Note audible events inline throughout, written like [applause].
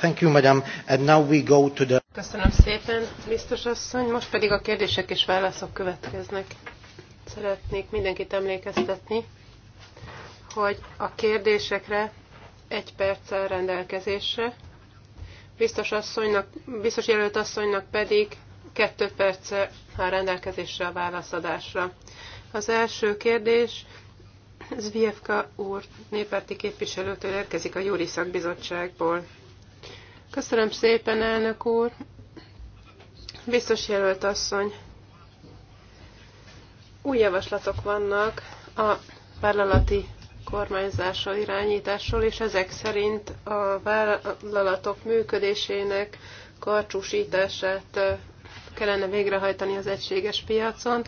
Thank you, madam. And now we go to the... Köszönöm szépen, biztos asszony. Most pedig a kérdések és válaszok következnek. Szeretnék mindenkit emlékeztetni, hogy a kérdésekre egy perccel rendelkezésre, biztos, asszonynak, biztos jelölt asszonynak pedig kettő perce a rendelkezésre a válaszadásra. Az első kérdés Zvievka úr néppárti képviselőtől érkezik a Júri Szakbizottságból. Köszönöm szépen, elnök úr. Biztos jelölt asszony. Új javaslatok vannak a vállalati kormányzásról, irányításról, és ezek szerint a vállalatok működésének karcsúsítását kellene végrehajtani az egységes piacon.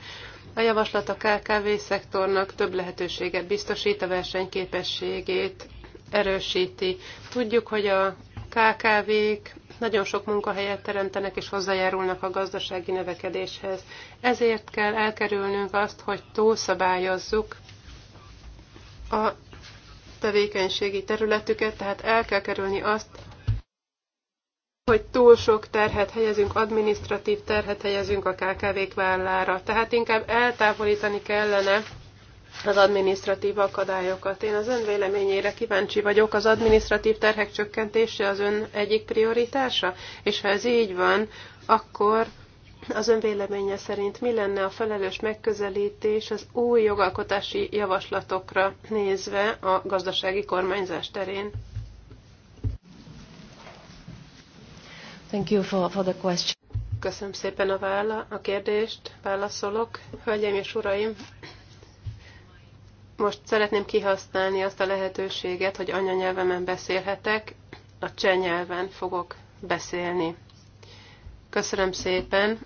A javaslat a KKV szektornak több lehetőséget biztosít, a versenyképességét erősíti. Tudjuk, hogy a KKV-k nagyon sok munkahelyet teremtenek és hozzájárulnak a gazdasági növekedéshez. Ezért kell elkerülnünk azt, hogy túlszabályozzuk a tevékenységi területüket, tehát el kell kerülni azt, hogy túl sok terhet helyezünk, administratív terhet helyezünk a KKV-k vállára. Tehát inkább eltávolítani kellene az adminisztratív akadályokat. Én az ön véleményére kíváncsi vagyok, az adminisztratív terhek csökkentése az ön egyik prioritása, és ha ez így van, akkor az ön véleménye szerint mi lenne a felelős megközelítés az új jogalkotási javaslatokra nézve a gazdasági kormányzás terén? Thank you for, for the question. Köszönöm szépen a, vála, a kérdést, válaszolok. Hölgyeim és uraim, most szeretném kihasználni azt a lehetőséget, hogy anyanyelvemen beszélhetek, a cseh nyelven fogok beszélni. Köszönöm szépen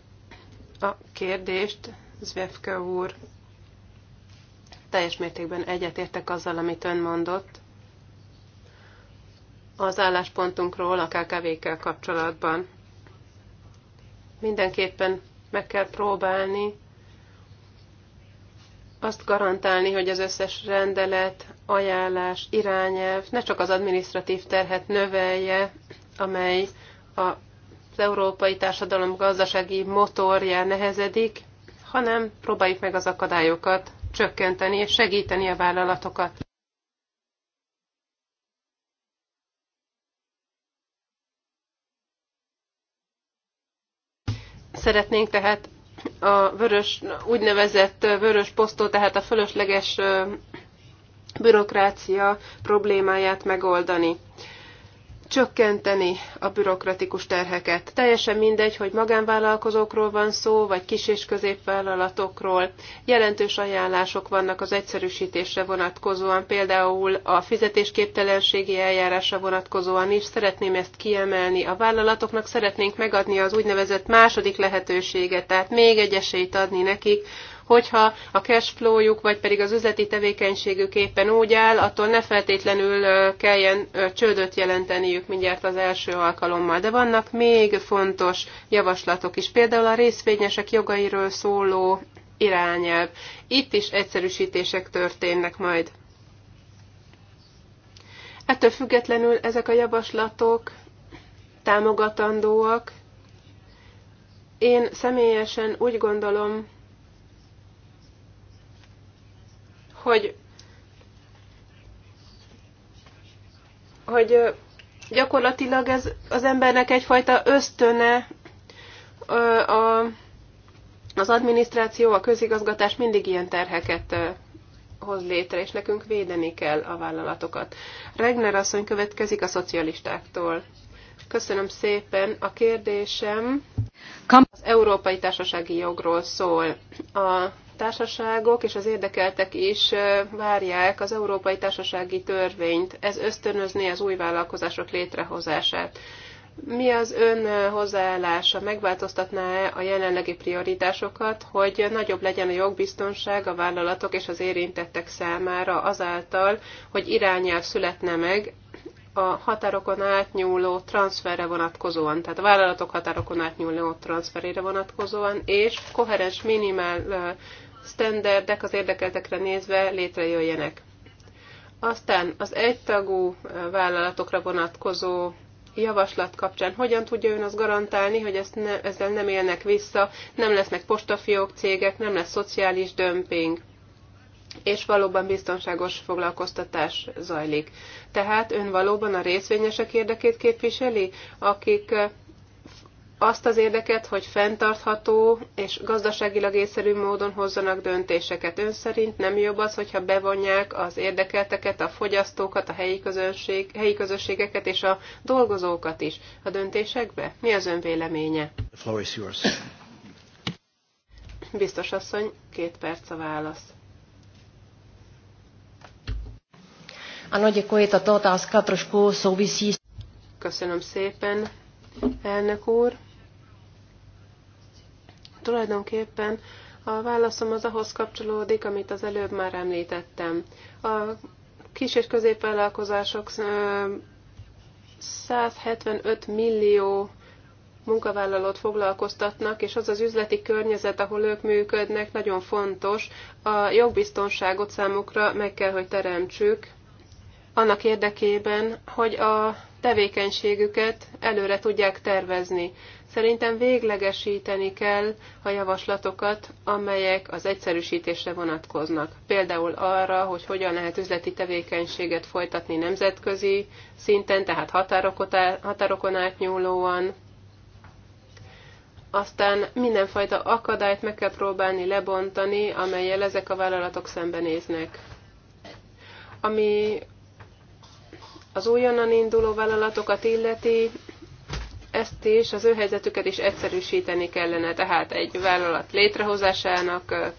a kérdést, Zvevka úr. Teljes mértékben egyetértek azzal, amit ön mondott az álláspontunkról a KKV-kkel kapcsolatban. Mindenképpen meg kell próbálni azt garantálni, hogy az összes rendelet, ajánlás, irányelv ne csak az administratív terhet növelje, amely a, az európai társadalom gazdasági motorjá nehezedik, hanem próbáljuk meg az akadályokat csökkenteni és segíteni a vállalatokat. Szeretnénk tehát a vörös, úgynevezett vörös posztó, tehát a fölösleges bürokrácia problémáját megoldani csökkenteni a bürokratikus terheket. Teljesen mindegy, hogy magánvállalkozókról van szó, vagy kis- és középvállalatokról. Jelentős ajánlások vannak az egyszerűsítésre vonatkozóan, például a fizetésképtelenségi eljárásra vonatkozóan is. Szeretném ezt kiemelni. A vállalatoknak szeretnénk megadni az úgynevezett második lehetőséget, tehát még egy esélyt adni nekik, hogyha a cash flowjuk, vagy pedig az üzleti tevékenységük éppen úgy áll, attól ne feltétlenül kelljen csődöt jelenteniük mindjárt az első alkalommal. De vannak még fontos javaslatok is, például a részvényesek jogairól szóló irányelv. Itt is egyszerűsítések történnek majd. Ettől függetlenül ezek a javaslatok támogatandóak. Én személyesen úgy gondolom, hogy, hogy gyakorlatilag ez az embernek egyfajta ösztöne a, az adminisztráció, a közigazgatás mindig ilyen terheket hoz létre, és nekünk védeni kell a vállalatokat. Regner asszony következik a szocialistáktól. Köszönöm szépen. A kérdésem az Európai Társasági Jogról szól. A társaságok és az érdekeltek is várják az európai társasági törvényt. Ez ösztönözné az új vállalkozások létrehozását. Mi az ön hozzáállása? Megváltoztatná-e a jelenlegi prioritásokat, hogy nagyobb legyen a jogbiztonság a vállalatok és az érintettek számára azáltal, hogy irányelv születne meg a határokon átnyúló transferre vonatkozóan, tehát a vállalatok határokon átnyúló transferére vonatkozóan, és koherens minimál sztenderdek az érdekeltekre nézve létrejöjjenek. Aztán az egytagú vállalatokra vonatkozó javaslat kapcsán hogyan tudja ön azt garantálni, hogy ezt ne, ezzel nem élnek vissza, nem lesznek postafiók cégek, nem lesz szociális dömping, és valóban biztonságos foglalkoztatás zajlik. Tehát ön valóban a részvényesek érdekét képviseli, akik azt az érdeket, hogy fenntartható és gazdaságilag észszerű módon hozzanak döntéseket. Ön szerint nem jobb az, hogyha bevonják az érdekelteket, a fogyasztókat, a helyi, közönség, helyi közösségeket és a dolgozókat is a döntésekbe? Mi az ön véleménye? The floor is yours. Biztos asszony, két perc a válasz. Ano, děkuji, tato otázka trošku souvisí. Köszönöm szépen, elnök úr. Tulajdonképpen a válaszom az ahhoz kapcsolódik, amit az előbb már említettem. A kis és középvállalkozások 175 millió munkavállalót foglalkoztatnak, és az az üzleti környezet, ahol ők működnek, nagyon fontos. A jogbiztonságot számukra meg kell, hogy teremtsük, annak érdekében, hogy a tevékenységüket előre tudják tervezni. Szerintem véglegesíteni kell a javaslatokat, amelyek az egyszerűsítésre vonatkoznak. Például arra, hogy hogyan lehet üzleti tevékenységet folytatni nemzetközi szinten, tehát határokon átnyúlóan, aztán mindenfajta akadályt meg kell próbálni lebontani, amelyel ezek a vállalatok szembenéznek. Ami az újonnan induló vállalatokat illeti, ezt is, az ő helyzetüket is egyszerűsíteni kellene, tehát egy vállalat létrehozásának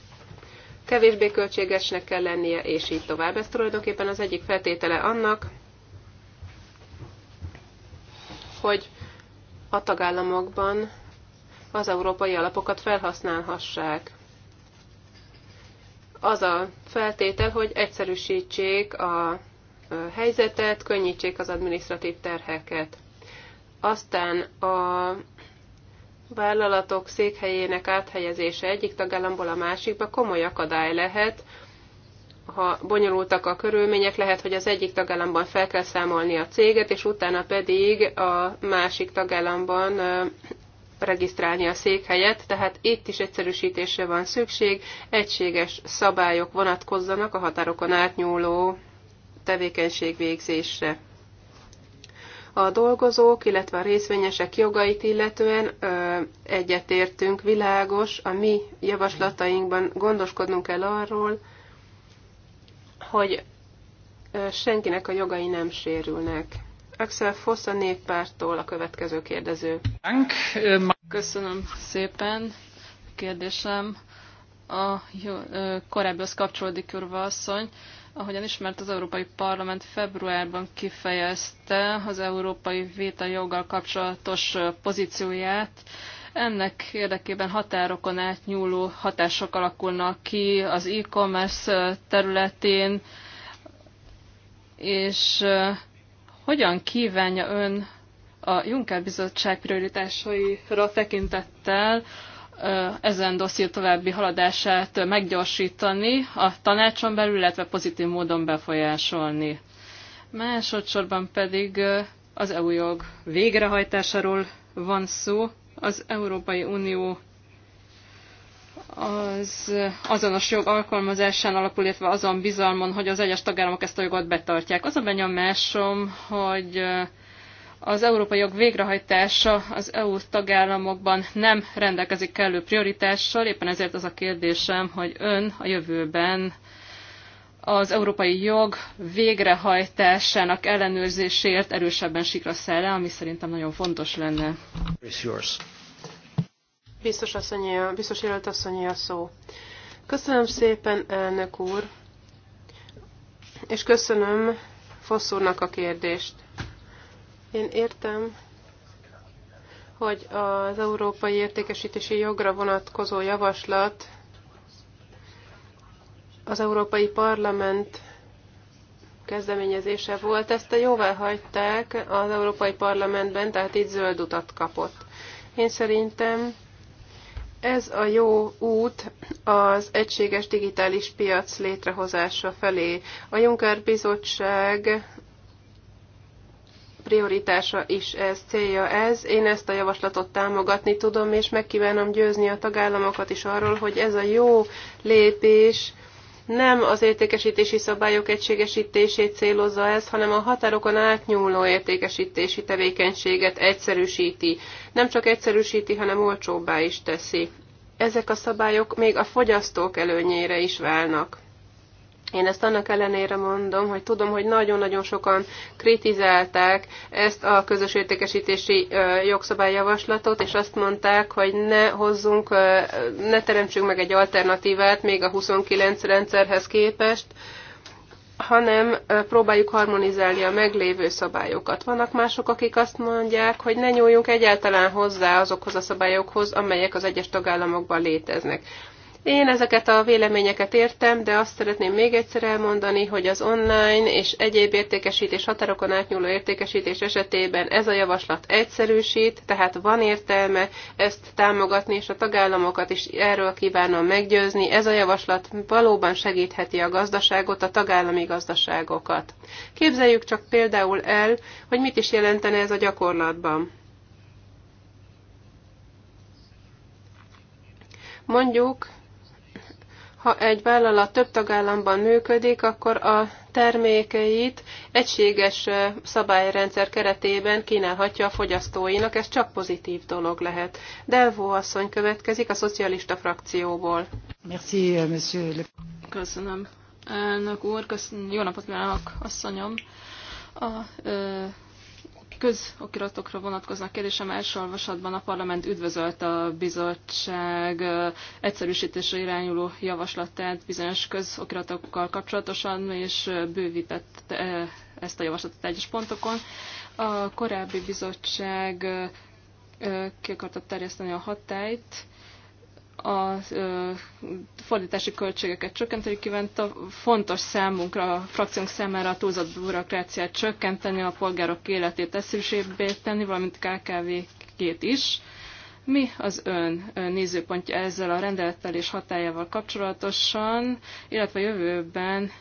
kevésbé költségesnek kell lennie, és így tovább. Ez tulajdonképpen az egyik feltétele annak, hogy a tagállamokban az európai alapokat felhasználhassák. Az a feltétel, hogy egyszerűsítsék a helyzetet, könnyítsék az administratív terheket. Aztán a vállalatok székhelyének áthelyezése egyik tagállamból a másikba komoly akadály lehet, ha bonyolultak a körülmények, lehet, hogy az egyik tagállamban fel kell számolni a céget, és utána pedig a másik tagállamban regisztrálni a székhelyet, tehát itt is egyszerűsítésre van szükség, egységes szabályok vonatkozzanak a határokon átnyúló tevékenység végzésre. A dolgozók, illetve a részvényesek jogait illetően ö, egyetértünk, világos, a mi javaslatainkban gondoskodnunk kell arról, hogy ö, senkinek a jogai nem sérülnek. Axel Foss a néppártól a következő kérdező. Köszönöm szépen. Kérdésem a korábbihoz kapcsolódik, Urva asszony. Ö, Ahogyan ismert, az Európai Parlament februárban kifejezte az európai véta joggal kapcsolatos pozícióját. Ennek érdekében határokon átnyúló hatások alakulnak ki az e-commerce területén, és hogyan kívánja ön a Juncker Bizottság prioritásaira tekintettel ezen dosszié további haladását meggyorsítani, a tanácson belül, illetve pozitív módon befolyásolni. Másodszorban pedig az EU jog végrehajtásáról van szó. Az Európai Unió az azonos jog alkalmazásán alapul, illetve azon bizalmon, hogy az egyes tagállamok ezt a jogot betartják. Az a benyomásom, hogy az európai jog végrehajtása az EU tagállamokban nem rendelkezik kellő prioritással, éppen ezért az a kérdésem, hogy ön a jövőben az európai jog végrehajtásának ellenőrzéséért erősebben sikra száll le, ami szerintem nagyon fontos lenne. Biztos, asszonyi, biztos jelölt asszonyi a szó. Köszönöm szépen, elnök úr, és köszönöm Fosszúrnak a kérdést. Én értem, hogy az európai értékesítési jogra vonatkozó javaslat az Európai Parlament kezdeményezése volt. Ezt a jóvá hagyták az Európai Parlamentben, tehát itt zöld utat kapott. Én szerintem ez a jó út az egységes digitális piac létrehozása felé. A Juncker Bizottság prioritása is ez, célja ez. Én ezt a javaslatot támogatni tudom, és megkívánom győzni a tagállamokat is arról, hogy ez a jó lépés nem az értékesítési szabályok egységesítését célozza ez, hanem a határokon átnyúló értékesítési tevékenységet egyszerűsíti. Nem csak egyszerűsíti, hanem olcsóbbá is teszi. Ezek a szabályok még a fogyasztók előnyére is válnak. Én ezt annak ellenére mondom, hogy tudom, hogy nagyon-nagyon sokan kritizálták ezt a közös értékesítési jogszabályjavaslatot, és azt mondták, hogy ne hozzunk, ne teremtsünk meg egy alternatívát még a 29 rendszerhez képest, hanem próbáljuk harmonizálni a meglévő szabályokat. Vannak mások, akik azt mondják, hogy ne nyúljunk egyáltalán hozzá azokhoz a szabályokhoz, amelyek az egyes tagállamokban léteznek. Én ezeket a véleményeket értem, de azt szeretném még egyszer elmondani, hogy az online és egyéb értékesítés határokon átnyúló értékesítés esetében ez a javaslat egyszerűsít, tehát van értelme ezt támogatni, és a tagállamokat is erről kívánom meggyőzni. Ez a javaslat valóban segítheti a gazdaságot, a tagállami gazdaságokat. Képzeljük csak például el, hogy mit is jelentene ez a gyakorlatban. Mondjuk ha egy vállalat több tagállamban működik, akkor a termékeit egységes szabályrendszer keretében kínálhatja a fogyasztóinak, ez csak pozitív dolog lehet. Delvó asszony következik a szocialista frakcióból. Merci, euh, monsieur. Köszönöm, elnök úr, köszönöm. jó napot kívánok, asszonyom. A, ö, közokiratokra vonatkoznak kérdésem. Első olvasatban a parlament üdvözölt a bizottság egyszerűsítésre irányuló javaslatát bizonyos közokiratokkal kapcsolatosan, és bővített ezt a javaslatot egyes pontokon. A korábbi bizottság ki akarta terjeszteni a hatályt, a fordítási költségeket csökkenteni kívánta. Fontos számunkra, a frakciónk számára a túlzott bürokráciát csökkenteni, a polgárok életét eszűsébbé tenni, valamint KKV-két is. Mi az ön nézőpontja ezzel a rendelettel és hatájával kapcsolatosan, illetve jövőben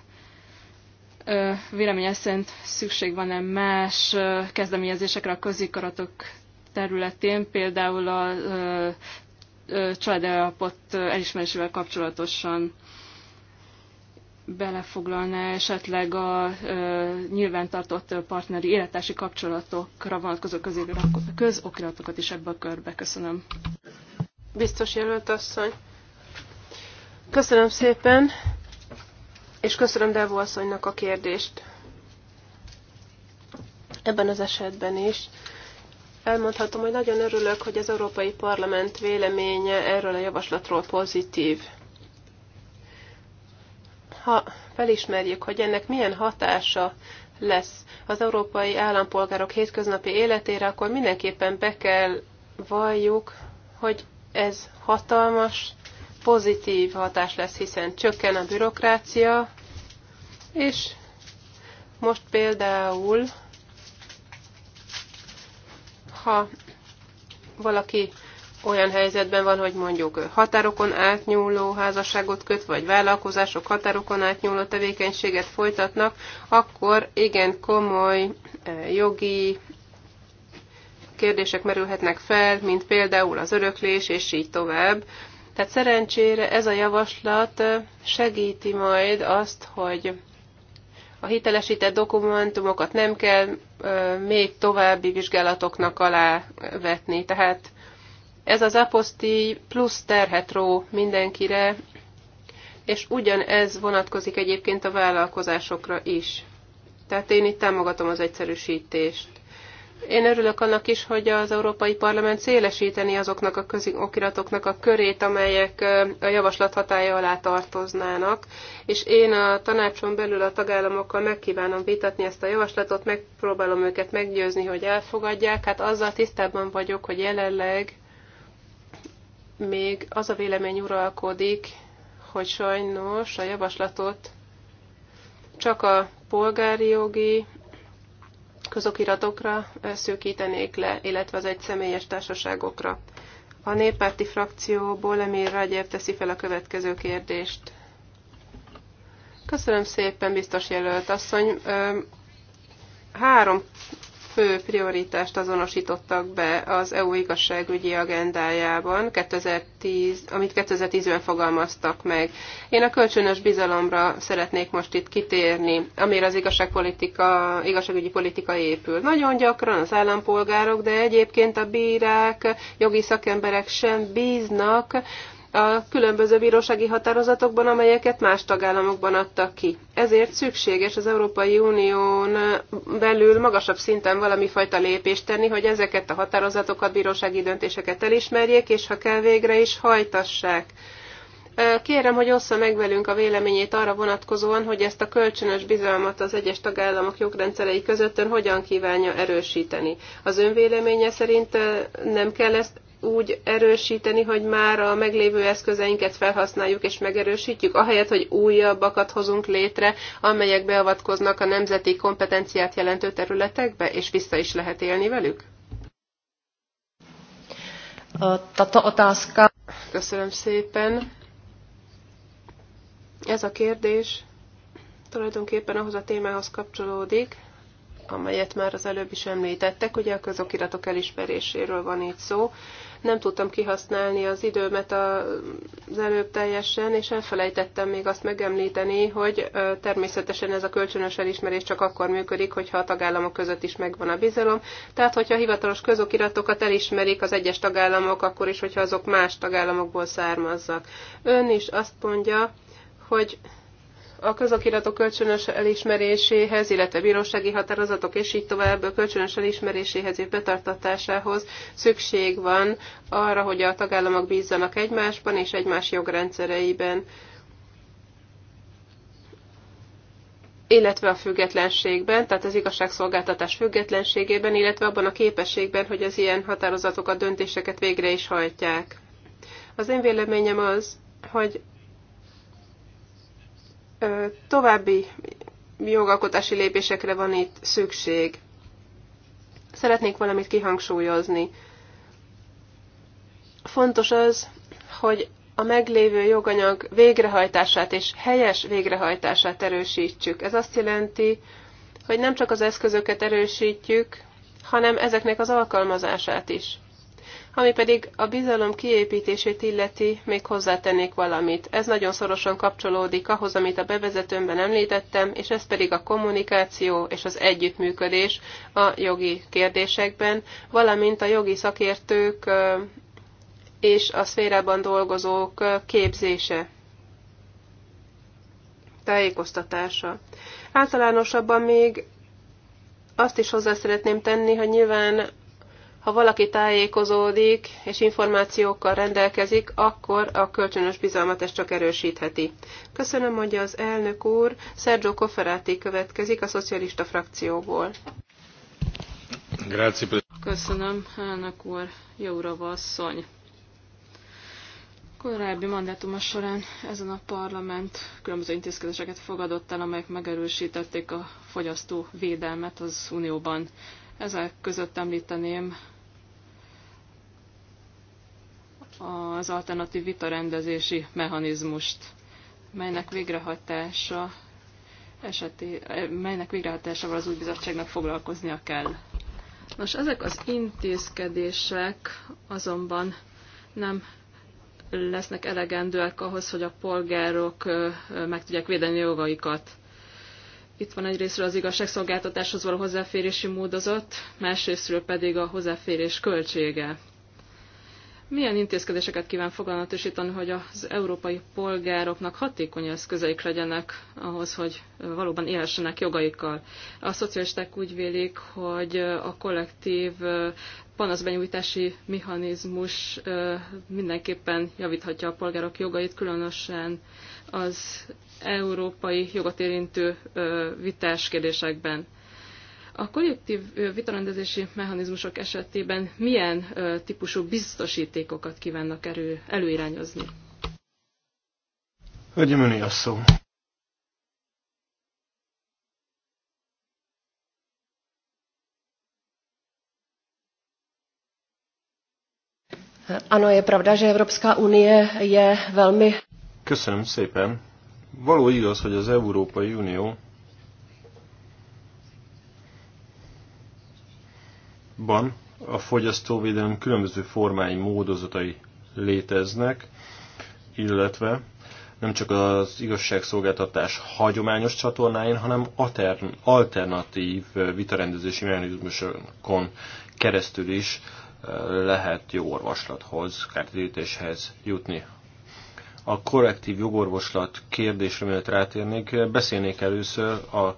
véleménye szerint szükség van-e más kezdeményezésekre a közikaratok területén, például a családállapot elismerésével kapcsolatosan belefoglalná esetleg a ö, nyilvántartott partneri élettársi kapcsolatokra vonatkozó közokiratokat is ebbe a körbe. Köszönöm. Biztos jelölt asszony. Köszönöm szépen, és köszönöm Devo asszonynak a kérdést. Ebben az esetben is elmondhatom, hogy nagyon örülök, hogy az Európai Parlament véleménye erről a javaslatról pozitív. Ha felismerjük, hogy ennek milyen hatása lesz az európai állampolgárok hétköznapi életére, akkor mindenképpen be kell valljuk, hogy ez hatalmas, pozitív hatás lesz, hiszen csökken a bürokrácia, és most például ha valaki olyan helyzetben van, hogy mondjuk határokon átnyúló házasságot köt, vagy vállalkozások határokon átnyúló tevékenységet folytatnak, akkor igen komoly eh, jogi kérdések merülhetnek fel, mint például az öröklés, és így tovább. Tehát szerencsére ez a javaslat eh, segíti majd azt, hogy a hitelesített dokumentumokat nem kell még további vizsgálatoknak alá vetni. Tehát ez az aposztíj plusz terhet ró mindenkire, és ugyanez vonatkozik egyébként a vállalkozásokra is. Tehát én itt támogatom az egyszerűsítést. Én örülök annak is, hogy az Európai Parlament szélesíteni azoknak a közokiratoknak a körét, amelyek a javaslat hatája alá tartoznának, és én a tanácson belül a tagállamokkal megkívánom vitatni ezt a javaslatot, megpróbálom őket meggyőzni, hogy elfogadják. Hát azzal tisztában vagyok, hogy jelenleg még az a vélemény uralkodik, hogy sajnos a javaslatot csak a polgári jogi közokiratokra szűkítenék le, illetve az egyszemélyes társaságokra. A néppárti frakcióból Emil Rágyér teszi fel a következő kérdést. Köszönöm szépen, biztos jelölt asszony. Három fő prioritást azonosítottak be az EU igazságügyi agendájában, 2010, amit 2010-ben fogalmaztak meg. Én a kölcsönös bizalomra szeretnék most itt kitérni, amire az igazságpolitika, igazságügyi politika épül. Nagyon gyakran az állampolgárok, de egyébként a bírák, jogi szakemberek sem bíznak a különböző bírósági határozatokban, amelyeket más tagállamokban adtak ki. Ezért szükséges az Európai Unión belül magasabb szinten valami fajta lépést tenni, hogy ezeket a határozatokat, bírósági döntéseket elismerjék, és ha kell végre is hajtassák. Kérem, hogy ossza meg velünk a véleményét arra vonatkozóan, hogy ezt a kölcsönös bizalmat az egyes tagállamok jogrendszerei közöttön hogyan kívánja erősíteni. Az ön véleménye szerint eh, nem kell ezt úgy erősíteni, hogy már a meglévő eszközeinket felhasználjuk és megerősítjük, ahelyett, hogy újabbakat hozunk létre, amelyek beavatkoznak a nemzeti kompetenciát jelentő területekbe, és vissza is lehet élni velük? Tato otázka. Köszönöm szépen. Ez a kérdés tulajdonképpen ahhoz a témához kapcsolódik, amelyet már az előbb is említettek, ugye a közokiratok elismeréséről van itt szó nem tudtam kihasználni az időmet az előbb teljesen, és elfelejtettem még azt megemlíteni, hogy természetesen ez a kölcsönös elismerés csak akkor működik, hogyha a tagállamok között is megvan a bizalom. Tehát, hogyha a hivatalos közokiratokat elismerik az egyes tagállamok, akkor is, hogyha azok más tagállamokból származzak. Ön is azt mondja, hogy a közokiratok kölcsönös elismeréséhez, illetve bírósági határozatok és így tovább kölcsönös elismeréséhez és betartatásához szükség van arra, hogy a tagállamok bízzanak egymásban és egymás jogrendszereiben. illetve a függetlenségben, tehát az igazságszolgáltatás függetlenségében, illetve abban a képességben, hogy az ilyen határozatokat, döntéseket végre is hajtják. Az én véleményem az, hogy további jogalkotási lépésekre van itt szükség. Szeretnék valamit kihangsúlyozni. Fontos az, hogy a meglévő joganyag végrehajtását és helyes végrehajtását erősítsük. Ez azt jelenti, hogy nem csak az eszközöket erősítjük, hanem ezeknek az alkalmazását is. Ami pedig a bizalom kiépítését illeti, még hozzátennék valamit. Ez nagyon szorosan kapcsolódik ahhoz, amit a bevezetőmben említettem, és ez pedig a kommunikáció és az együttműködés a jogi kérdésekben, valamint a jogi szakértők és a szférában dolgozók képzése, tájékoztatása. Általánosabban még azt is hozzá szeretném tenni, hogy nyilván ha valaki tájékozódik és információkkal rendelkezik, akkor a kölcsönös bizalmat ezt csak erősítheti. Köszönöm, mondja az elnök úr. Sergio Cofferati következik a szocialista frakcióból. Grazie. Köszönöm, elnök úr. Jóra asszony. Korábbi mandátuma során ezen a parlament különböző intézkedéseket fogadott el, amelyek megerősítették a fogyasztó védelmet az Unióban. Ezek között említeném az alternatív vitarendezési mechanizmust, melynek végrehajtása eseti, eh, melynek végrehajtásával az új bizottságnak foglalkoznia kell. Nos, ezek az intézkedések azonban nem lesznek elegendőek ahhoz, hogy a polgárok meg tudják védeni jogaikat. Itt van egyrésztről az igazságszolgáltatáshoz való hozzáférési módozat, másrésztről pedig a hozzáférés költsége. Milyen intézkedéseket kíván foglalatosítani, hogy az európai polgároknak hatékony eszközeik legyenek ahhoz, hogy valóban élhessenek jogaikkal? A szocialisták úgy vélik, hogy a kollektív panaszbenyújtási mechanizmus mindenképpen javíthatja a polgárok jogait, különösen az európai jogot érintő vitás kérdésekben. A kollektív vitarendezési mechanizmusok esetében milyen típusú biztosítékokat kívánnak erő, előirányozni? Hölgyem, öné a szó. Ano, je pravda, že Evropská unie je velmi... Köszönöm szépen. Való igaz, hogy az Európai Unió ban a fogyasztóvédelem különböző formái, módozatai léteznek, illetve nem csak az igazságszolgáltatás hagyományos csatornáin, hanem alternatív vitarendezési mechanizmusokon keresztül is eh, lehet jó orvoslathoz, kártérítéshez jutni. A korrektív jogorvoslat kérdésre, mielőtt rátérnék, beszélnék először a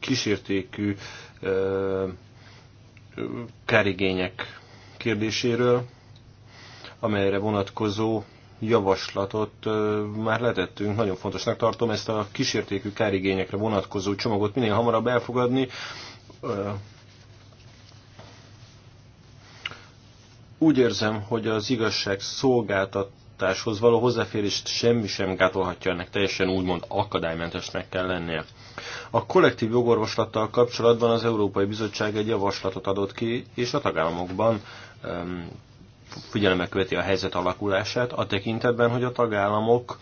kísértékű eh, kárigények kérdéséről, amelyre vonatkozó javaslatot már letettünk. Nagyon fontosnak tartom ezt a kísértékű kárigényekre vonatkozó csomagot minél hamarabb elfogadni. Úgy érzem, hogy az igazság szolgáltatáshoz való hozzáférést semmi sem gátolhatja ennek, teljesen úgymond akadálymentesnek kell lennie. A kollektív jogorvoslattal kapcsolatban az Európai Bizottság egy javaslatot adott ki, és a tagállamokban um, figyelembe követi a helyzet alakulását, a tekintetben, hogy a tagállamok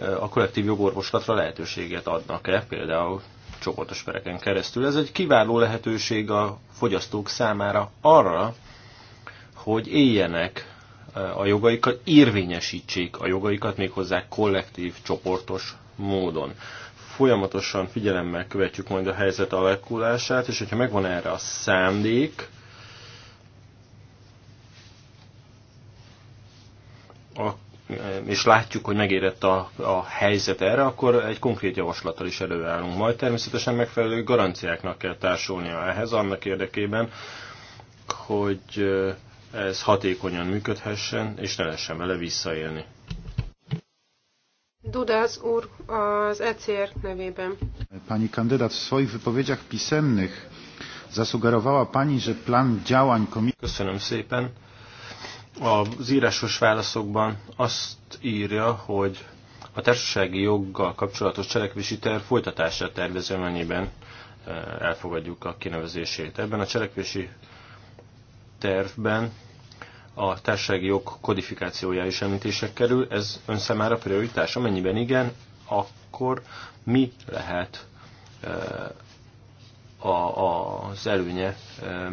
e, a kollektív jogorvoslatra lehetőséget adnak-e, például csoportos pereken keresztül. Ez egy kiváló lehetőség a fogyasztók számára arra, hogy éljenek e, a jogaikat, érvényesítsék a jogaikat méghozzá kollektív, csoportos módon folyamatosan figyelemmel követjük majd a helyzet alakulását, és hogyha megvan erre a szándék, a, és látjuk, hogy megérett a, a helyzet erre, akkor egy konkrét javaslattal is előállunk. Majd természetesen megfelelő garanciáknak kell társulnia ehhez, annak érdekében, hogy ez hatékonyan működhessen, és ne lehessen vele visszaélni. Dudas úr az ECR nevében. Pani kandydat w swoich wypowiedziach pisemnych zasugerowała pani, że plan działań komisji... Köszönöm szépen. Az írásos válaszokban azt írja, hogy a társasági joggal kapcsolatos cselekvési terv folytatása tervező mennyiben eh, elfogadjuk a kinevezését. Ebben a cselekvési tervben a társasági jog kodifikációja is említések kerül. Ez ön számára prioritás? Amennyiben igen, akkor mi lehet eh, a, a, az előnye eh,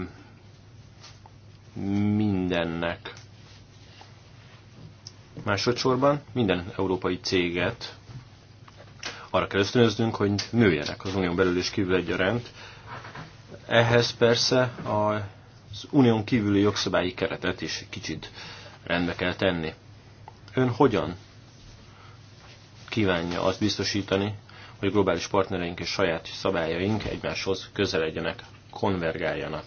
mindennek? Másodszorban minden európai céget arra kell ösztönöznünk, hogy nőjenek az unión belül és kívül egyaránt. Ehhez persze a az unión kívüli jogszabályi keretet is kicsit rendbe kell tenni. Ön hogyan kívánja azt biztosítani, hogy globális partnereink és saját szabályaink egymáshoz közeledjenek, konvergáljanak?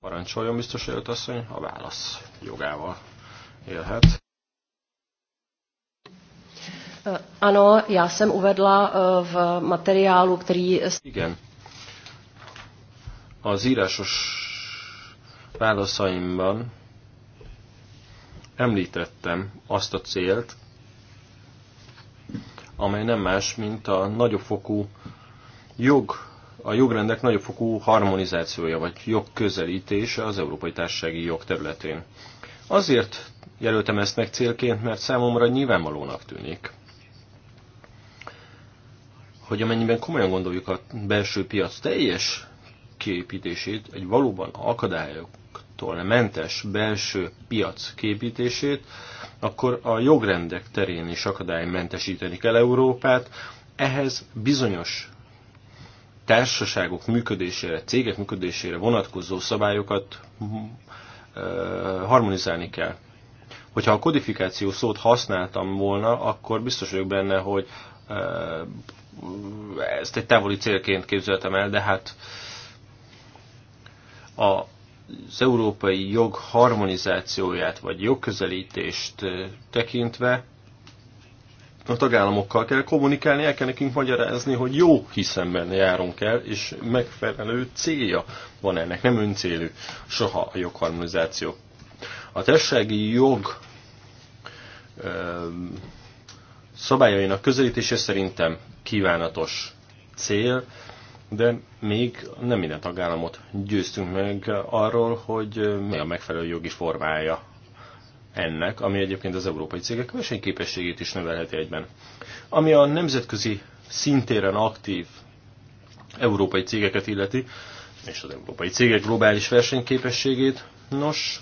Parancsoljon biztos előtt asszony, a válasz jogával élhet. Ano, já jsem uvedla v materiálu, který... Igen, az írásos válaszaimban említettem azt a célt, amely nem más, mint a nagyobb fokú jog, a jogrendek nagyobb fokú harmonizációja, vagy jogközelítése az európai társasági jog területén. Azért jelöltem ezt meg célként, mert számomra nyilvánvalónak tűnik, hogy amennyiben komolyan gondoljuk a belső piac teljes képítését, egy valóban akadályoktól mentes belső piac képítését, akkor a jogrendek terén is akadálymentesíteni kell Európát. Ehhez bizonyos társaságok működésére, cégek működésére vonatkozó szabályokat mm, harmonizálni kell. Hogyha a kodifikáció szót használtam volna, akkor biztos vagyok benne, hogy ezt egy távoli célként képzeltem el, de hát az európai jog harmonizációját vagy jogközelítést tekintve a tagállamokkal kell kommunikálni, el kell nekünk magyarázni, hogy jó hiszemben járunk el, és megfelelő célja van ennek, nem öncélű soha a jogharmonizáció. A társasági jog ö, szabályainak közelítése szerintem kívánatos cél, de még nem minden tagállamot győztünk meg arról, hogy mi a megfelelő jogi formája ennek, ami egyébként az európai cégek versenyképességét is növelheti egyben. Ami a nemzetközi szintéren aktív európai cégeket illeti, és az európai cégek globális versenyképességét, nos,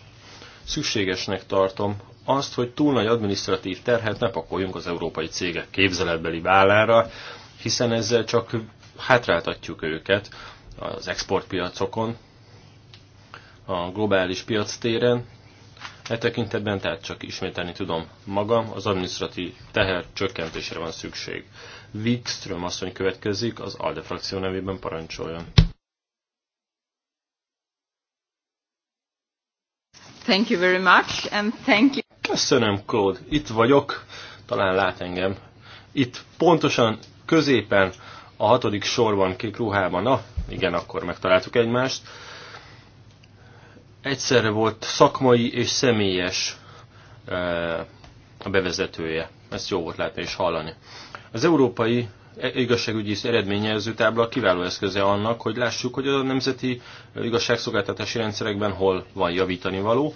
szükségesnek tartom azt, hogy túl nagy adminisztratív terhet ne pakoljunk az európai cégek képzeletbeli vállára, hiszen ezzel csak hátráltatjuk őket az exportpiacokon, a globális piac téren. E tekintetben tehát csak ismételni tudom magam, az administratív teher csökkentésre van szükség. Wikström asszony következik, az ALDE frakció nevében parancsoljon. Thank you very much, and thank you. Köszönöm, Claude. Itt vagyok. Talán lát engem. Itt pontosan középen a hatodik sorban kék ruhában, na igen, akkor megtaláltuk egymást. Egyszerre volt szakmai és személyes e, a bevezetője. Ezt jó volt látni és hallani. Az európai e- igazságügyi eredményező tábla kiváló eszköze annak, hogy lássuk, hogy a nemzeti igazságszolgáltatási rendszerekben hol van javítani való,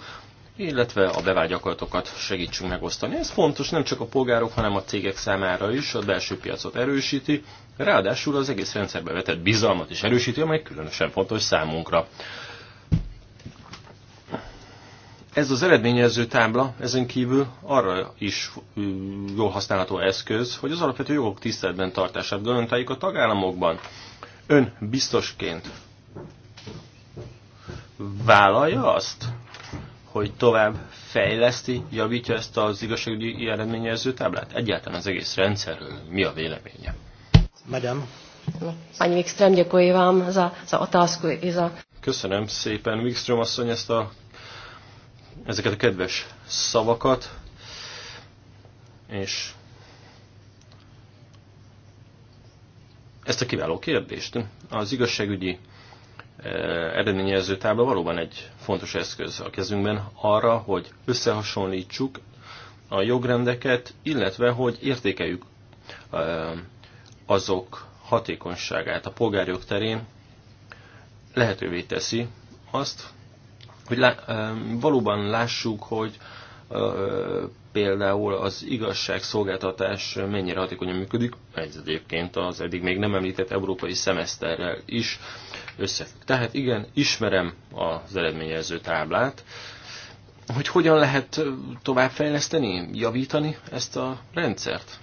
illetve a bevált segítsünk megosztani. Ez fontos nem csak a polgárok, hanem a cégek számára is, a belső piacot erősíti, ráadásul az egész rendszerbe vetett bizalmat is erősíti, amely különösen fontos számunkra. Ez az eredményező tábla ezen kívül arra is jól használható eszköz, hogy az alapvető jogok tiszteletben tartását garantáljuk a tagállamokban. Ön biztosként vállalja azt, hogy tovább fejleszti, javítja ezt az igazságügyi eredményező táblát? Egyáltalán az egész rendszerről mi a véleménye? Madam. Pani Wikström, gyakorlja vám az a otázku ez a... Köszönöm szépen, Wikström asszony, ezt a, ezeket a kedves szavakat, és ezt a kiváló kérdést. Az igazságügyi Eh, eredményező tábla valóban egy fontos eszköz a kezünkben arra, hogy összehasonlítsuk a jogrendeket, illetve hogy értékeljük eh, azok hatékonyságát a polgárjog terén lehetővé teszi azt, hogy lá, eh, valóban lássuk, hogy például az igazságszolgáltatás mennyire hatékonyan működik, ez egyébként az eddig még nem említett európai szemeszterrel is összefügg. Tehát igen, ismerem az eredményező táblát, hogy hogyan lehet továbbfejleszteni, javítani ezt a rendszert.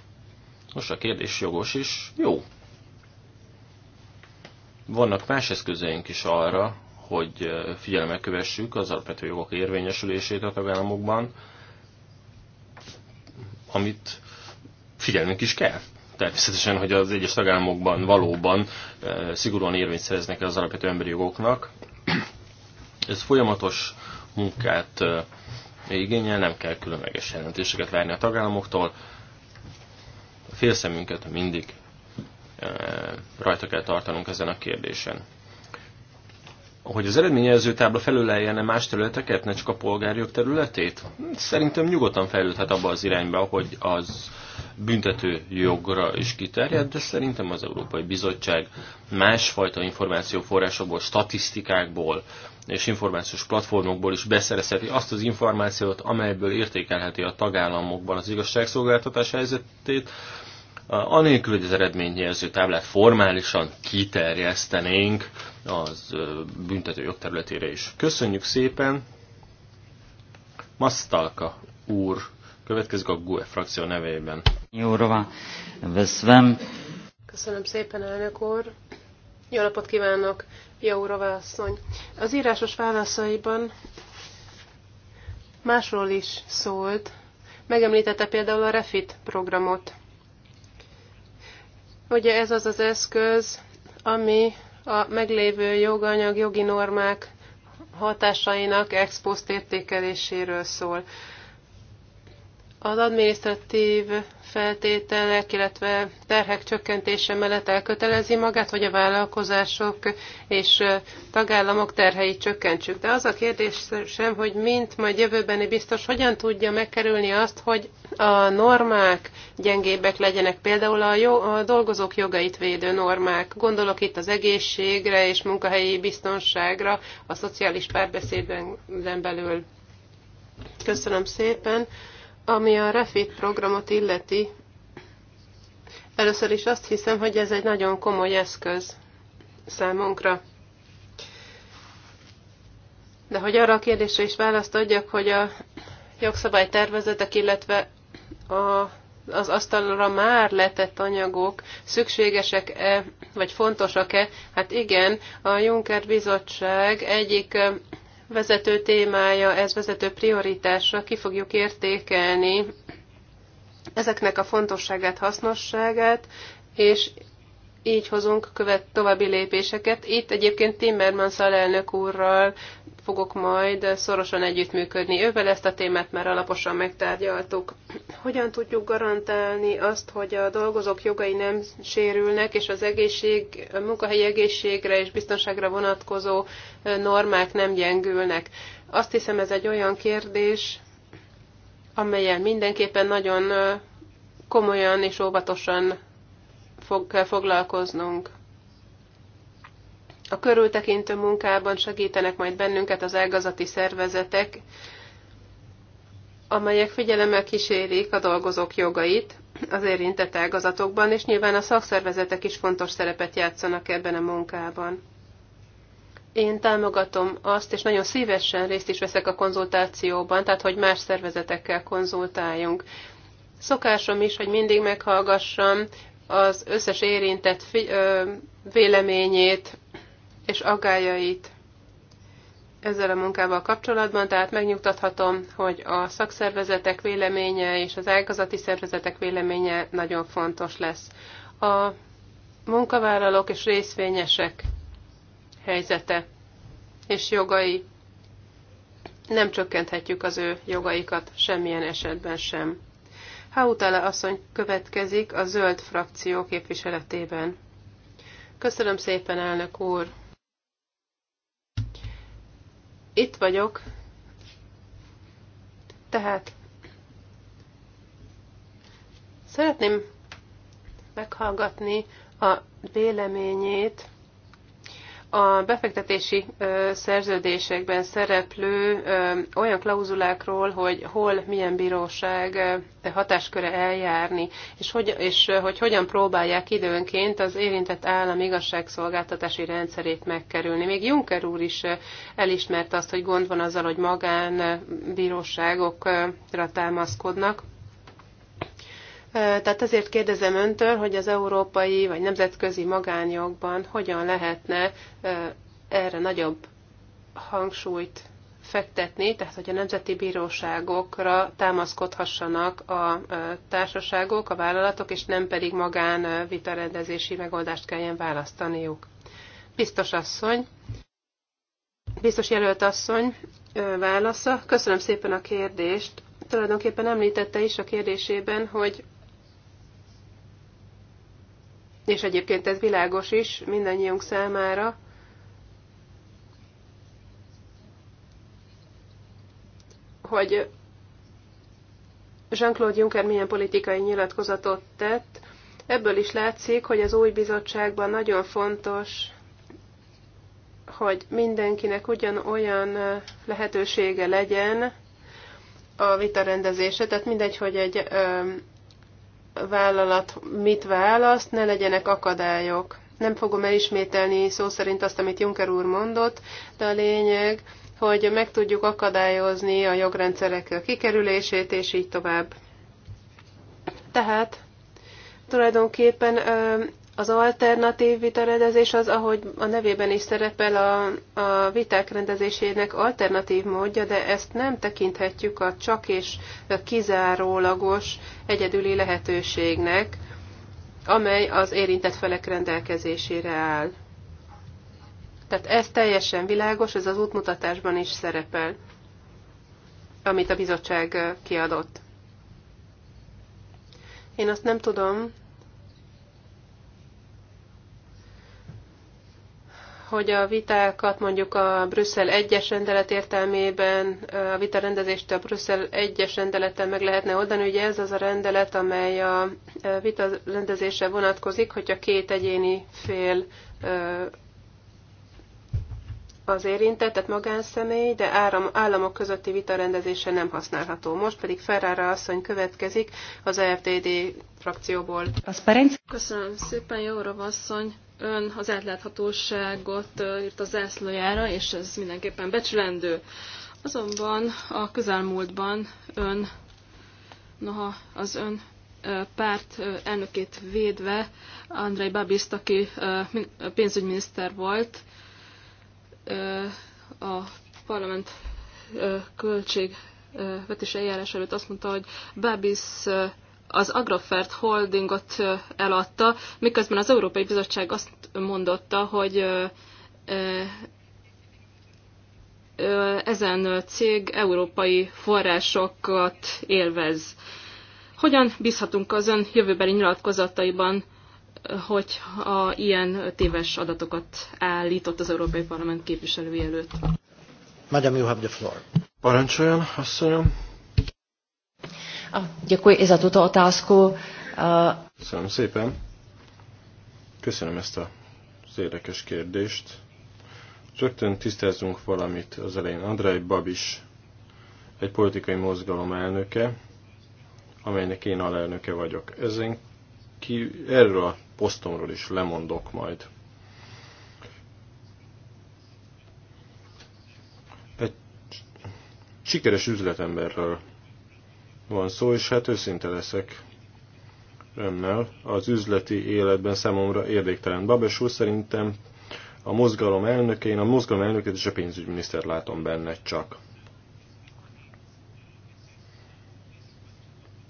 Most a kérdés jogos és jó. Vannak más eszközeink is arra, hogy figyelme kövessük az alapvető jogok érvényesülését a tagállamokban, amit figyelmünk is kell természetesen, hogy az egyes tagállamokban valóban eh, szigorúan érvényt szereznek az alapvető emberi jogoknak. Ez folyamatos munkát eh, igényel, nem kell különleges jelentéseket várni a tagállamoktól. A félszemünket mindig eh, rajta kell tartanunk ezen a kérdésen hogy az eredményező tábla -e más területeket, ne csak a polgárjog területét? Szerintem nyugodtan fejlődhet abba az irányba, hogy az büntető jogra is kiterjed, de szerintem az Európai Bizottság másfajta információforrásokból, statisztikákból és információs platformokból is beszerezheti azt az információt, amelyből értékelheti a tagállamokban az igazságszolgáltatás helyzetét, anélkül, hogy az eredményjelző táblát formálisan kiterjesztenénk, az büntető jogterületére is. Köszönjük szépen! Masztalka úr következik a GUE frakció nevében. Jó Jóra veszem. Köszönöm szépen, elnök úr! Jó napot kívánok, Jóra asszony! Az írásos válaszaiban másról is szólt. Megemlítette például a Refit programot. Ugye ez az az eszköz, ami a meglévő joganyag, jogi normák hatásainak ex post értékeléséről szól. Az adminisztratív feltételek, illetve terhek csökkentése mellett elkötelezi magát, hogy a vállalkozások és tagállamok terheit csökkentsük. De az a kérdés sem, hogy mint majd jövőbeni biztos hogyan tudja megkerülni azt, hogy a normák gyengébbek legyenek, például a, jó, a dolgozók jogait védő normák. Gondolok itt az egészségre és munkahelyi biztonságra, a szociális párbeszédben belül. Köszönöm szépen. Ami a Refit programot illeti, először is azt hiszem, hogy ez egy nagyon komoly eszköz számunkra. De hogy arra a kérdésre is választ adjak, hogy a jogszabálytervezetek, illetve a, az asztalra már letett anyagok szükségesek-e, vagy fontosak-e? Hát igen, a Juncker Bizottság egyik vezető témája, ez vezető prioritása, ki fogjuk értékelni ezeknek a fontosságát, hasznosságát, és így hozunk követ további lépéseket. Itt egyébként Timmermans alelnök úrral fogok majd szorosan együttműködni ővel, ezt a témát már alaposan megtárgyaltuk. Hogyan tudjuk garantálni azt, hogy a dolgozók jogai nem sérülnek, és az egészség, a munkahelyi egészségre és biztonságra vonatkozó normák nem gyengülnek? Azt hiszem ez egy olyan kérdés, amelyel mindenképpen nagyon komolyan és óvatosan fog, kell foglalkoznunk. A körültekintő munkában segítenek majd bennünket az ágazati szervezetek, amelyek figyelemmel kísérik a dolgozók jogait az érintett ágazatokban, és nyilván a szakszervezetek is fontos szerepet játszanak ebben a munkában. Én támogatom azt, és nagyon szívesen részt is veszek a konzultációban, tehát hogy más szervezetekkel konzultáljunk. Szokásom is, hogy mindig meghallgassam az összes érintett véleményét, és aggájait ezzel a munkával kapcsolatban, tehát megnyugtathatom, hogy a szakszervezetek véleménye és az ágazati szervezetek véleménye nagyon fontos lesz. A munkavállalók és részvényesek helyzete és jogai. Nem csökkenthetjük az ő jogaikat semmilyen esetben sem. Hautala asszony következik a zöld frakció képviseletében. Köszönöm szépen, elnök úr! Itt vagyok. Tehát szeretném meghallgatni a véleményét a befektetési szerződésekben szereplő olyan klauzulákról, hogy hol milyen bíróság hatásköre eljárni, és hogy, és hogy hogyan próbálják időnként az érintett állam igazságszolgáltatási rendszerét megkerülni. Még Juncker úr is elismerte azt, hogy gond van azzal, hogy magánbíróságokra támaszkodnak tehát ezért kérdezem öntől, hogy az európai vagy nemzetközi magánjogban hogyan lehetne erre nagyobb hangsúlyt fektetni, tehát hogy a nemzeti bíróságokra támaszkodhassanak a társaságok, a vállalatok, és nem pedig magán vitarendezési megoldást kelljen választaniuk. Biztos asszony, biztos jelölt asszony válasza. Köszönöm szépen a kérdést. Tulajdonképpen említette is a kérdésében, hogy és egyébként ez világos is mindannyiunk számára, hogy Jean-Claude Juncker milyen politikai nyilatkozatot tett, ebből is látszik, hogy az új bizottságban nagyon fontos, hogy mindenkinek ugyanolyan lehetősége legyen a vitarendezése, tehát mindegy, hogy egy vállalat mit választ, ne legyenek akadályok. Nem fogom elismételni szó szerint azt, amit Juncker úr mondott, de a lényeg, hogy meg tudjuk akadályozni a jogrendszerek kikerülését, és így tovább. Tehát tulajdonképpen az alternatív vitarendezés az, ahogy a nevében is szerepel, a, a viták rendezésének alternatív módja, de ezt nem tekinthetjük a csak és a kizárólagos egyedüli lehetőségnek, amely az érintett felek rendelkezésére áll. Tehát ez teljesen világos, ez az útmutatásban is szerepel, amit a bizottság kiadott. Én azt nem tudom, hogy a vitákat mondjuk a Brüsszel egyes rendelet értelmében, a vita rendezést a Brüsszel egyes rendeleten meg lehetne oldani. Ugye ez az a rendelet, amely a vita rendezése vonatkozik, hogyha két egyéni fél az érintett, tehát magánszemély, de áram, államok közötti vitarendezése nem használható. Most pedig Ferrara asszony következik az e FDD frakcióból. Köszönöm szépen, Jóra asszony! ön az átláthatóságot írt a zászlójára, és ez mindenképpen becsülendő. Azonban a közelmúltban ön, noha az ön párt elnökét védve, Andrei Babiszt, aki pénzügyminiszter volt, a parlament költségvetés eljárás előtt azt mondta, hogy Babis az Agrofert holdingot eladta, miközben az Európai Bizottság azt mondotta, hogy ezen cég európai forrásokat élvez. Hogyan bízhatunk az ön jövőbeli nyilatkozataiban, hogy a ilyen téves adatokat állított az Európai Parlament képviselői előtt? Madam, you have the floor. Parancsoljon, asszonyom. A, děkuji i za tuto otázku. Köszönöm szépen. Köszönöm ezt a, érdekes kérdést. Rögtön tisztázzunk valamit az elején. Andrei Babis egy politikai mozgalom elnöke, amelynek én alelnöke vagyok. Ezen ki, erről a posztomról is lemondok majd. Egy sikeres üzletemberről van szó, és hát őszinte leszek önnel. Az üzleti életben számomra érdéktelen. Babes úr szerintem a mozgalom elnöke, én a mozgalom elnöket és a pénzügyminiszter látom benne csak.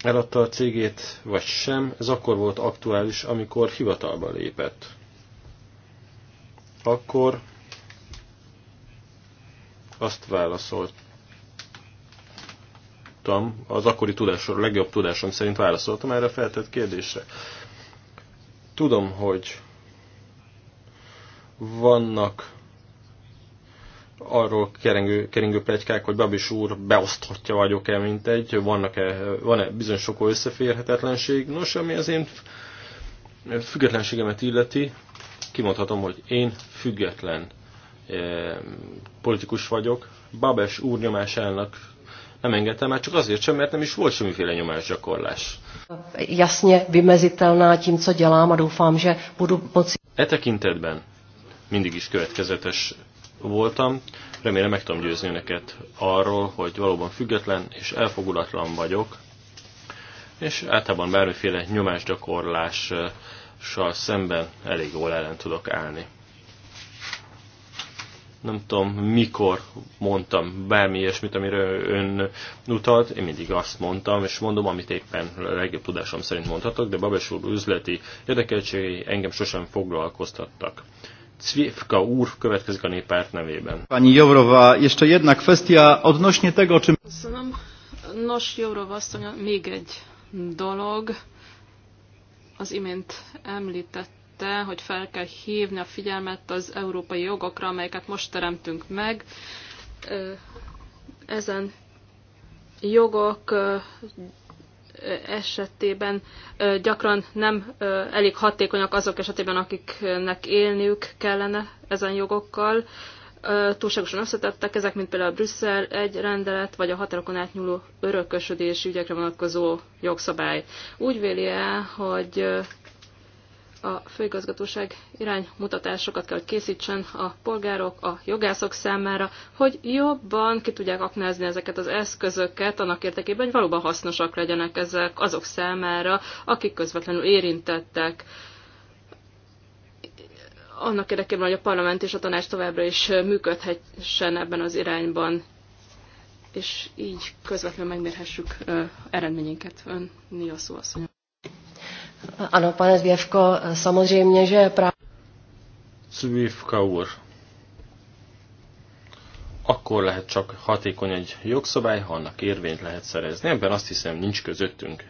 Eladta a cégét, vagy sem, ez akkor volt aktuális, amikor hivatalba lépett. Akkor azt válaszolt tudtam, az akkori a legjobb tudásom szerint válaszoltam erre a feltett kérdésre. Tudom, hogy vannak arról keringő, keringő plegykák, hogy Babis úr beoszthatja vagyok-e, mint egy, vannak-e, van-e bizonyos sok összeférhetetlenség. Nos, ami az én függetlenségemet illeti, kimondhatom, hogy én független eh, politikus vagyok. Babes úr nyomásának nem engedte már csak azért sem, mert nem is volt semmiféle nyomásgyakorlás. Jasně vymezitelná tím, co dělám a doufám, že budu moci... E tekintetben mindig is következetes voltam. Remélem meg tudom győzni önöket arról, hogy valóban független és elfogulatlan vagyok, és általában bármiféle nyomásgyakorlással szemben elég jól ellen tudok állni nem tudom mikor mondtam bármi ilyesmit, amire ön utalt, én mindig azt mondtam, és mondom, amit éppen a legjobb tudásom szerint mondhatok, de Babes úr üzleti érdekeltségei engem sosem foglalkoztattak. Cvifka úr következik a néppárt nevében. Pani és te jedna kwestia odnośnie tego, czym... Köszönöm. Nos, azt mondja, még egy dolog. Az imént említett említette, hogy fel kell hívni a figyelmet az európai jogokra, amelyeket most teremtünk meg. Ezen jogok esetében gyakran nem elég hatékonyak azok esetében, akiknek élniük kellene ezen jogokkal. Túlságosan összetettek ezek, mint például a Brüsszel egy rendelet, vagy a határokon átnyúló örökösödési ügyekre vonatkozó jogszabály. Úgy véli -e, hogy a főigazgatóság iránymutatásokat kell, hogy készítsen a polgárok, a jogászok számára, hogy jobban ki tudják aknázni ezeket az eszközöket annak érdekében, hogy valóban hasznosak legyenek ezek azok számára, akik közvetlenül érintettek annak érdekében, hogy a parlament és a tanács továbbra is működhessen ebben az irányban, és így közvetlenül megmérhessük eredményünket Ön, Nia Szóasszony. Ano, pane Zvěvko, samozřejmě, že právě... Zvěvka úr. Akkor lehet csak hatékony egy jogszabály, ha annak érvényt lehet szerezni. Ebben azt hiszem nincs közöttünk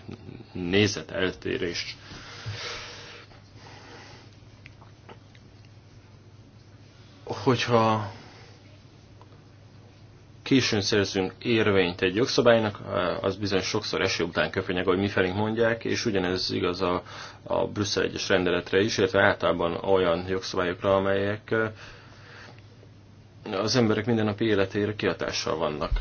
nézeteltérés. Hogyha későn szerzünk érvényt egy jogszabálynak, az bizony sokszor eső után köpönyeg, ahogy mifelénk mondják, és ugyanez igaz a, a Brüsszel egyes rendeletre is, illetve általában olyan jogszabályokra, amelyek az emberek mindennapi életére kihatással vannak.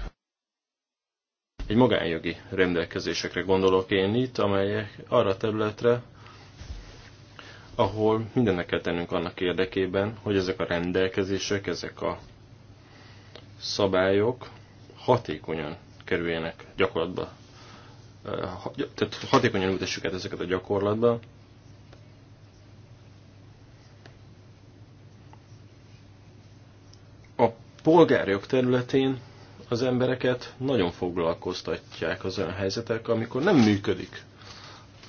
Egy magánjogi rendelkezésekre gondolok én itt, amelyek arra területre, ahol mindennek kell tennünk annak érdekében, hogy ezek a rendelkezések, ezek a szabályok hatékonyan kerüljenek gyakorlatba. Tehát hatékonyan ültessük át ezeket a gyakorlatba. A polgárjog területén az embereket nagyon foglalkoztatják az olyan helyzetek, amikor nem működik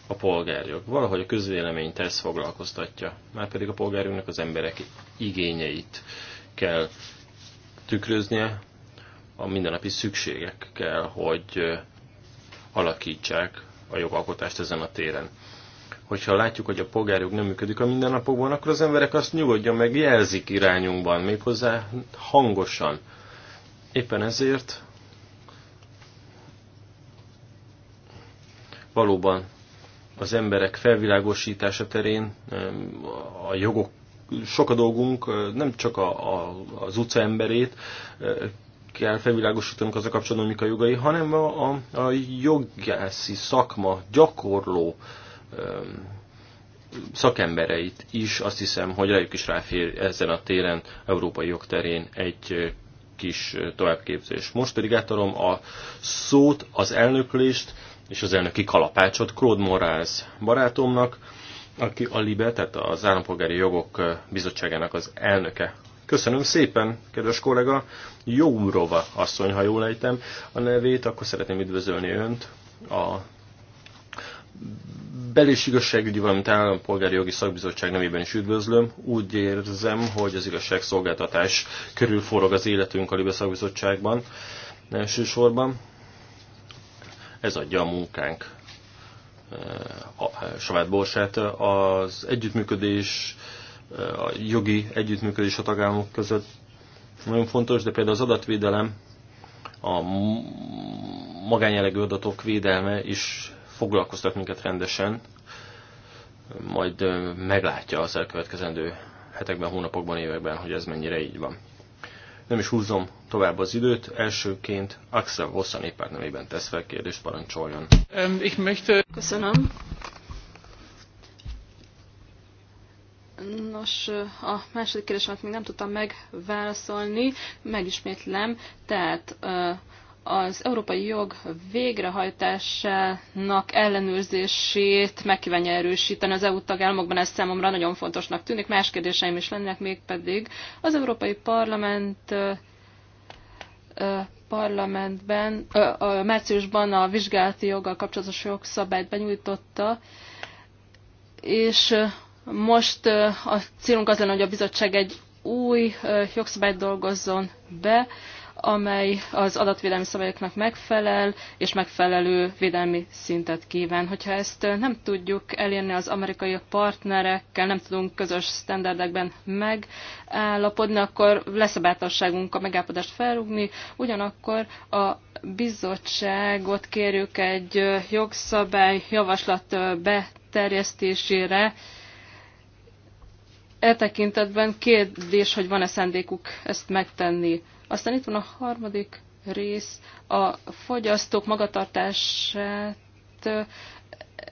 a polgárjog. Valahogy a közvéleményt ezt foglalkoztatja. Márpedig a polgárjognak az emberek igényeit kell tükröznie, a mindennapi szükségek kell, hogy alakítsák a jogalkotást ezen a téren. Hogyha látjuk, hogy a polgárjog nem működik a mindennapokban, akkor az emberek azt nyugodjon meg, jelzik irányunkban, méghozzá hangosan. Éppen ezért valóban az emberek felvilágosítása terén, a jogok sok a dolgunk, nem csak a, a, az utca emberét kell felvilágosítanunk a kapcsolatban, mik a jogai, hanem a, a, a jogászi szakma gyakorló szakembereit is, azt hiszem, hogy rájuk is ráfér ezen a téren, európai jogterén egy kis továbbképzés. Most pedig átadom a szót, az elnöklést és az elnöki kalapácsot Claude Morales barátomnak, aki a LIBE, tehát az Állampolgári Jogok Bizottságának az elnöke. Köszönöm szépen, kedves kollega. Jourova asszony, ha jól ejtem a nevét, akkor szeretném üdvözölni önt a belés igazságügyi, valamint állampolgári jogi szakbizottság nevében is üdvözlöm. Úgy érzem, hogy az igazságszolgáltatás körül forog az életünk a Libe szakbizottságban elsősorban. Ez adja a munkánk saját borsát. Az együttműködés, a jogi együttműködés a tagállamok között nagyon fontos, de például az adatvédelem, a magányelegű adatok védelme is foglalkoztat minket rendesen, majd meglátja az elkövetkezendő hetekben, hónapokban, években, hogy ez mennyire így van. Nem is húzom tovább az időt. Elsőként Axel Vossa néppárt nevében tesz fel kérdést, parancsoljon. Köszönöm. Nos, a második kérdésemet még nem tudtam megválaszolni, megismétlem. Tehát az európai jog végrehajtásának ellenőrzését kívánja erősíteni az EU tagállamokban, ez számomra nagyon fontosnak tűnik. Más kérdéseim is lennének mégpedig az Európai Parlament parlamentben a márciusban a vizsgálati joggal kapcsolatos jogszabályt benyújtotta, és most a célunk az lenne, hogy a bizottság egy új jogszabályt dolgozzon be, amely az adatvédelmi szabályoknak megfelel, és megfelelő védelmi szintet kíván. Hogyha ezt nem tudjuk elérni az amerikai partnerekkel, nem tudunk közös standardekben megállapodni, akkor lesz a bátorságunk a megállapodást felrúgni, ugyanakkor a bizottságot kérjük egy jogszabály javaslat beterjesztésére, E tekintetben kérdés, hogy van-e szándékuk ezt megtenni. Aztán itt van a harmadik rész, a fogyasztók magatartását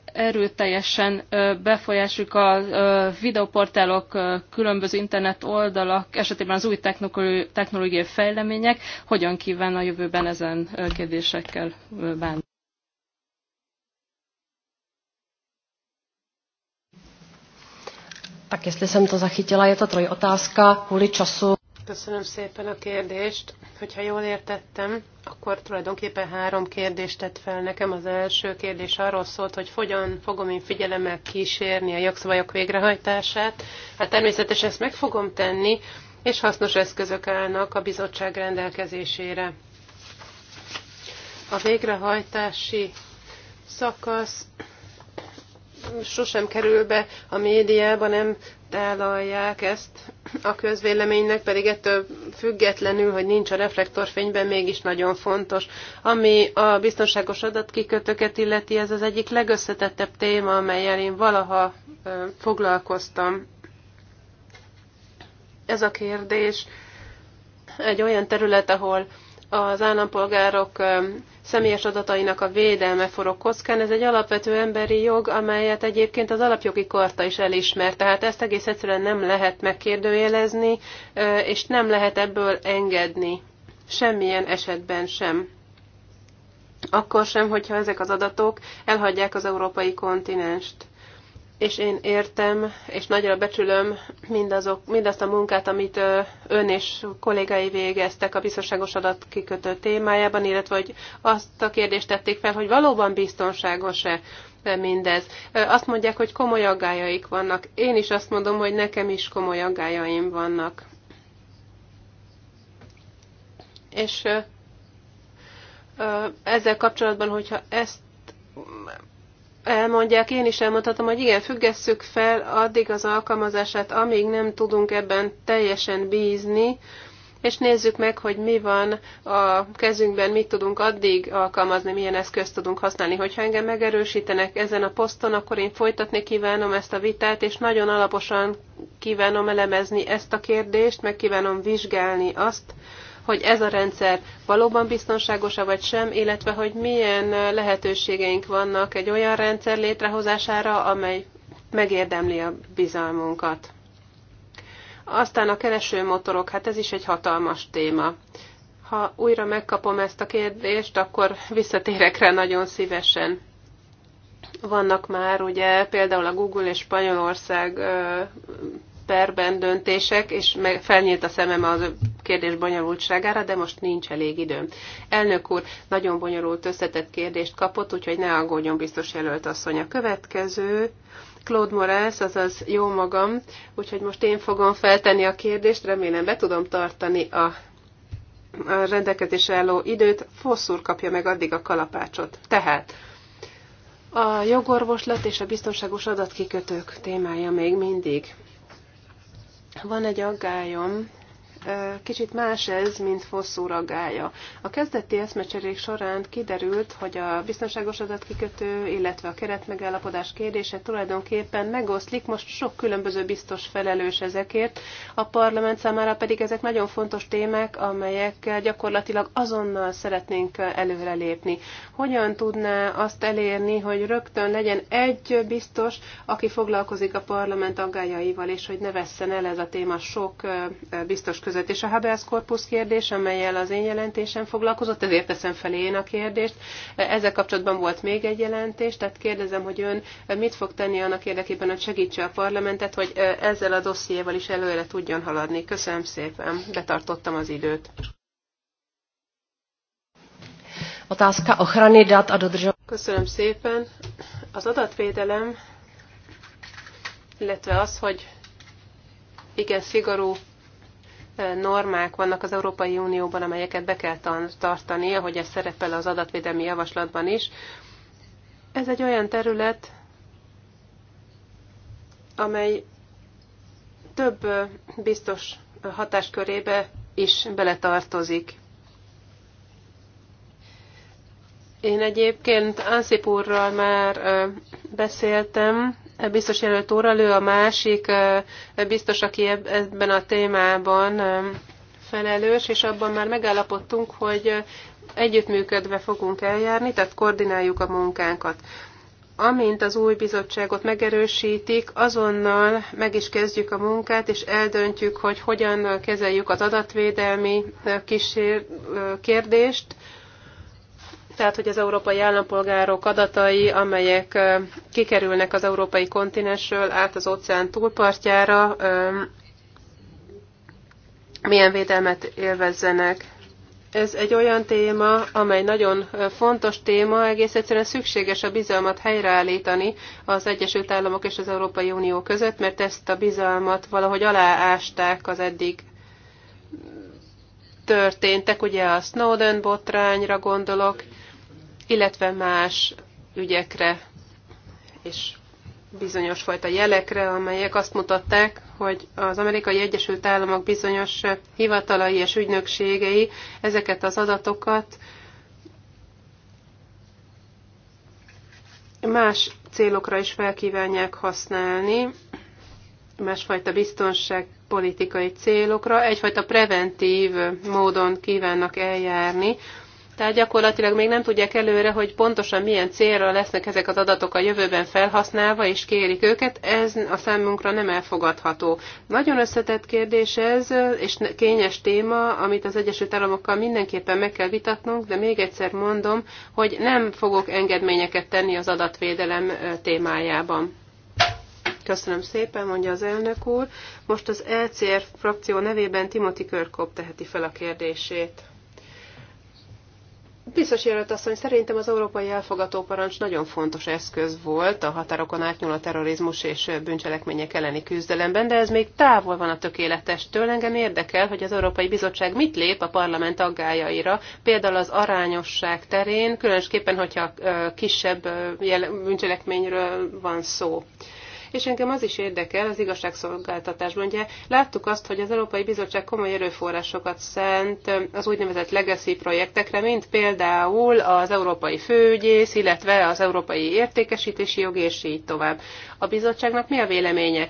erőteljesen befolyásoljuk a videoportálok, különböző internet oldalak esetében az új technológiai fejlemények. Hogyan kíván a jövőben ezen kérdésekkel bánni? Tak jestli jsem to zachytila, je to troj otázka kvůli času. Köszönöm szépen a kérdést. Hogyha jól értettem, akkor tulajdonképpen három kérdést tett fel nekem. Az első kérdés arról szólt, hogy hogyan fogom én figyelemmel kísérni a jogszabályok végrehajtását. Hát természetesen ezt meg fogom tenni, és hasznos eszközök állnak a bizottság rendelkezésére. A végrehajtási szakasz sosem kerül be a médiában, nem tálalják ezt a közvéleménynek, pedig ettől függetlenül, hogy nincs a reflektorfényben, mégis nagyon fontos. Ami a biztonságos adatkikötőket illeti, ez az egyik legösszetettebb téma, amelyel én valaha foglalkoztam. Ez a kérdés egy olyan terület, ahol az állampolgárok személyes adatainak a védelme forog kockán. Ez egy alapvető emberi jog, amelyet egyébként az alapjogi karta is elismer. Tehát ezt egész egyszerűen nem lehet megkérdőjelezni, és nem lehet ebből engedni. Semmilyen esetben sem. Akkor sem, hogyha ezek az adatok elhagyják az európai kontinenst és én értem, és nagyra becsülöm mindazok, mindazt a munkát, amit ön és kollégái végeztek a biztonságos adat kikötő témájában, illetve hogy azt a kérdést tették fel, hogy valóban biztonságos-e mindez. Azt mondják, hogy komoly aggájaik vannak. Én is azt mondom, hogy nekem is komoly aggájaim vannak. És ezzel kapcsolatban, hogyha ezt elmondják, én is elmondhatom, hogy igen, függesszük fel addig az alkalmazását, amíg nem tudunk ebben teljesen bízni, és nézzük meg, hogy mi van a kezünkben, mit tudunk addig alkalmazni, milyen eszközt tudunk használni. Hogyha engem megerősítenek ezen a poszton, akkor én folytatni kívánom ezt a vitát, és nagyon alaposan kívánom elemezni ezt a kérdést, meg kívánom vizsgálni azt, hogy ez a rendszer valóban biztonságos-e vagy sem, illetve hogy milyen lehetőségeink vannak egy olyan rendszer létrehozására, amely megérdemli a bizalmunkat. Aztán a keresőmotorok, hát ez is egy hatalmas téma. Ha újra megkapom ezt a kérdést, akkor visszatérek rá nagyon szívesen. Vannak már ugye például a Google és Spanyolország perben döntések, és meg felnyílt a szemem az kérdés bonyolultságára, de most nincs elég időm. Elnök úr, nagyon bonyolult összetett kérdést kapott, úgyhogy ne aggódjon biztos jelölt asszony. A következő, Claude Morales, azaz jó magam, úgyhogy most én fogom feltenni a kérdést, remélem be tudom tartani a a rendelkezésre álló időt, Fosszúr kapja meg addig a kalapácsot. Tehát a jogorvoslat és a biztonságos adatkikötők témája még mindig. Van egy aggályom Kicsit más ez, mint hosszú ragája. A kezdeti eszmecserék során kiderült, hogy a biztonságos adatkikötő, illetve a keretmegállapodás kérdése tulajdonképpen megoszlik, most sok különböző biztos felelős ezekért, a parlament számára pedig ezek nagyon fontos témák, amelyek gyakorlatilag azonnal szeretnénk előrelépni. Hogyan tudná azt elérni, hogy rögtön legyen egy biztos, aki foglalkozik a parlament aggájaival, és hogy ne vesszen el ez a téma sok biztos között. És a habeas corpus kérdés, amelyel az én jelentésem foglalkozott, ezért teszem felé én a kérdést. Ezzel kapcsolatban volt még egy jelentés, tehát kérdezem, hogy ön mit fog tenni annak érdekében, hogy segítse a parlamentet, hogy ezzel a dossziéval is előre tudjon haladni. Köszönöm szépen, betartottam az időt. Otázka ochrany dat a Köszönöm szépen. Az adatvédelem, illetve az, hogy igen szigorú normák vannak az Európai Unióban, amelyeket be kell tartani, ahogy ez szerepel az adatvédelmi javaslatban is. Ez egy olyan terület, amely több biztos hatáskörébe is beletartozik. Én egyébként Ansip úrral már beszéltem, biztos jelölt úrral, ő a másik biztos, aki ebben a témában felelős, és abban már megállapodtunk, hogy együttműködve fogunk eljárni, tehát koordináljuk a munkánkat. Amint az új bizottságot megerősítik, azonnal meg is kezdjük a munkát, és eldöntjük, hogy hogyan kezeljük az adatvédelmi kísér kérdést, tehát hogy az európai állampolgárok adatai, amelyek kikerülnek az európai kontinensről át az óceán túlpartjára, milyen védelmet élvezzenek. Ez egy olyan téma, amely nagyon fontos téma, egész egyszerűen szükséges a bizalmat helyreállítani az Egyesült Államok és az Európai Unió között, mert ezt a bizalmat valahogy aláásták az eddig történtek, ugye a Snowden botrányra gondolok, illetve más ügyekre és bizonyos fajta jelekre, amelyek azt mutatták, hogy az amerikai Egyesült Államok bizonyos hivatalai és ügynökségei ezeket az adatokat más célokra is felkívánják használni, másfajta biztonságpolitikai célokra, egyfajta preventív módon kívánnak eljárni, tehát gyakorlatilag még nem tudják előre, hogy pontosan milyen célra lesznek ezek az adatok a jövőben felhasználva, és kérik őket, ez a számunkra nem elfogadható. Nagyon összetett kérdés ez, és kényes téma, amit az Egyesült Államokkal mindenképpen meg kell vitatnunk, de még egyszer mondom, hogy nem fogok engedményeket tenni az adatvédelem témájában. Köszönöm szépen, mondja az elnök úr. Most az ECR frakció nevében Timothy Körkop teheti fel a kérdését. Biztos jelölt asszony, szerintem az európai elfogató parancs nagyon fontos eszköz volt a határokon átnyúló terrorizmus és bűncselekmények elleni küzdelemben, de ez még távol van a tökéletestől. Engem érdekel, hogy az Európai Bizottság mit lép a parlament aggájaira, például az arányosság terén, különösképpen, hogyha kisebb bűncselekményről van szó és engem az is érdekel az igazságszolgáltatásban. Ugye láttuk azt, hogy az Európai Bizottság komoly erőforrásokat szent az úgynevezett legacy projektekre, mint például az Európai Főügyész, illetve az Európai Értékesítési Jog, és így tovább. A bizottságnak mi a véleménye?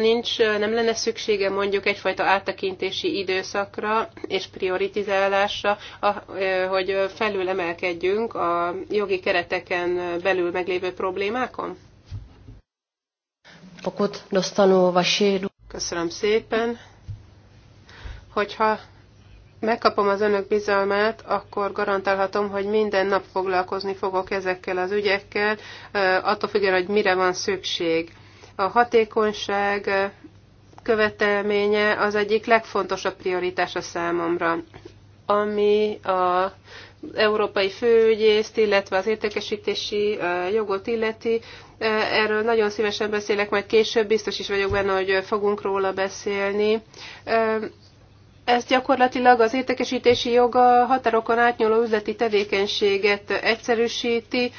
Nincs, nem lenne szüksége mondjuk egyfajta áttekintési időszakra és prioritizálásra, hogy felülemelkedjünk a jogi kereteken belül meglévő problémákon? pokud dostanu vaši... Köszönöm szépen. Hogyha megkapom az önök bizalmát, akkor garantálhatom, hogy minden nap foglalkozni fogok ezekkel az ügyekkel, attól függően, hogy mire van szükség. A hatékonyság követelménye az egyik legfontosabb prioritása számomra, ami a európai főügyészt, illetve az értékesítési jogot illeti, Erről nagyon szívesen beszélek majd később, biztos is vagyok benne, hogy fogunk róla beszélni. Ez gyakorlatilag az értékesítési joga határokon átnyúló üzleti tevékenységet egyszerűsíti,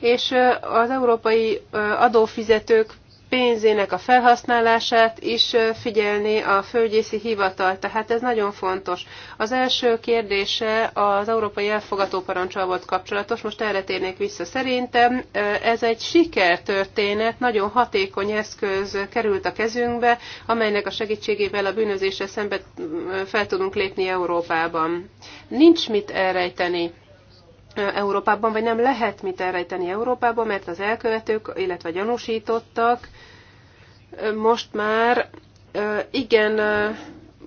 és az európai adófizetők pénzének a felhasználását is figyelni a földgyészi hivatal, tehát ez nagyon fontos. Az első kérdése az európai elfogató parancsal volt kapcsolatos, most erre térnék vissza. Szerintem ez egy sikertörténet, nagyon hatékony eszköz került a kezünkbe, amelynek a segítségével a bűnözésre szemben fel tudunk lépni Európában. Nincs mit elrejteni Európában, vagy nem lehet mit elrejteni Európában, mert az elkövetők, illetve gyanúsítottak most már igen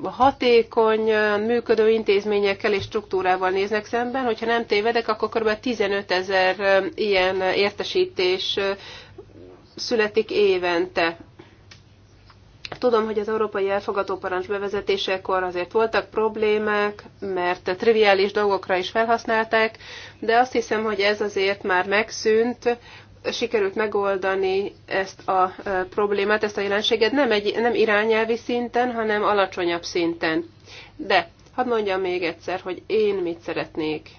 hatékony működő intézményekkel és struktúrával néznek szemben, hogyha nem tévedek, akkor kb. 15 ezer ilyen értesítés születik évente. Tudom, hogy az európai elfogató parancs bevezetésekor azért voltak problémák, mert triviális dolgokra is felhasználták, de azt hiszem, hogy ez azért már megszűnt, sikerült megoldani ezt a e, problémát, ezt a jelenséget nem, egy, nem irányelvi szinten, hanem alacsonyabb szinten. De hadd mondjam még egyszer, hogy én mit szeretnék.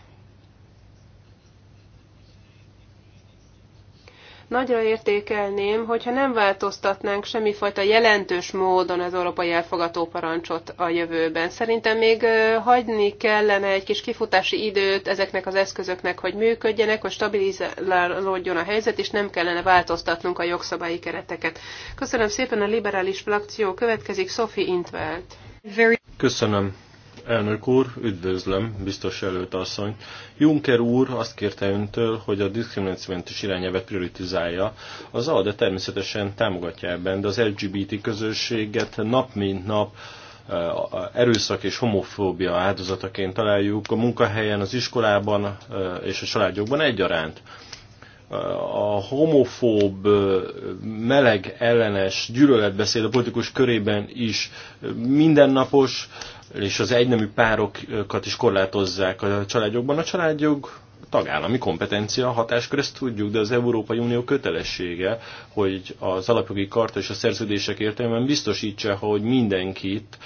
Nagyra értékelném, hogyha nem változtatnánk semmifajta jelentős módon az európai elfogató parancsot a jövőben. Szerintem még hagyni kellene egy kis kifutási időt ezeknek az eszközöknek, hogy működjenek, hogy stabilizálódjon a helyzet, és nem kellene változtatnunk a jogszabályi kereteket. Köszönöm szépen a liberális frakció. Következik Sophie Intvelt. Köszönöm. Elnök úr, üdvözlöm, biztos előtt asszony. Juncker úr azt kérte öntől, hogy a diszkriminációmentes irányelvet prioritizálja. Az de természetesen támogatja ebben, de az LGBT közösséget nap mint nap erőszak és homofóbia áldozataként találjuk a munkahelyen, az iskolában és a családjogban egyaránt a homofób, meleg ellenes gyűlöletbeszéd a politikus körében is mindennapos, és az egynemű párokat is korlátozzák a családjogban. A családjog tagállami kompetencia, hatáskör, ezt tudjuk, de az Európai Unió kötelessége, hogy az alapjogi karta és a szerződések értelemben biztosítsa, hogy mindenkit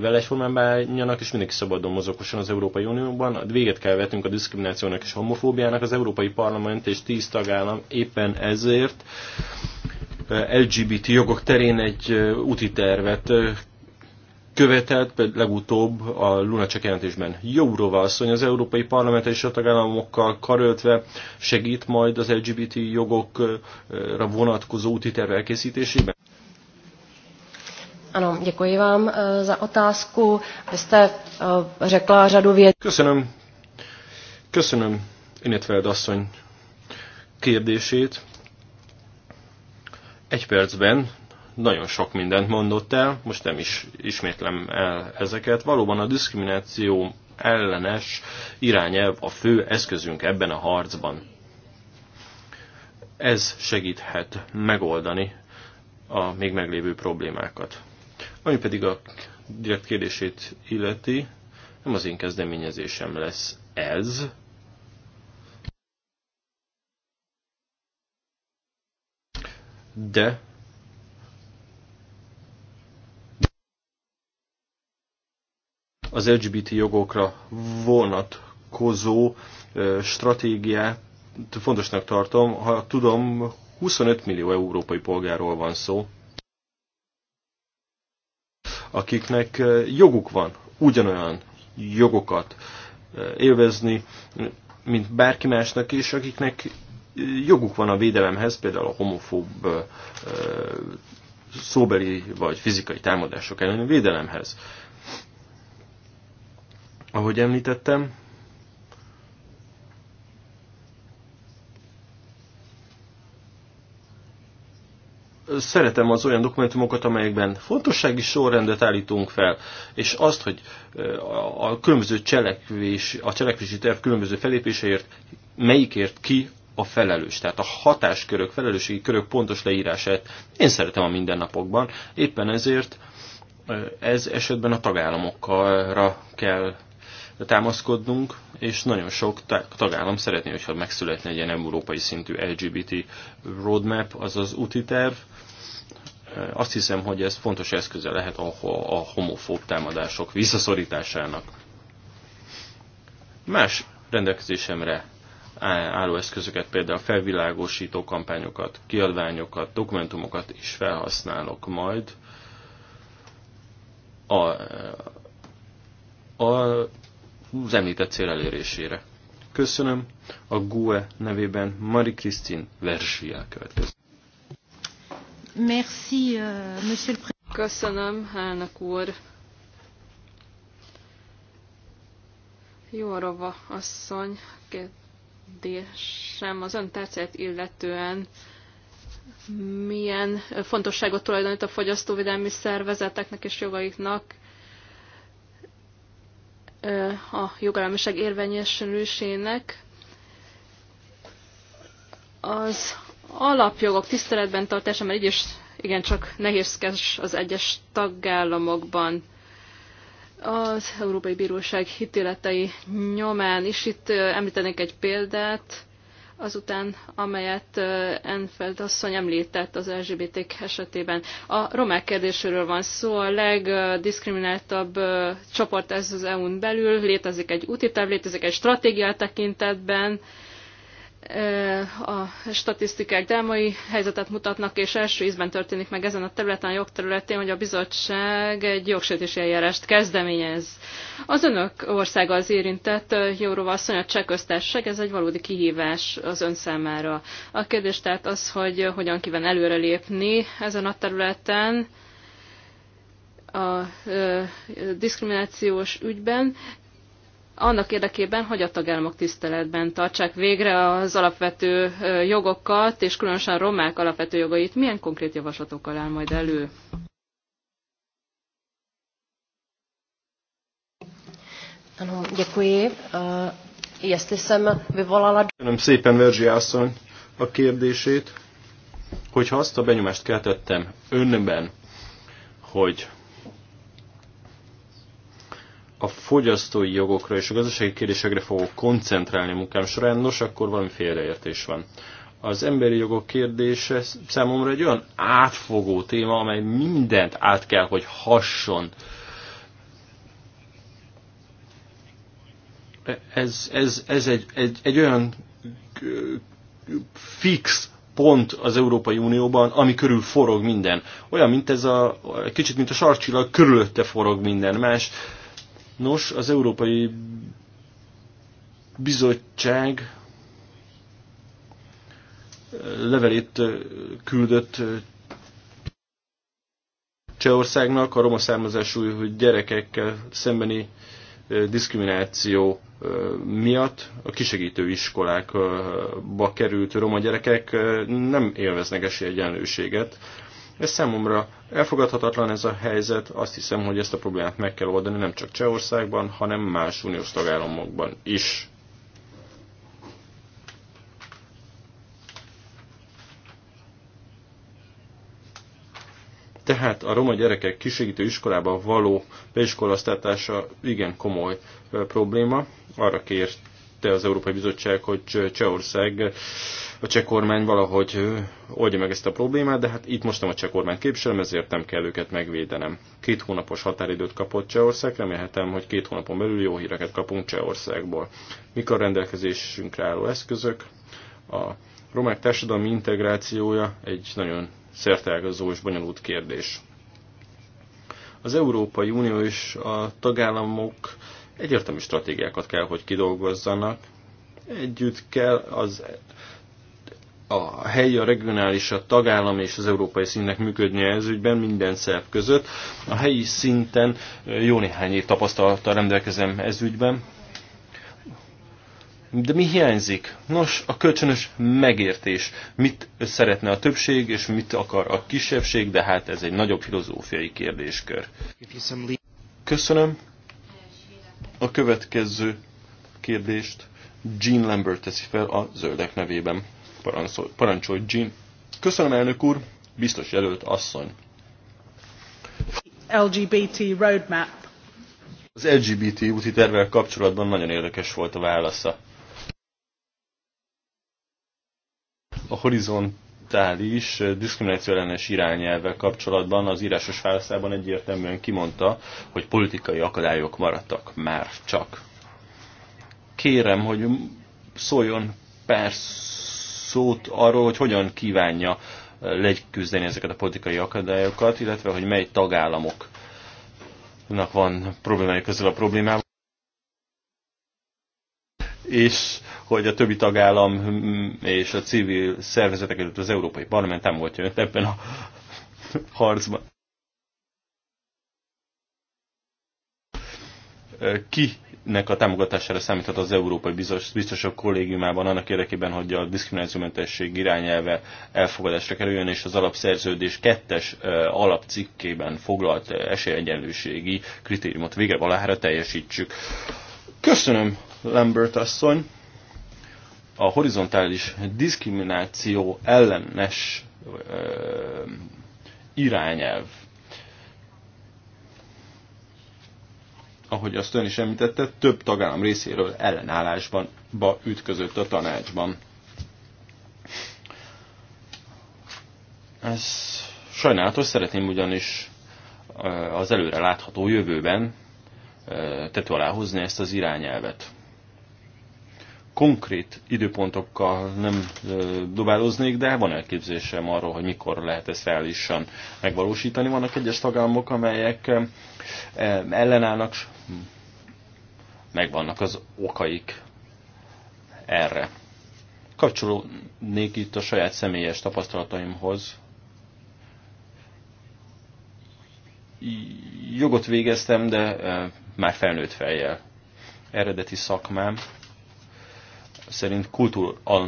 vele egyformán bánjanak, és mindenki szabadon mozogosan az Európai Unióban. Véget kell vetnünk a diszkriminációnak és a homofóbiának. Az Európai Parlament és tíz tagállam éppen ezért LGBT jogok terén egy úti tervet követelt, például legutóbb a csak jelentésben. Jóróva asszony az Európai Parlament és a tagállamokkal karöltve segít majd az LGBT jogokra vonatkozó úti terve elkészítésében? Ano, děkuji vám eh, za otázku. Vy jste eh, řekla řadu věcí. Köszönöm. Köszönöm Inetveld asszony kérdését. Egy percben nagyon sok mindent mondott el, most nem is ismétlem el ezeket. Valóban a diszkrimináció ellenes irányelv a fő eszközünk ebben a harcban. Ez segíthet megoldani a még meglévő problémákat. Ami pedig a direkt kérdését illeti, nem az én kezdeményezésem lesz ez, de az LGBT jogokra vonatkozó stratégiát fontosnak tartom. Ha tudom, 25 millió európai polgárról van szó, akiknek joguk van ugyanolyan jogokat élvezni, mint bárki másnak, és akiknek joguk van a védelemhez, például a homofób szóbeli vagy fizikai támadások elleni védelemhez. Ahogy említettem, szeretem az olyan dokumentumokat, amelyekben fontossági sorrendet állítunk fel, és azt, hogy a különböző cselekvés, a cselekvési terv különböző felépéseért melyikért ki a felelős, tehát a hatáskörök, felelősségi körök pontos leírását én szeretem a mindennapokban, éppen ezért ez esetben a tagállamokra kell támaszkodnunk, és nagyon sok tagállam szeretné, hogyha megszületne egy ilyen európai szintű LGBT roadmap, azaz úti terv. Azt hiszem, hogy ez fontos eszköze lehet a, a homofób támadások visszaszorításának. Más rendelkezésemre álló eszközöket, például felvilágosító kampányokat, kiadványokat, dokumentumokat is felhasználok majd. A, a az említett cél elérésére. Köszönöm. A GUE nevében Marie-Christine Versia következik. Merci, euh, monsieur le Köszönöm, elnök úr. Jórova asszony, kérdésem az ön tárcát illetően milyen fontosságot tulajdonít a fogyasztóvédelmi szervezeteknek és jogaiknak, a jogállamiság érvényesülésének az alapjogok tiszteletben tartása, mert így is igencsak nehézkes az egyes tagállamokban az Európai Bíróság hitéletei nyomán is. Itt említenék egy példát, azután, amelyet Enfeld asszony említett az LGBT esetében. A romák kérdéséről van szó, a legdiskrimináltabb csoport ez az EU-n belül, létezik egy útitáv, létezik egy stratégia tekintetben, a statisztikák drámai helyzetet mutatnak, és első ízben történik meg ezen a területen, a jogterületén, hogy a bizottság egy jogsértési eljárást kezdeményez. Az önök országa az érintett, Jóróval asszony, a cseh ez egy valódi kihívás az ön számára. A kérdés tehát az, hogy hogyan kíván előrelépni ezen a területen, a ö, diszkriminációs ügyben, annak érdekében, hogy a tagállamok tiszteletben tartsák végre az alapvető jogokat, és különösen romák alapvető jogait. Milyen konkrét javaslatokkal áll majd elő? Ano, děkuji. Jestli jsem vyvolala... Köszönöm szépen Verzsi Ászony, a kérdését, hogyha azt a benyomást keltettem önben, hogy a fogyasztói jogokra és a gazdasági kérdésekre fogok koncentrálni a munkám során, nos, akkor valami félreértés van. Az emberi jogok kérdése számomra egy olyan átfogó téma, amely mindent át kell, hogy hasson. Ez, ez, ez egy, egy, egy olyan fix pont az Európai Unióban, ami körül forog minden. Olyan, mint ez a, kicsit mint a sarcsillag, körülötte forog minden más. Nos, az Európai Bizottság eh, levelét eh, küldött eh, Csehországnak a roma származású gyerekekkel szembeni diszkrimináció miatt a kisegítő iskolákba került roma gyerekek nem élveznek esélyegyenlőséget. Ez számomra elfogadhatatlan ez a helyzet, azt hiszem, hogy ezt a problémát meg kell oldani nem csak Csehországban, hanem más uniós tagállamokban is. Tehát a roma gyerekek kisegítő iskolába való beiskolasztatása igen komoly probléma. Arra kért kérte az Európai Bizottság, hogy Csehország, a cseh kormány valahogy oldja meg ezt a problémát, de hát itt most nem a cseh kormány képviselem, ezért nem kell őket megvédenem. Két hónapos határidőt kapott Csehország, remélhetem, hogy két hónapon belül jó híreket kapunk Csehországból. Mik a rendelkezésünkre álló eszközök? A romák társadalmi integrációja egy nagyon szerteágazó és bonyolult kérdés. Az Európai Unió és a tagállamok Egyértelmű stratégiákat kell, hogy kidolgozzanak. Együtt kell az a helyi, a regionális, a tagállami és az európai színnek működnie ez ügyben minden szerv között. A helyi szinten jó néhány év tapasztalattal rendelkezem ez ügyben. De mi hiányzik? Nos, a kölcsönös megértés. Mit szeretne a többség, és mit akar a kisebbség, de hát ez egy nagyobb filozófiai kérdéskör. Köszönöm. A következő kérdést Jean Lambert teszi fel a zöldek nevében. Parancsol, parancsolj, Jean. Köszönöm, elnök úr, biztos jelölt asszony. LGBT roadmap. Az LGBT úti tervvel kapcsolatban nagyon érdekes volt a válasza. A Horizon digitális eh, diszkrimináció ellenes irányelvvel kapcsolatban az írásos válaszában egyértelműen kimondta, hogy politikai akadályok maradtak már csak. Kérem, hogy szóljon pár szót arról, hogy hogyan kívánja eh, legyküzdeni ezeket a politikai akadályokat, illetve hogy mely tagállamoknak van problémájuk ezzel a problémával. És hogy a többi tagállam hm, és a civil szervezetek előtt az Európai Parlament támogatja őt ebben a [laughs] harcban. Kinek a támogatására számíthat az Európai Biztosok Kollégiumában annak érdekében, hogy a diszkriminációmentesség irányelve elfogadásra kerüljön, és az alapszerződés kettes alapcikkében foglalt esélyegyenlőségi kritériumot végre valahára teljesítsük. Köszönöm, Lambert asszony! a horizontális diszkrimináció ellenes irányelv, ahogy azt ön is említette, több tagállam részéről ellenállásban ba ütközött a tanácsban. Ez sajnálatos, szeretném ugyanis az előre látható jövőben tető alá hozni ezt az irányelvet konkrét időpontokkal nem dobáloznék, de van elképzésem arról, hogy mikor lehet ezt reálisan megvalósítani. Vannak egyes tagállamok, amelyek ellenállnak, megvannak az okaik erre. Kapcsolódnék itt a saját személyes tapasztalataimhoz. Jogot végeztem, de már felnőtt fejjel. Eredeti szakmám szerint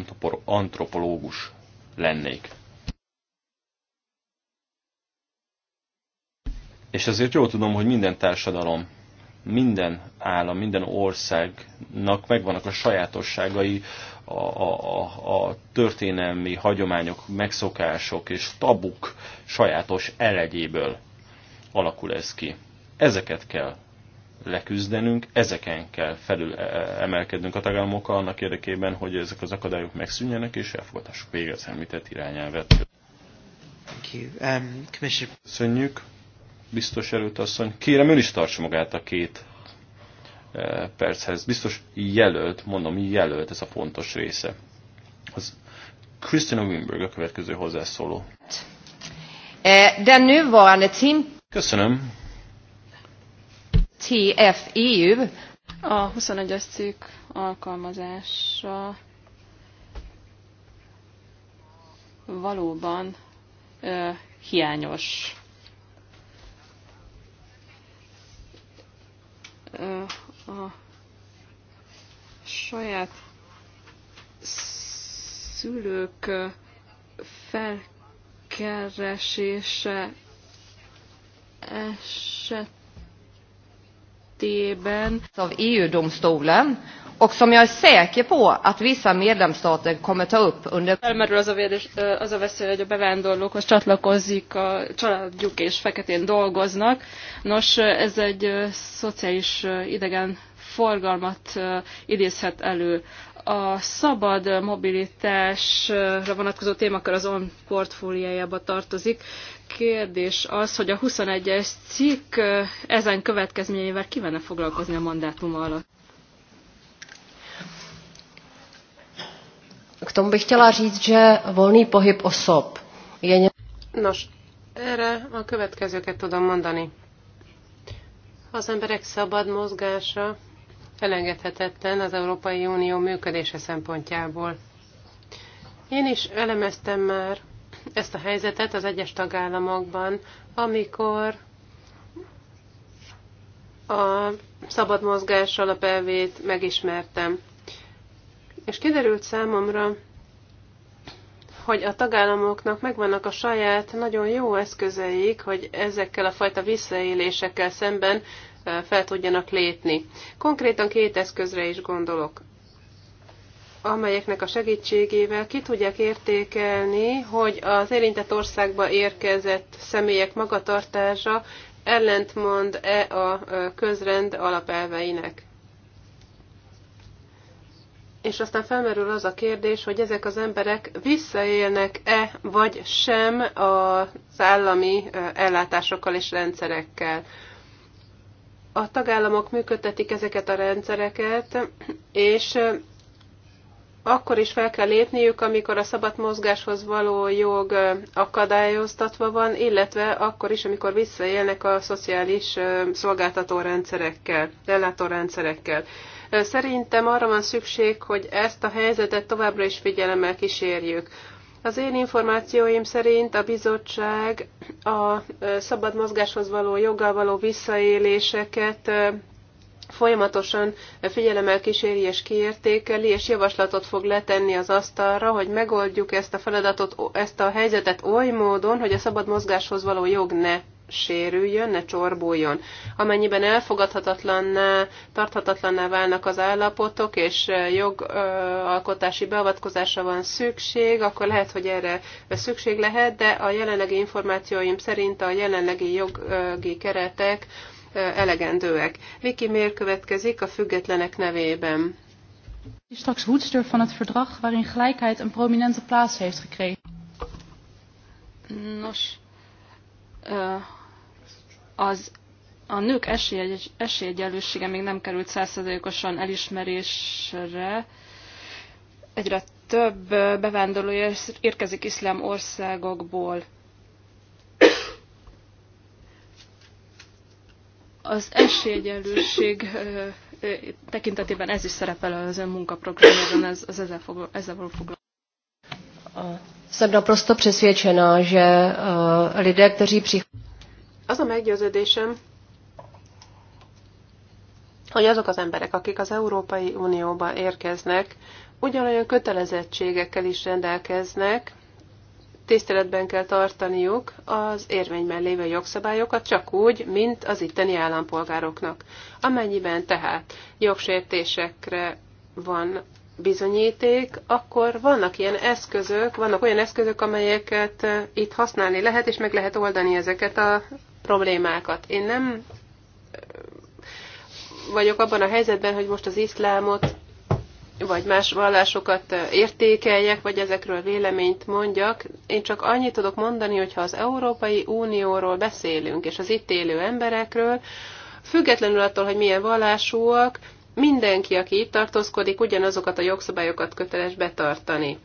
kultúrantropológus lennék. És azért jól tudom, hogy minden társadalom, minden állam, minden országnak megvannak a sajátosságai, a, a, a történelmi hagyományok, megszokások és tabuk sajátos elegyéből alakul ez ki. Ezeket kell leküzdenünk, ezeken kell felül e- e- emelkednünk a tagállamokkal annak érdekében, hogy ezek az akadályok megszűnjenek, és elfogadhassuk végre az említett irányelvet. Um, Köszönjük, biztos előtt asszony. Kérem, ön is tartsa magát a két e, perchez. Biztos jelölt, mondom, jelölt ez a fontos része. Az Christina Winberg a következő hozzászóló. Eh, tim... Köszönöm. TF EU. A 21-es cikk alkalmazása valóban ö, hiányos. a saját szülők felkeresése eset kommittéjében. Av EU-domstolen och som jag är säker på att vissa medlemsstater kommer ta upp under... Felmerül az a, védés, az a veszély, hogy a bevándorlókhoz csatlakozik, a családjuk és feketén dolgoznak. Nos, ez egy szociális idegen forgalmat idézhet elő. A szabad mobilitásra vonatkozó témakör az ON portfóliájába tartozik. Kérdés az, hogy a 21-es cikk ezen következményeivel kivenne foglalkozni a mandátum alatt. K tomu bych chtěla říct, že volný pohyb osob je... Nos, erre a következőket tudom mondani. Az emberek szabad mozgása felengedhetetlen az Európai Unió működése szempontjából. Én is elemeztem már ezt a helyzetet az egyes tagállamokban, amikor a szabad mozgás alapelvét megismertem. És kiderült számomra, hogy a tagállamoknak megvannak a saját nagyon jó eszközeik, hogy ezekkel a fajta visszaélésekkel szemben fel tudjanak lépni. Konkrétan két eszközre is gondolok amelyeknek a segítségével ki tudják értékelni, hogy az érintett országba érkezett személyek magatartása ellentmond-e a közrend alapelveinek. És aztán felmerül az a kérdés, hogy ezek az emberek visszaélnek-e vagy sem az állami ellátásokkal és rendszerekkel a tagállamok működtetik ezeket a rendszereket, és akkor is fel kell lépniük, amikor a szabad mozgáshoz való jog akadályoztatva van, illetve akkor is, amikor visszaélnek a szociális szolgáltatórendszerekkel, ellátórendszerekkel. Szerintem arra van szükség, hogy ezt a helyzetet továbbra is figyelemmel kísérjük. Az én információim szerint a bizottság a szabad mozgáshoz való joggal való visszaéléseket folyamatosan figyelemmel kíséri és kiértékeli, és javaslatot fog letenni az asztalra, hogy megoldjuk ezt a feladatot, ezt a helyzetet oly módon, hogy a szabad mozgáshoz való jog ne sérüljön, ne csorbuljon. Amennyiben elfogadhatatlanná, tarthatatlanná válnak az állapotok, és jogalkotási beavatkozásra van szükség, akkor lehet, hogy erre szükség lehet, de a jelenlegi információim szerint a jelenlegi jogi keretek elegendőek. Viki miért következik a függetlenek nevében? straks hoedster van het verdrag waarin gelijkheid een prominente plaats heeft gekregen. Nos, uh, az a nők esély, esélyegyenlősége még nem került százszerzőkosan elismerésre. Egyre több bevándorló érkezik iszlám országokból. Az esélyegyelőség tekintetében ez is szerepel az ön munkaprogramjában, ez, az ezzel, fog, ezzel való foglalkozás. Jsem naprosto přesvědčena, že lidé, kteří přichází, az a meggyőződésem, hogy azok az emberek, akik az Európai Unióba érkeznek, ugyanolyan kötelezettségekkel is rendelkeznek, tiszteletben kell tartaniuk az érvényben lévő jogszabályokat, csak úgy, mint az itteni állampolgároknak. Amennyiben tehát jogsértésekre van bizonyíték, akkor vannak ilyen eszközök, vannak olyan eszközök, amelyeket eh, itt használni lehet, és meg lehet oldani ezeket a problémákat. Én nem vagyok abban a helyzetben, hogy most az iszlámot vagy más vallásokat értékeljek, vagy ezekről véleményt mondjak. Én csak annyit tudok mondani, hogy ha az Európai Unióról beszélünk, és az itt élő emberekről, függetlenül attól, hogy milyen vallásúak, mindenki, aki itt tartózkodik, ugyanazokat a jogszabályokat köteles betartani.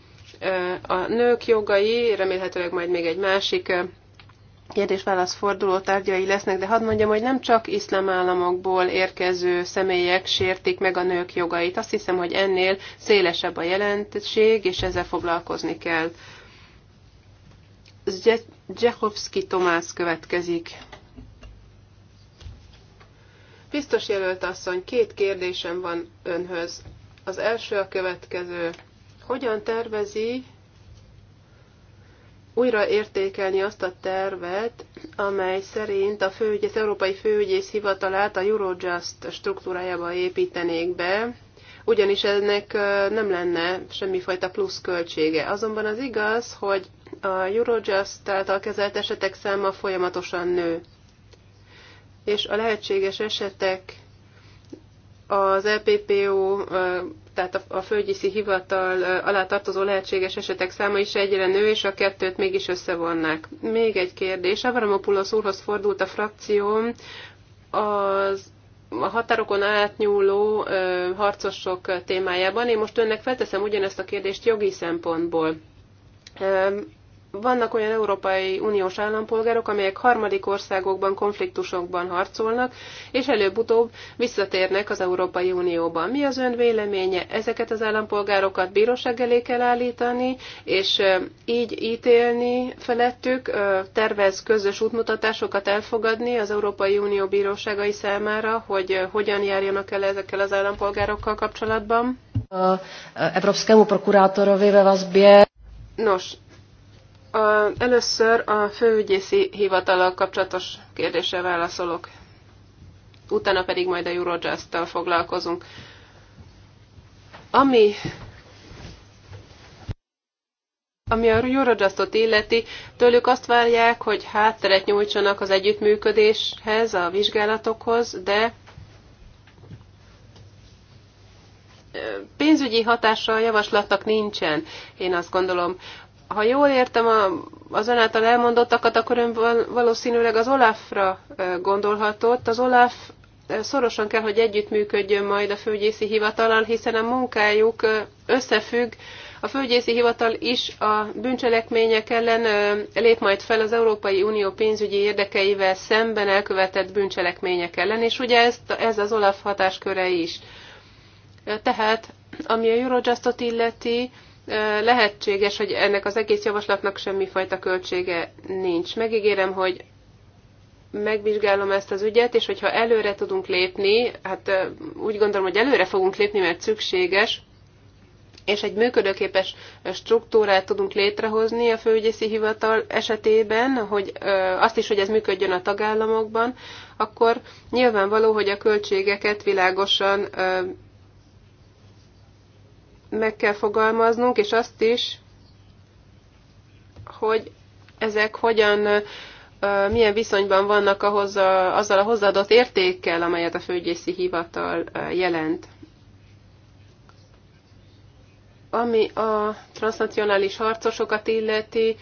A nők jogai, remélhetőleg majd még egy másik kérdés-válasz forduló tárgyai lesznek, de hadd mondjam, hogy nem csak iszlám államokból érkező személyek sértik meg a nők jogait. Azt hiszem, hogy ennél szélesebb a jelenség, és ezzel foglalkozni kell. Zsehovszki Tomás következik. Biztos jelölt asszony, két kérdésem van önhöz. Az első a következő. Hogyan tervezi újra értékelni azt a tervet, amely szerint a főügyész, Európai Főügyész Hivatalát a Eurojust struktúrájába építenék be, ugyanis ennek nem lenne semmifajta plusz költsége. Azonban az igaz, hogy a Eurojust által kezelt esetek száma folyamatosan nő. És a lehetséges esetek az EPPO tehát a földgyiszi hivatal alá tartozó lehetséges esetek száma is egyre nő, és a kettőt mégis összevonnák. Még egy kérdés. Avramopulos úrhoz fordult a frakcióm az a határokon átnyúló ö, harcosok témájában. Én most önnek felteszem ugyanezt a kérdést jogi szempontból vannak olyan Európai Uniós állampolgárok, amelyek harmadik országokban, konfliktusokban harcolnak, és előbb-utóbb visszatérnek az Európai unióba. Mi az ön véleménye? Ezeket az állampolgárokat bíróság elé kell állítani, és így ítélni felettük, tervez közös útmutatásokat elfogadni az Európai Unió bíróságai számára, hogy hogyan járjanak el ezekkel az állampolgárokkal kapcsolatban? Evropskému prokurátorovi ve vazbě. Nos, a, először a főügyészi hivatalal kapcsolatos kérdésre válaszolok. Utána pedig majd a Eurojust-tal foglalkozunk. Ami ami a Eurojustot illeti, tőlük azt várják, hogy hátteret nyújtsanak az együttműködéshez, a vizsgálatokhoz, de pénzügyi hatása a javaslatnak nincsen, én azt gondolom ha jól értem a, az elmondottakat, akkor ön valószínűleg az Olafra gondolhatott. Az Olaf szorosan kell, hogy együttműködjön majd a főgyészi hivatalal, hiszen a munkájuk összefügg. A főgyészi hivatal is a bűncselekmények ellen lép majd fel az Európai Unió pénzügyi érdekeivel szemben elkövetett bűncselekmények ellen, és ugye ez, ez az Olaf hatásköre is. Tehát, ami a Eurojustot illeti, lehetséges, hogy ennek az egész javaslatnak semmifajta költsége nincs. Megígérem, hogy megvizsgálom ezt az ügyet, és hogyha előre tudunk lépni, hát úgy gondolom, hogy előre fogunk lépni, mert szükséges, és egy működőképes struktúrát tudunk létrehozni a főügyészi hivatal esetében, hogy azt is, hogy ez működjön a tagállamokban, akkor nyilvánvaló, hogy a költségeket világosan meg kell fogalmaznunk, és azt is, hogy ezek hogyan, milyen viszonyban vannak ahhoz a, azzal a hozzáadott értékkel, amelyet a főgyészi hivatal jelent. Ami a transnacionális harcosokat illeti,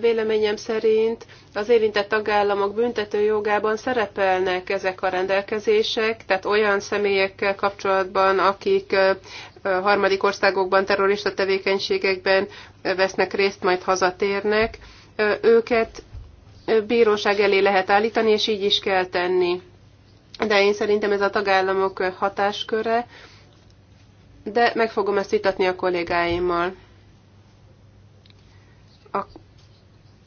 véleményem szerint az érintett tagállamok büntetőjogában szerepelnek ezek a rendelkezések, tehát olyan személyekkel kapcsolatban, akik harmadik országokban, terrorista tevékenységekben vesznek részt, majd hazatérnek, őket bíróság elé lehet állítani, és így is kell tenni. De én szerintem ez a tagállamok hatásköre, de meg fogom ezt vitatni a kollégáimmal.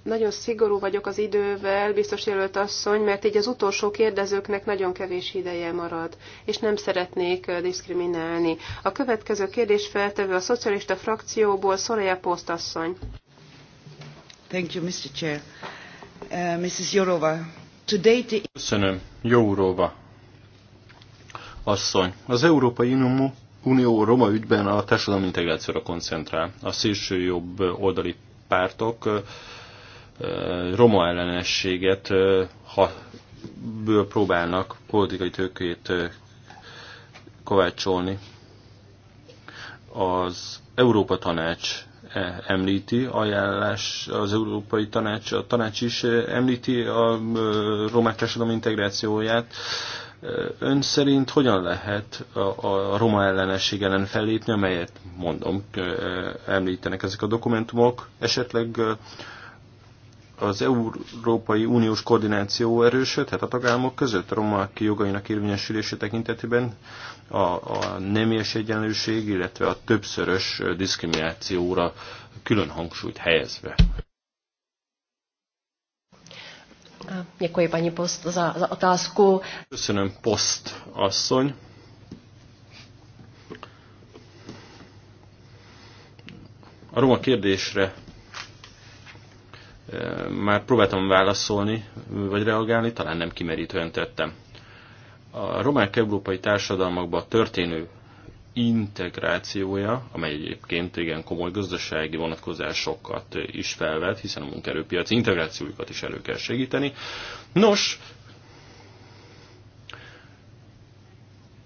Nagyon szigorú vagyok az idővel, biztos jelölt asszony, mert így az utolsó kérdezőknek nagyon kevés ideje marad, és nem szeretnék diszkriminálni. A következő kérdés feltevő a szocialista frakcióból Szoreja asszony. Thank you, Mr. Chair. Uh, Mrs. Jorova, today the... Köszönöm, Jóróva asszony. Az Európai Unió Unió Roma ügyben a társadalmi integrációra koncentrál. A szélső jobb oldali pártok roma ellenességet ha, ből próbálnak politikai tőkét kovácsolni. Az Európa Tanács e, említi ajánlás, az Európai Tanács, a tanács is említi a romák társadalom integrációját. Ön szerint hogyan lehet a, a roma ellenesség ellen fellépni, amelyet mondom, említenek ezek a dokumentumok, esetleg az Európai Uniós koordináció erősödhet a tagállamok között a romák jogainak érvényesülése tekintetében a, a nemies egyenlőség, illetve a többszörös diszkriminációra külön hangsúlyt helyezve. Děkuji, Post, za, za otázku. Köszönöm, Post asszony. A roma kérdésre már próbáltam válaszolni, vagy reagálni, talán nem kimerítően tettem. A romák európai társadalmakban történő integrációja, amely egyébként igen komoly gazdasági vonatkozásokat is felvet, hiszen a munkaerőpiac integrációjukat is elő kell segíteni. Nos,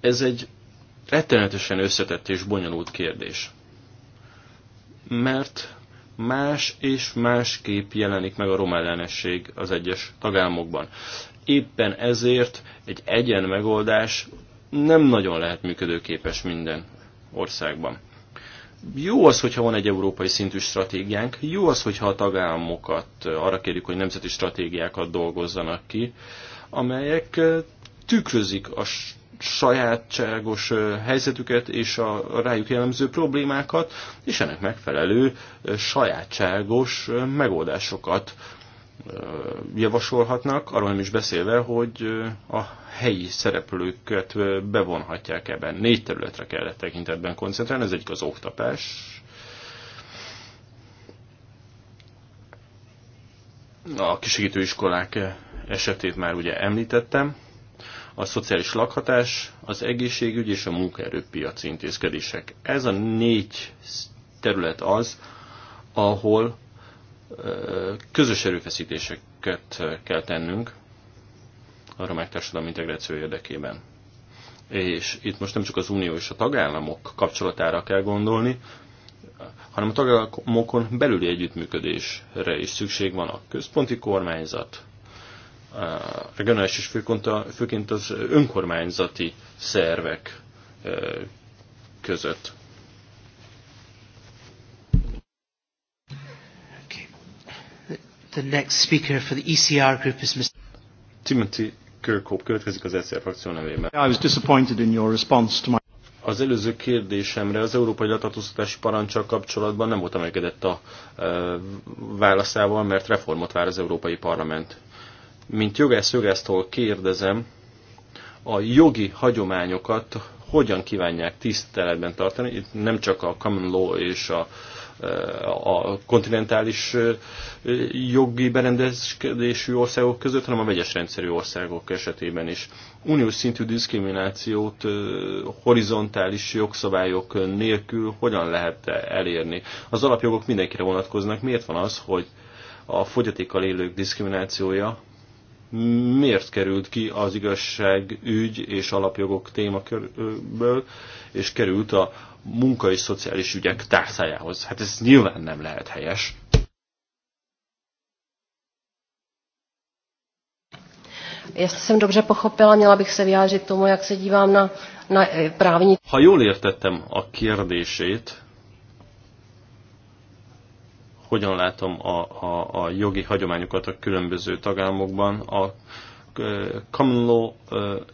ez egy rettenetesen összetett és bonyolult kérdés. Mert más és más kép jelenik meg a roma ellenesség az egyes tagállamokban. Éppen ezért egy egyen megoldás nem nagyon lehet működőképes minden országban. Jó az, hogyha van egy európai szintű stratégiánk, jó az, hogyha a tagállamokat arra kérjük, hogy nemzeti stratégiákat dolgozzanak ki, amelyek eh, tükrözik a sajátságos helyzetüket és a rájuk jellemző problémákat, és ennek megfelelő sajátságos megoldásokat javasolhatnak, arról nem is beszélve, hogy a helyi szereplőket bevonhatják ebben. Négy területre kellett tekintetben koncentrálni, ez egyik az oktatás, a kisegítőiskolák iskolák esetét már ugye említettem, a szociális lakhatás, az egészségügy és a munkaerőpiaci intézkedések. Ez a négy terület az, ahol közös erőfeszítéseket kell tennünk a romák társadalmi integráció érdekében. És itt most nem csak az unió és a tagállamok kapcsolatára kell gondolni, hanem a tagállamokon belüli együttműködésre is szükség van a központi kormányzat, regionális és főként az önkormányzati szervek között. The next speaker for the ECR group is Mr. Timothy Kirkhope következik az ECR frakció nevében. I was disappointed in your response to my... Az előző kérdésemre az európai letartóztatási parancsal kapcsolatban nem voltam elégedett a e, válaszával, mert reformot vár az Európai Parlament. Mint jogász-jogásztól kérdezem, a jogi hagyományokat hogyan kívánják tiszteletben tartani, itt nem csak a common law és a, eh, a kontinentális eh, jogi berendezkedésű országok között, hanem a vegyes rendszerű országok esetében is. Uniós szintű diszkriminációt eh, horizontális jogszabályok nélkül hogyan lehet elérni? Az alapjogok mindenkire vonatkoznak. Miért van az, hogy a fogyatékkal élők diszkriminációja miért került ki az igazság ügy és alapjogok témakörből, és került a munka és szociális ügyek tárcájához. Hát ez nyilván nem lehet helyes. Ezt sem dobře pochopila, měla bych se vyjádřit tomu, jak se dívám na, na eh, právní... Ha jól értettem a kérdését, hogyan látom a, a, a jogi hagyományokat a különböző tagállamokban. A common law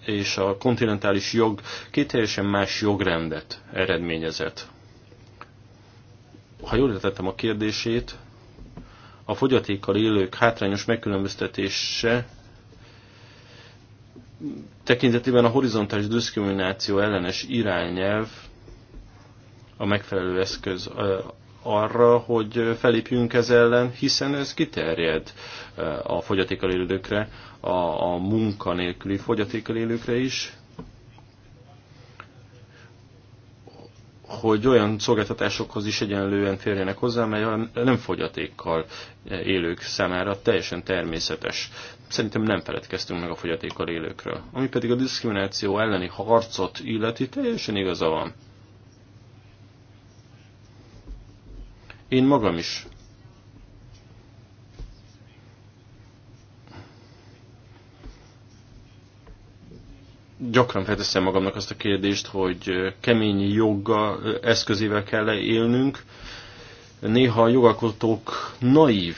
és a kontinentális jog két teljesen más jogrendet eredményezett. Ha jól értettem a kérdését, a fogyatékkal élők hátrányos megkülönböztetése tekintetében a horizontális diszkrimináció ellenes irányelv a megfelelő eszköz arra, hogy felépjünk ez ellen, hiszen ez kiterjed eh, a fogyatékkal élőkre, a, a munkanélküli fogyatékkal élőkre is, hogy olyan szolgáltatásokhoz is egyenlően férjenek hozzá, mely a nem fogyatékkal eh, élők számára teljesen természetes. Szerintem nem feledkeztünk meg a fogyatékkal élőkről. Ami pedig a diszkrimináció elleni harcot illeti, teljesen igaza van. Én magam is gyakran felteszem magamnak azt a kérdést, hogy kemény joga eszközével kell -e élnünk. Néha a jogalkotók naív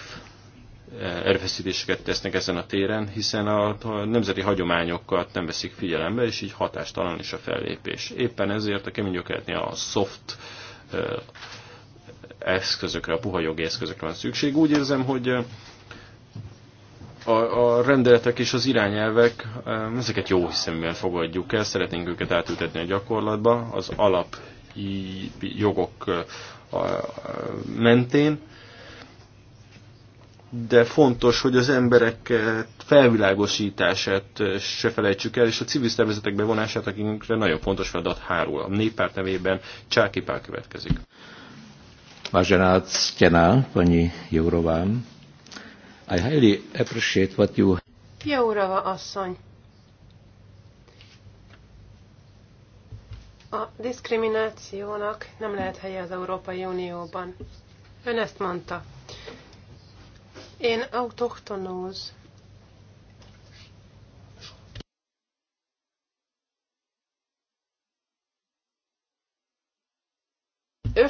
erőfeszítéseket tesznek ezen a téren, hiszen a nemzeti hagyományokat nem veszik figyelembe, és így hatástalan is a fellépés. Éppen ezért a kemény a soft eszközökre, a puha jogi eszközökre van szükség. Úgy érzem, hogy a, a rendeletek és az irányelvek, ezeket jó hiszeműen fogadjuk el, szeretnénk őket átültetni a gyakorlatba, az alap jogok mentén, de fontos, hogy az emberek felvilágosítását se felejtsük el, és a civil szervezetek bevonását, akikre nagyon fontos feladat hárul. A néppárt nevében Csáki Pál következik. Vážená ctěná paní Jourová, I highly appreciate what you... Jourova asszony, a diszkriminációnak nem lehet helye az Európai Unióban. Ön ezt mondta. Én autochtonóz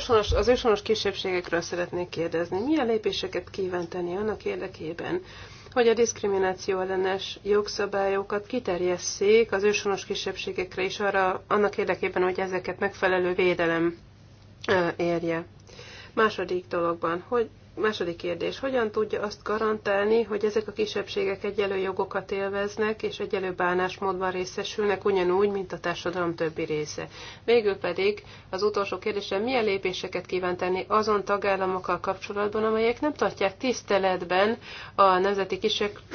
őshonos, az őshonos kisebbségekről szeretnék kérdezni. Milyen lépéseket kíván tenni annak érdekében, hogy a diszkrimináció ellenes jogszabályokat kiterjesszék az őshonos kisebbségekre is arra, annak érdekében, hogy ezeket megfelelő védelem érje. Második dologban, hogy Második kérdés, hogyan tudja azt garantálni, hogy ezek a kisebbségek egyelő jogokat élveznek, és egyelő bánásmódban részesülnek, ugyanúgy, mint a társadalom többi része? Végül pedig az utolsó kérdésem, milyen lépéseket kíván tenni azon tagállamokkal kapcsolatban, amelyek nem tartják tiszteletben a nemzeti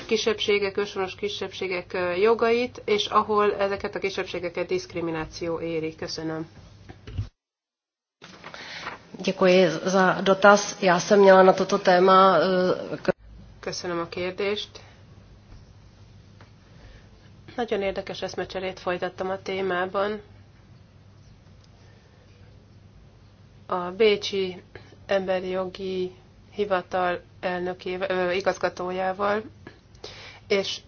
kisebbségek, őshonos kisebbségek jogait, és ahol ezeket a kisebbségeket diszkrimináció éri? Köszönöm. Děkuji za dotaz. Já jsem měla na toto téma... Eh, Köszönöm a kérdést. Nagyon érdekes eszmecserét folytattam a témában. A Bécsi Emberi Jogi Hivatal elnökével, igazgatójával, és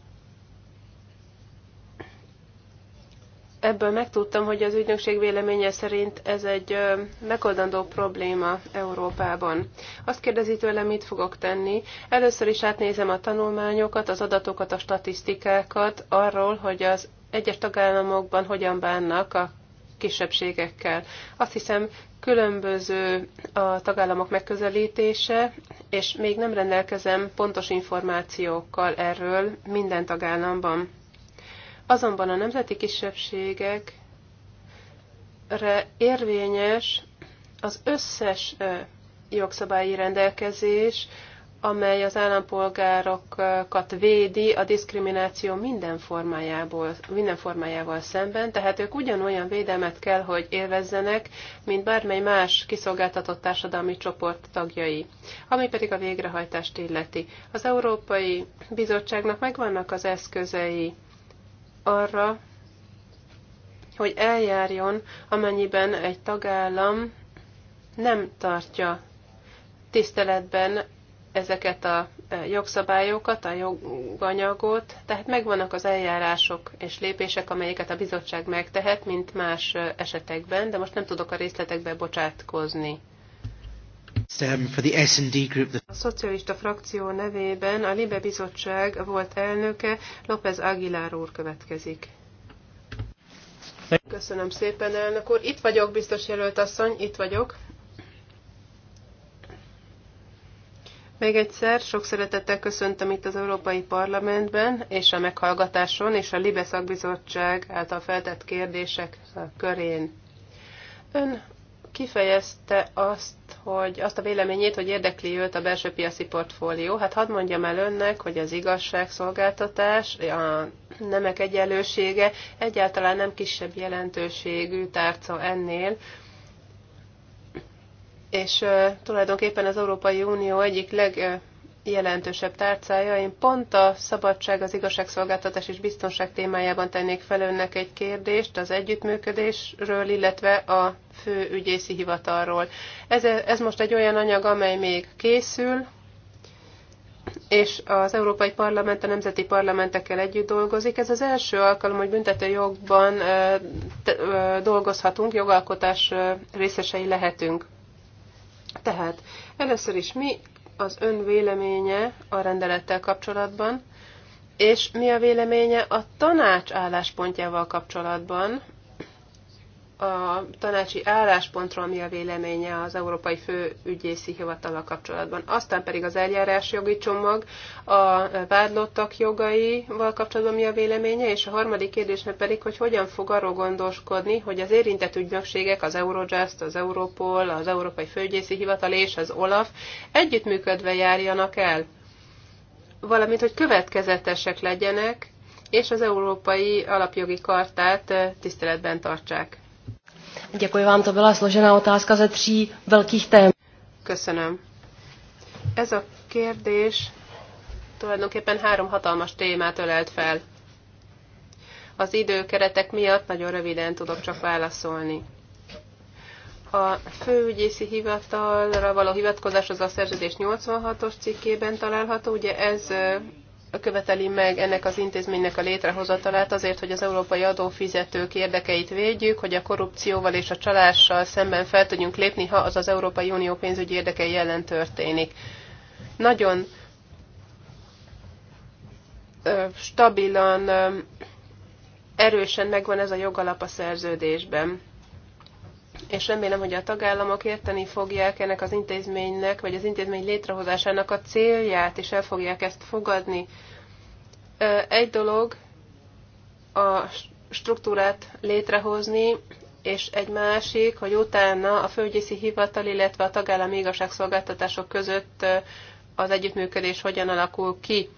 ebből megtudtam, hogy az ügynökség véleménye szerint ez egy megoldandó probléma Európában. Azt kérdezi tőlem, mit fogok tenni. Először is átnézem a tanulmányokat, az adatokat, a statisztikákat arról, hogy az egyes tagállamokban hogyan bánnak a kisebbségekkel. Azt hiszem, különböző a tagállamok megközelítése, és még nem rendelkezem pontos információkkal erről minden tagállamban. Azonban a nemzeti kisebbségekre érvényes az összes jogszabályi rendelkezés, amely az állampolgárokat védi a diszkrimináció minden, formájából, minden formájával szemben, tehát ők ugyanolyan védelmet kell, hogy élvezzenek, mint bármely más kiszolgáltatott társadalmi csoport tagjai. Ami pedig a végrehajtást illeti. Az Európai Bizottságnak megvannak az eszközei arra, hogy eljárjon, amennyiben egy tagállam nem tartja tiszteletben ezeket a e, jogszabályokat, a joganyagot, tehát megvannak az eljárások és lépések, amelyeket a bizottság megtehet, mint más e, esetekben, de most nem tudok a részletekbe bocsátkozni. Um, a szocialista frakció nevében a Libe Bizottság volt elnöke, López Aguilar úr következik. Köszönöm szépen, elnök úr. Itt vagyok, biztos jelölt asszony, itt vagyok. Még egyszer sok szeretettel köszöntöm itt az Európai Parlamentben és a meghallgatáson és a Libe szakbizottság által feltett kérdések körén. Ön kifejezte azt, hogy azt a véleményét, hogy érdekli őt a belső piaci portfólió. Hát hadd mondjam el önnek, hogy az igazságszolgáltatás, a nemek egyenlősége egyáltalán nem kisebb jelentőségű tárca ennél, és tulajdonképpen az Európai Unió egyik leg jelentősebb tárcája. Én pont a szabadság, az igazságszolgáltatás és biztonság témájában tennék fel önnek egy kérdést az együttműködésről, illetve a fő ügyészi hivatalról. Ez, ez most egy olyan anyag, amely még készül, és az Európai Parlament a nemzeti parlamentekkel együtt dolgozik. Ez az első alkalom, hogy büntetőjogban dolgozhatunk, jogalkotás részesei lehetünk. Tehát először is mi az ön véleménye a rendelettel kapcsolatban, és mi a véleménye a tanács álláspontjával kapcsolatban, a tanácsi álláspontról mi a véleménye az Európai Főügyészi Hivatallal kapcsolatban. Aztán pedig az eljárás jogi csomag, a vádlottak jogaival kapcsolatban mi a véleménye, és a harmadik kérdésnek pedig, hogy hogyan fog arról gondoskodni, hogy az érintett ügynökségek, az Eurojust, az Europol, az Európai Főügyészi Hivatal és az OLAF együttműködve járjanak el, valamint, hogy következetesek legyenek, és az Európai Alapjogi Kartát tiszteletben tartsák. Děkuji vám, to byla složená otázka ze tří velkých tém. Köszönöm. Ez a kérdés tulajdonképpen három hatalmas témát ölelt fel. Az időkeretek miatt nagyon röviden tudok csak válaszolni. A főügyészi hivatalra való hivatkozás az a szerződés 86-os cikkében található, ugye ez követeli meg ennek az intézménynek a létrehozatalát azért, hogy az európai adófizetők érdekeit védjük, hogy a korrupcióval és a csalással szemben fel tudjunk lépni, ha az az Európai Unió pénzügyi érdekei ellen történik. Nagyon stabilan, erősen megvan ez a jogalap a szerződésben és remélem, hogy a tagállamok érteni fogják ennek az intézménynek, vagy az intézmény létrehozásának a célját, és el fogják ezt fogadni. Egy dolog a struktúrát létrehozni, és egy másik, hogy utána a földgyészi hivatal, illetve a tagállami igazságszolgáltatások között az együttműködés hogyan alakul ki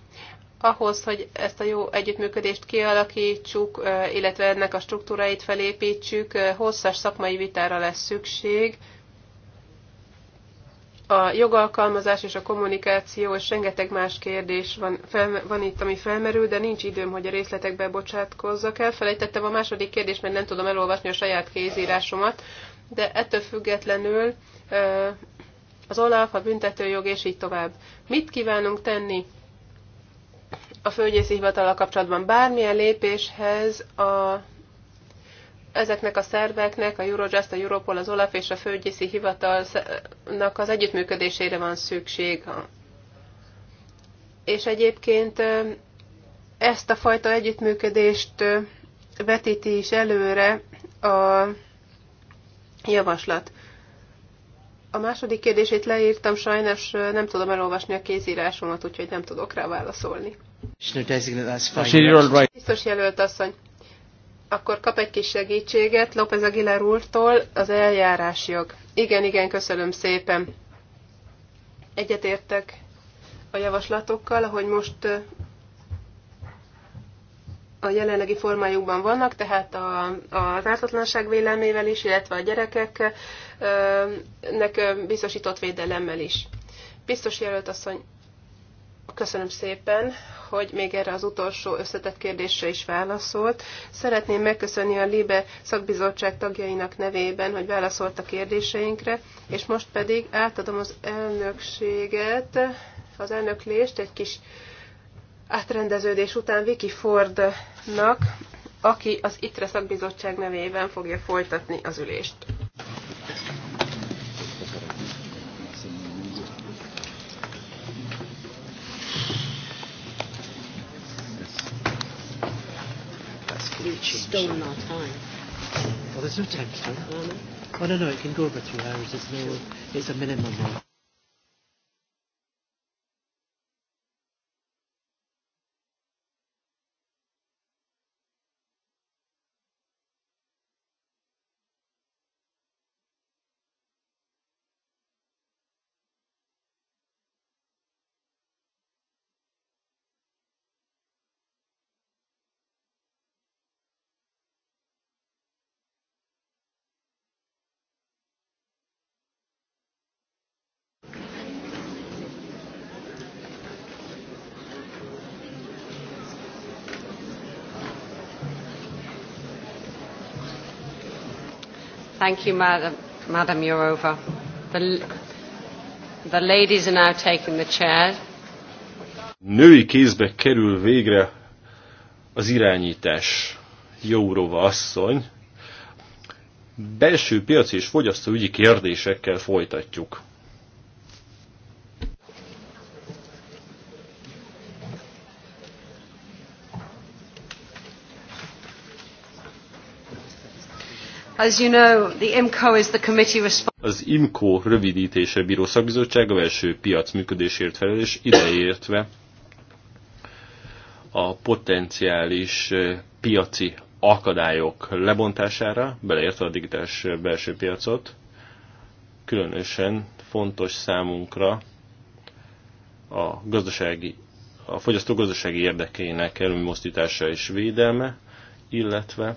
ahhoz, hogy ezt a jó együttműködést kialakítsuk, illetve ennek a struktúráit felépítsük, hosszas szakmai vitára lesz szükség. A jogalkalmazás és a kommunikáció és rengeteg más kérdés van, fel, van itt, ami felmerül, de nincs időm, hogy a részletekbe bocsátkozzak el. Felejtettem a második kérdést, mert nem tudom elolvasni a saját kézírásomat, de ettől függetlenül az OLAF, a büntetőjog és így tovább. Mit kívánunk tenni a földgyészi hivatala kapcsolatban bármilyen lépéshez a, ezeknek a szerveknek, a Eurojust, a Europol, az OLAF és a földgyészi hivatalnak az együttműködésére van szükség. És egyébként ezt a fajta együttműködést vetíti is előre a javaslat. A második kérdését leírtam, sajnos nem tudom elolvasni a kézírásomat, úgyhogy nem tudok rá válaszolni. Biztos jelölt asszony, akkor kap egy kis segítséget López Aguilar úrtól az jog. Igen, igen, köszönöm szépen. Egyetértek a javaslatokkal, hogy most eh, a jelenlegi formájukban vannak, tehát a, a ártatlanság vélemével is, illetve a gyerekeknek eh, eh, biztosított védelemmel is. Biztos jelölt asszony, Köszönöm szépen, hogy még erre az utolsó összetett kérdésre is válaszolt. Szeretném megköszönni a LIBE szakbizottság tagjainak nevében, hogy válaszolt a kérdéseinkre, és most pedig átadom az elnökséget, az elnöklést egy kis átrendeződés után Vicky Fordnak, aki az ITRE szakbizottság nevében fogja folytatni az ülést. We've stolen our time. Well, there's no time, Stone. Um, oh, no, no, it can go over two hours. It's, no, it's a minimum. Thank you, Madam, Madam Jourova. The, the ladies are now taking the chair. Női kézbe kerül végre az irányítás. Jourova asszony. Belső piaci és fogyasztóügyi kérdésekkel folytatjuk. az IMCO rövidítése bíró szakbizottság a belső piac működésért felelős, ideértve a potenciális piaci akadályok lebontására, beleértve a digitális belső piacot. Különösen fontos számunkra a gazdasági a fogyasztó gazdasági érdekének előmozdítása és védelme, illetve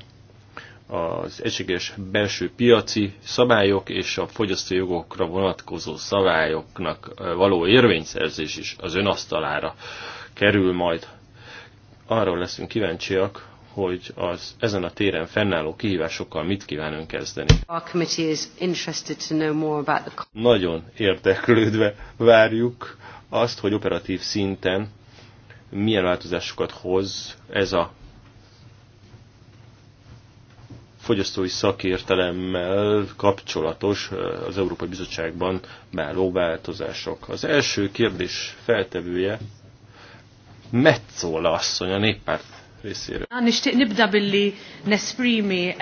az egységes belső piaci szabályok és a fogyasztói jogokra vonatkozó szabályoknak való érvényszerzés is az önasztalára kerül majd. Arról leszünk kíváncsiak, hogy az ezen a téren fennálló kihívásokkal mit kíván ön kezdeni. Nagyon érdeklődve várjuk azt, hogy operatív szinten milyen változásokat hoz ez a fogyasztói szakértelemmel kapcsolatos az Európai Bizottságban váló változások. Az első kérdés feltevője Metzola asszony a néppárt részéről. nesprimi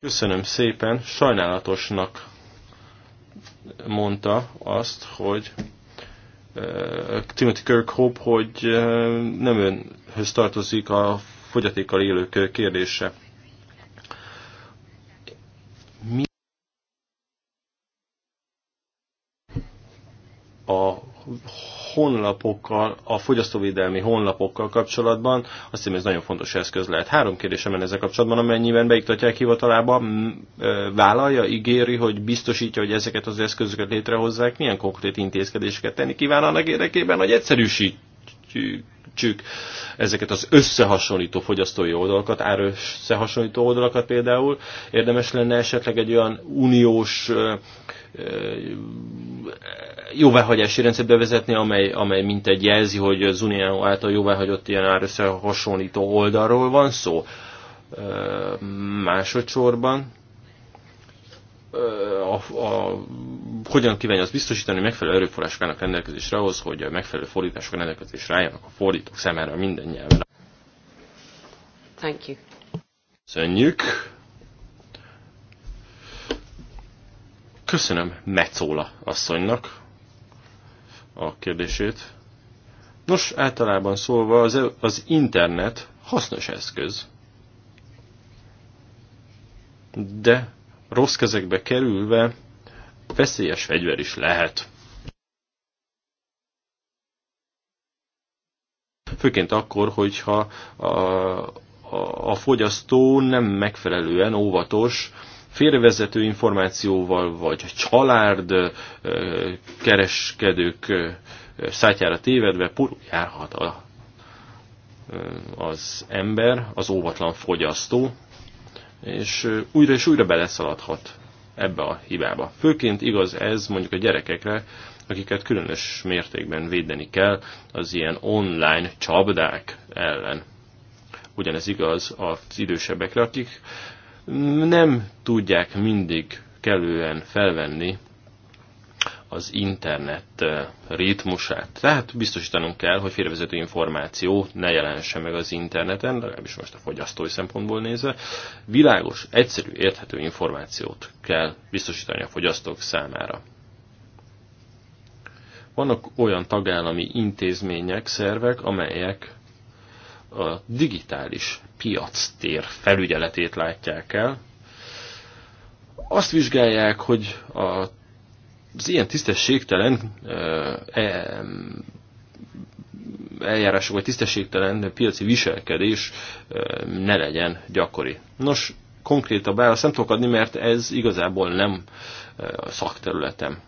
Köszönöm szépen, sajnálatosnak mondta azt, hogy Timothy Kirkhope, hogy nem önhöz tartozik a fogyatékkal élők kérdése. Mi a honlapokkal, a fogyasztóvédelmi honlapokkal kapcsolatban, azt hiszem ez nagyon fontos eszköz lehet. Három kérdésem van ezzel kapcsolatban, amennyiben beiktatják hivatalába, vállalja, ígéri, hogy biztosítja, hogy ezeket az eszközöket létrehozzák, milyen konkrét intézkedéseket tenni kíván annak érdekében, hogy egyszerűsítjük csük ezeket az összehasonlító fogyasztói oldalakat, árösszehasonlító oldalakat például. Érdemes lenne esetleg egy olyan uniós jóváhagyási rendszer bevezetni, amely, amely mint egy jelzi, hogy az Unió által jóváhagyott ilyen árösszehasonlító oldalról van szó. Másodszorban a, a hogyan kívánja azt biztosítani, hogy megfelelő erőforrások állnak rendelkezésre ahhoz, hogy a megfelelő fordítások rendelkezésre álljanak a fordítók szemére minden nyelven. Thank you. Köszönjük. Köszönöm Mecola asszonynak a kérdését. Nos, általában szólva az, az internet hasznos eszköz, de rossz kezekbe kerülve veszélyes fegyver is lehet. Főként akkor, hogyha a, a, a fogyasztó nem megfelelően óvatos, félrevezető információval, vagy család kereskedők szátjára tévedve járhat a, az ember, az óvatlan fogyasztó, és újra és újra beleszaladhat ebbe a hibába. Főként igaz ez mondjuk a gyerekekre, akiket különös mértékben védeni kell az ilyen online csapdák ellen. Ugyanez igaz az idősebbekre, akik nem tudják mindig kellően felvenni az internet ritmusát. Tehát biztosítanunk kell, hogy félrevezető információ ne jelensen meg az interneten, legalábbis most a fogyasztói szempontból nézve. Világos, egyszerű, érthető információt kell biztosítani a fogyasztók számára. Vannak olyan tagállami intézmények, szervek, amelyek a digitális piac tér felügyeletét látják el. Azt vizsgálják, hogy a az ilyen tisztességtelen e, eljárások, vagy tisztességtelen piaci viselkedés ne legyen gyakori. Nos, konkrétabb választ nem tudok adni, mert ez igazából nem a szakterületem.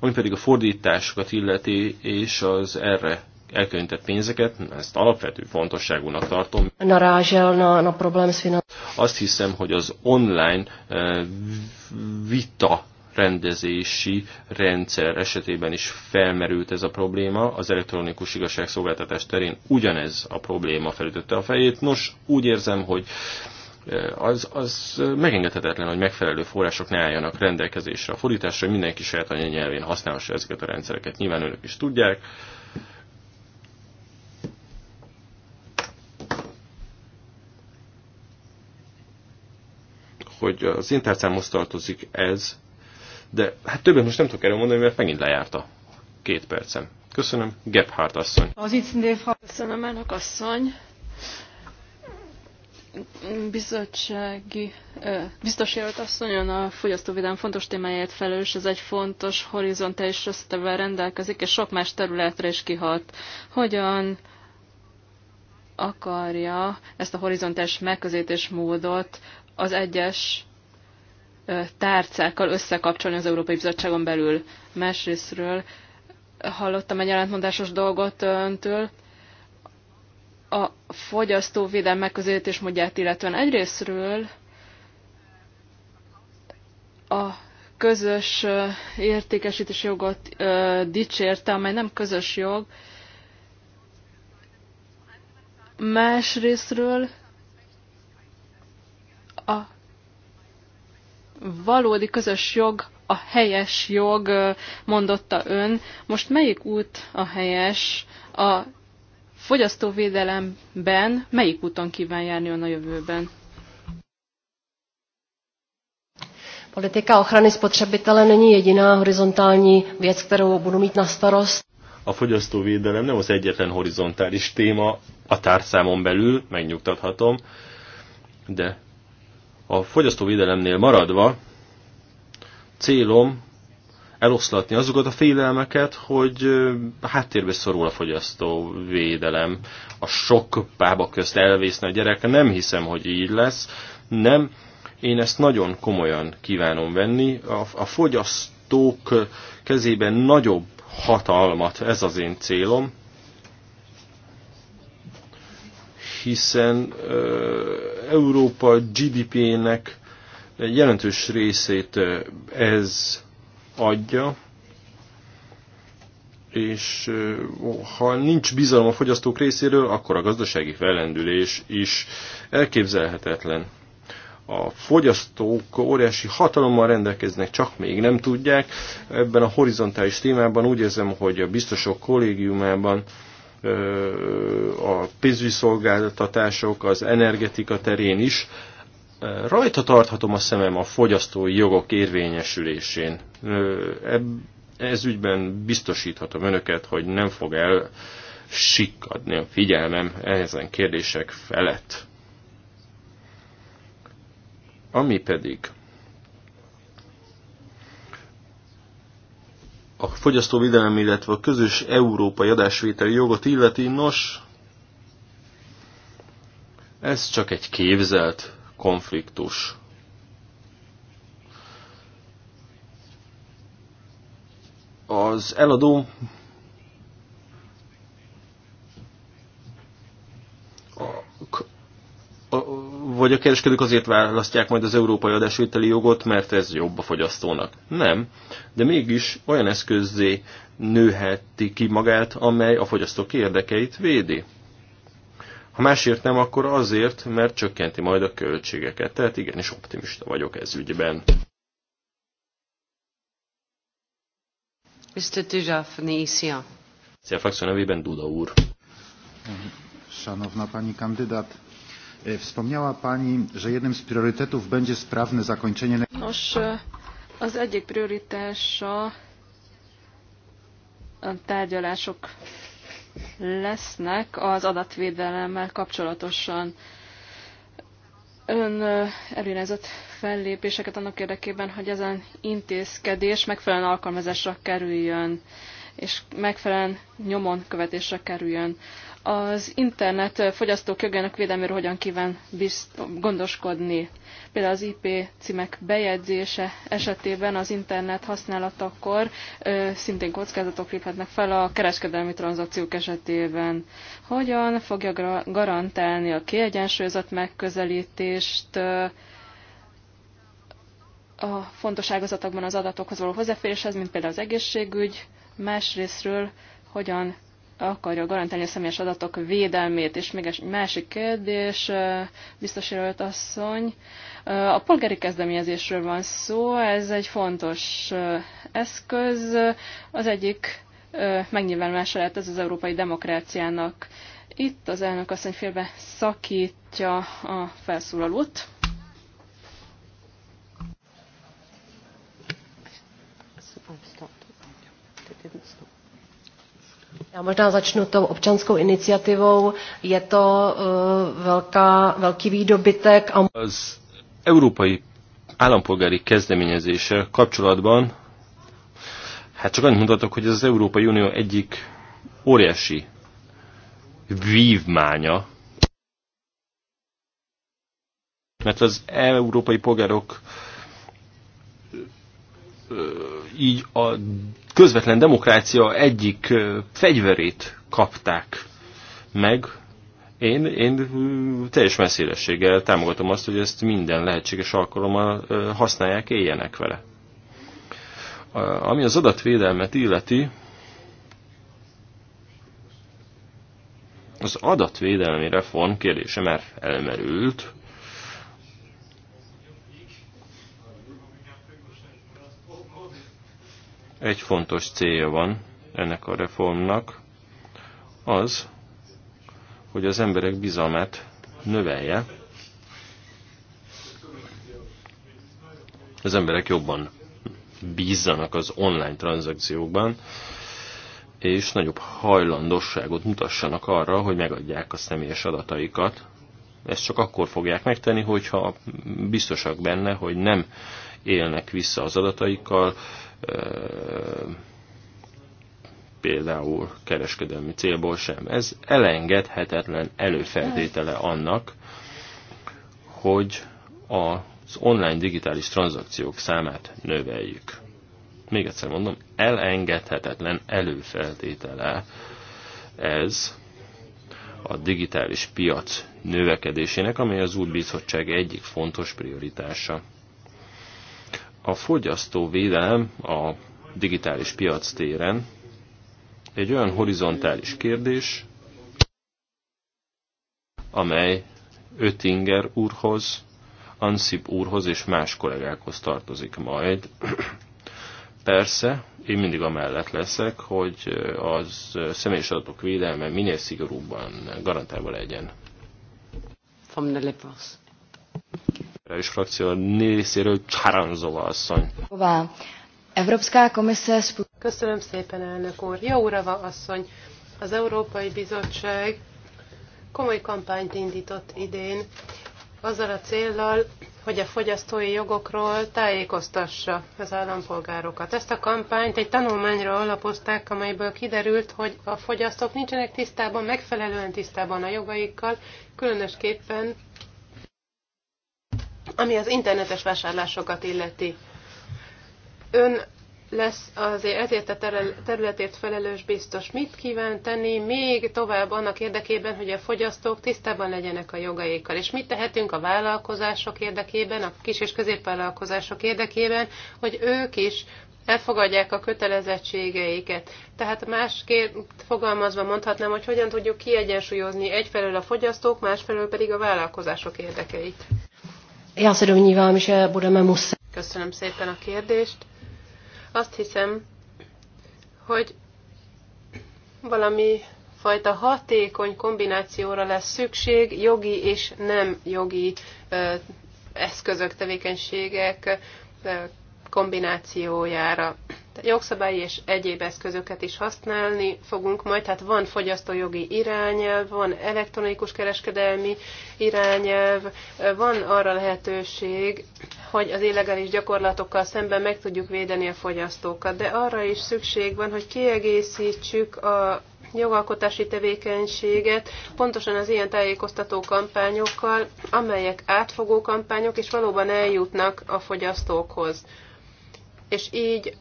Ami pedig a fordításokat illeti, és az erre elkönyvített pénzeket, ezt alapvető fontosságúnak tartom. Narážel na, na problém Azt hiszem, hogy az online vita rendezési rendszer esetében is felmerült ez a probléma, az elektronikus igazságszolgáltatás terén ugyanez a probléma felütötte a fejét. Nos, úgy érzem, hogy eh, az, az megengedhetetlen, hogy megfelelő források ne álljanak rendelkezésre. A fordításra mindenki saját anyanyelvén használhassa ezeket a rendszereket. Nyilván önök is tudják. hogy az intercámhoz tartozik ez, de hát többet most nem tudok erről mondani, mert megint lejárt a két percem. Köszönöm, Gebhardt asszony. Az itt köszönöm, elnök asszony bizottsági biztos jelölt asszonyon a fogyasztóvédelem fontos témáját felelős, ez egy fontos horizontális összetevel rendelkezik, és sok más területre is kihat. Hogyan akarja ezt a horizontális megközelítés módot az egyes tárcákkal összekapcsolni az Európai Bizottságon belül. Másrésztről hallottam egy jelentmondásos dolgot öntől, a fogyasztóvédelem megközelítés módját illetően egyrésztről a közös értékesítési jogot dicsérte, amely nem közös jog, másrésztről a valódi közös jog a helyes jog, mondotta ön. Most melyik út a helyes? A fogyasztóvédelemben melyik úton kíván járni ön a jövőben? Politika ochrany spotřebitele není jediná horizontální věc, kterou budu mít na starost. A fogyasztóvédelem nem az egyetlen horizontális téma a tárcámon belül, megnyugtathatom, de a fogyasztóvédelemnél maradva célom eloszlatni azokat a félelmeket, hogy háttérbe szorul a fogyasztóvédelem. A sok pába közt elvészne a gyerek, nem hiszem, hogy így lesz. Nem, én ezt nagyon komolyan kívánom venni. A, a fogyasztók kezében nagyobb hatalmat, ez az én célom, hiszen Európa GDP-nek jelentős részét ez adja, és ha nincs bizalom a fogyasztók részéről, akkor a gazdasági fellendülés is elképzelhetetlen. A fogyasztók óriási hatalommal rendelkeznek, csak még nem tudják. Ebben a horizontális témában úgy érzem, hogy a biztosok kollégiumában a pénzügyi szolgáltatások, az energetika terén is. Rajta tarthatom a szemem a fogyasztói jogok érvényesülésén. Ez ügyben biztosíthatom önöket, hogy nem fog el sikkadni a figyelmem ezen kérdések felett. Ami pedig a fogyasztóvédelem, illetve a közös európai adásvételi jogot illeti, nos, ez csak egy képzelt konfliktus. Az eladó a, a, a, vagy a kereskedők azért választják majd az európai adásvételi jogot, mert ez jobb a fogyasztónak. Nem, de mégis olyan eszközzé nőheti ki magát, amely a fogyasztók érdekeit védi. Ha másért nem, akkor azért, mert csökkenti majd a költségeket. Tehát igenis optimista vagyok ez ügyben. Mr. Duda from Szia, frakció nevében Duda úr. Szanowna pani kandydat, E, wspomniała Pani, że jednym z priorytetów będzie sprawne zakończenie... Nos, e, az egyik a tárgyalások lesznek az adatvédelemmel kapcsolatosan. Ön e, előrezett fellépéseket annak érdekében, hogy ezen intézkedés megfelelően alkalmazásra kerüljön és megfelelően nyomon követésre kerüljön az internet fogyasztók jogának védelméről hogyan kíván gondoskodni. Például az IP címek bejegyzése esetében az internet használatakor ö, szintén kockázatok léphetnek fel a kereskedelmi tranzakciók esetében. Hogyan fogja garantálni a kiegyensúlyozott megközelítést ö, a fontos ágazatokban az adatokhoz való hozzáféréshez, mint például az egészségügy, másrésztről hogyan akarja garantálni a személyes adatok védelmét. És még egy másik kérdés, biztos jelölt asszony. A polgári kezdeményezésről van szó, ez egy fontos eszköz. Az egyik megnyilvánulása lehet ez az európai demokráciának. Itt az elnök asszony félbe szakítja a felszólalót. Stop, Já možná začnu tou občanskou iniciativou. Je to uh, velká, velký výdobytek. A... Az európai állampolgári kezdeményezéssel kapcsolatban hát csak annyit mutatok, hogy ez az Európai Unió egyik óriási vívmánya, mert az európai polgárok így a közvetlen demokrácia egyik fegyverét kapták meg. Én, én teljes messzélességgel támogatom azt, hogy ezt minden lehetséges alkalommal használják, éljenek vele. Ami az adatvédelmet illeti, az adatvédelmi reform kérdése már elmerült, Egy fontos célja van ennek a reformnak, az, hogy az emberek bizalmát növelje, az emberek jobban bízzanak az online tranzakciókban, és nagyobb hajlandosságot mutassanak arra, hogy megadják a személyes adataikat. Ezt csak akkor fogják megtenni, hogyha biztosak benne, hogy nem élnek vissza az adataikkal, például kereskedelmi célból sem. Ez elengedhetetlen előfeltétele annak, hogy az online digitális tranzakciók számát növeljük. Még egyszer mondom, elengedhetetlen előfeltétele ez a digitális piac növekedésének, amely az új egyik fontos prioritása. A fogyasztóvédelem a digitális piac téren egy olyan horizontális kérdés, amely Öttinger úrhoz, Ansip úrhoz és más kollégákhoz tartozik majd. Persze, én mindig amellett leszek, hogy az személyes adatok védelme minél szigorúbban garantálva legyen. From the liberális frakció részéről Csaranzova asszony. Köszönöm szépen, elnök úr. Jaurava asszony, az Európai Bizottság komoly kampányt indított idén, azzal a céllal, hogy a fogyasztói jogokról tájékoztassa az állampolgárokat. Ezt a kampányt egy tanulmányra alapozták, amelyből kiderült, hogy a fogyasztók nincsenek tisztában, megfelelően tisztában a jogaikkal, különösképpen ami az internetes vásárlásokat illeti, ön lesz azért ezért a területért felelős biztos. Mit kíván tenni még tovább annak érdekében, hogy a fogyasztók tisztában legyenek a jogaikkal? És mit tehetünk a vállalkozások érdekében, a kis és középvállalkozások érdekében, hogy ők is elfogadják a kötelezettségeiket. Tehát másképp fogalmazva mondhatnám, hogy hogyan tudjuk kiegyensúlyozni egyfelől a fogyasztók, másfelől pedig a vállalkozások érdekeit. Já se domnívám, že budeme muset. Köszönöm szépen a kérdést. Azt hiszem, hogy valami fajta hatékony kombinációra lesz szükség jogi és nem jogi eszközök, tevékenységek kombinációjára. Tehát jogszabályi és egyéb eszközöket is használni fogunk majd, tehát van fogyasztójogi irányelv, van elektronikus kereskedelmi irányelv, van arra lehetőség, hogy az illegális gyakorlatokkal szemben meg tudjuk védeni a fogyasztókat, de arra is szükség van, hogy kiegészítsük a jogalkotási tevékenységet, pontosan az ilyen tájékoztató kampányokkal, amelyek átfogó kampányok, és valóban eljutnak a fogyasztókhoz és így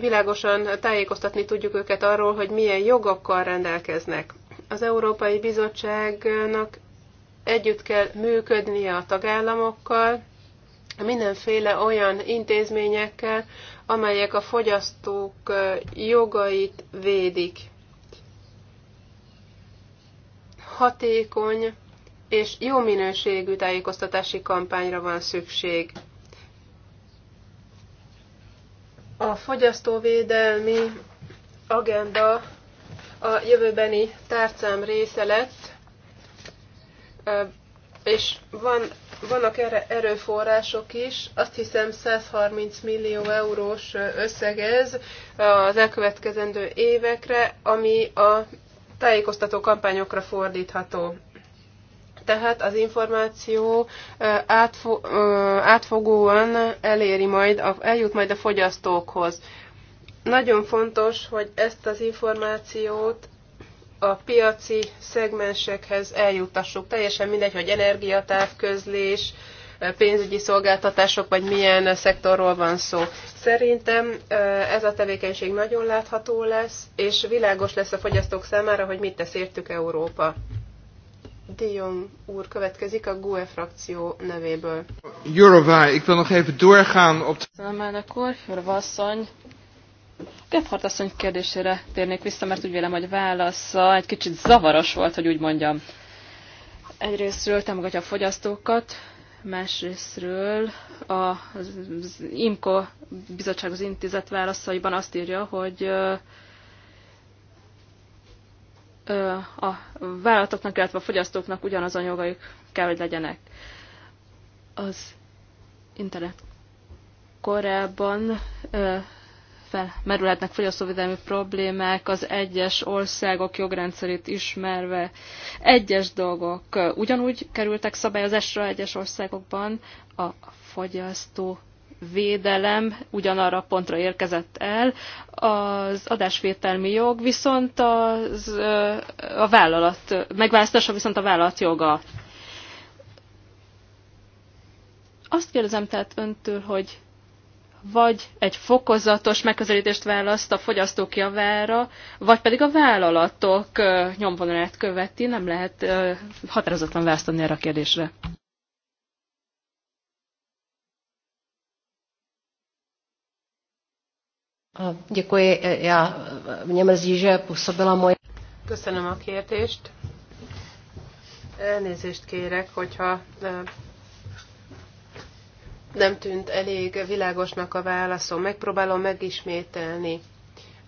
világosan tájékoztatni tudjuk őket arról, hogy milyen jogokkal rendelkeznek. Az Európai Bizottságnak együtt kell működnie a tagállamokkal, mindenféle olyan intézményekkel, amelyek a fogyasztók jogait védik. Hatékony és jó minőségű tájékoztatási kampányra van szükség. A fogyasztóvédelmi agenda a jövőbeni tárcám része lett, és van, vannak erre erőforrások is, azt hiszem 130 millió eurós összegez az elkövetkezendő évekre, ami a tájékoztató kampányokra fordítható tehát az információ átfogóan eléri majd, eljut majd a fogyasztókhoz. Nagyon fontos, hogy ezt az információt a piaci szegmensekhez eljuttassuk. Teljesen mindegy, hogy energiatávközlés, pénzügyi szolgáltatások, vagy milyen szektorról van szó. Szerintem ez a tevékenység nagyon látható lesz, és világos lesz a fogyasztók számára, hogy mit tesz értük Európa. Dion úr következik a GUE frakció nevéből. Jurova, ik wil nog even doorgaan op... Köszönöm elnök úr, Jurova asszony. Gebhardt asszony kérdésére térnék vissza, mert úgy vélem, hogy válasza egy kicsit zavaros volt, hogy úgy mondjam. Egyrésztről támogatja a fogyasztókat, másrésztről az IMCO az intézet válaszaiban azt írja, hogy a vállalatoknak, illetve a fogyasztóknak ugyanazon jogaik kell, hogy legyenek. Az internet korábban felmerülhetnek fogyasztóvédelmi problémák az egyes országok jogrendszerét ismerve. Egyes dolgok ugyanúgy kerültek szabályozásra egyes országokban, a fogyasztó védelem ugyanarra a pontra érkezett el. Az adásvételmi jog viszont az, a vállalat, megválasztása viszont a vállalat joga. Azt kérdezem tehát öntől, hogy vagy egy fokozatos megközelítést választ a fogyasztók javára, vagy pedig a vállalatok nyomvonalát követi, nem lehet határozatlan választani erre a kérdésre. Děkuji, já mě mrzí, že působila moje... Köszönöm a kérdést. Elnézést kérek, hogyha nem tűnt elég világosnak a válaszom. Megpróbálom megismételni,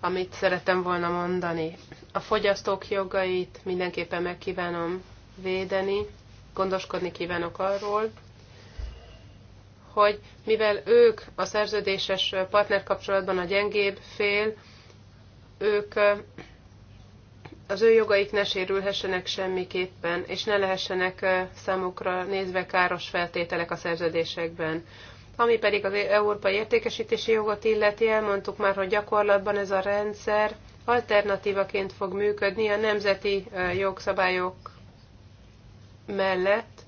amit szerettem volna mondani. A fogyasztók jogait mindenképpen megkívánom védeni, gondoskodni kívánok arról, hogy mivel ők a szerződéses partnerkapcsolatban a gyengébb fél, ők az ő jogaik ne sérülhessenek semmiképpen, és ne lehessenek számukra nézve káros feltételek a szerződésekben. Ami pedig az európai értékesítési jogot illeti, elmondtuk már, hogy gyakorlatban ez a rendszer alternatívaként fog működni a nemzeti jogszabályok mellett,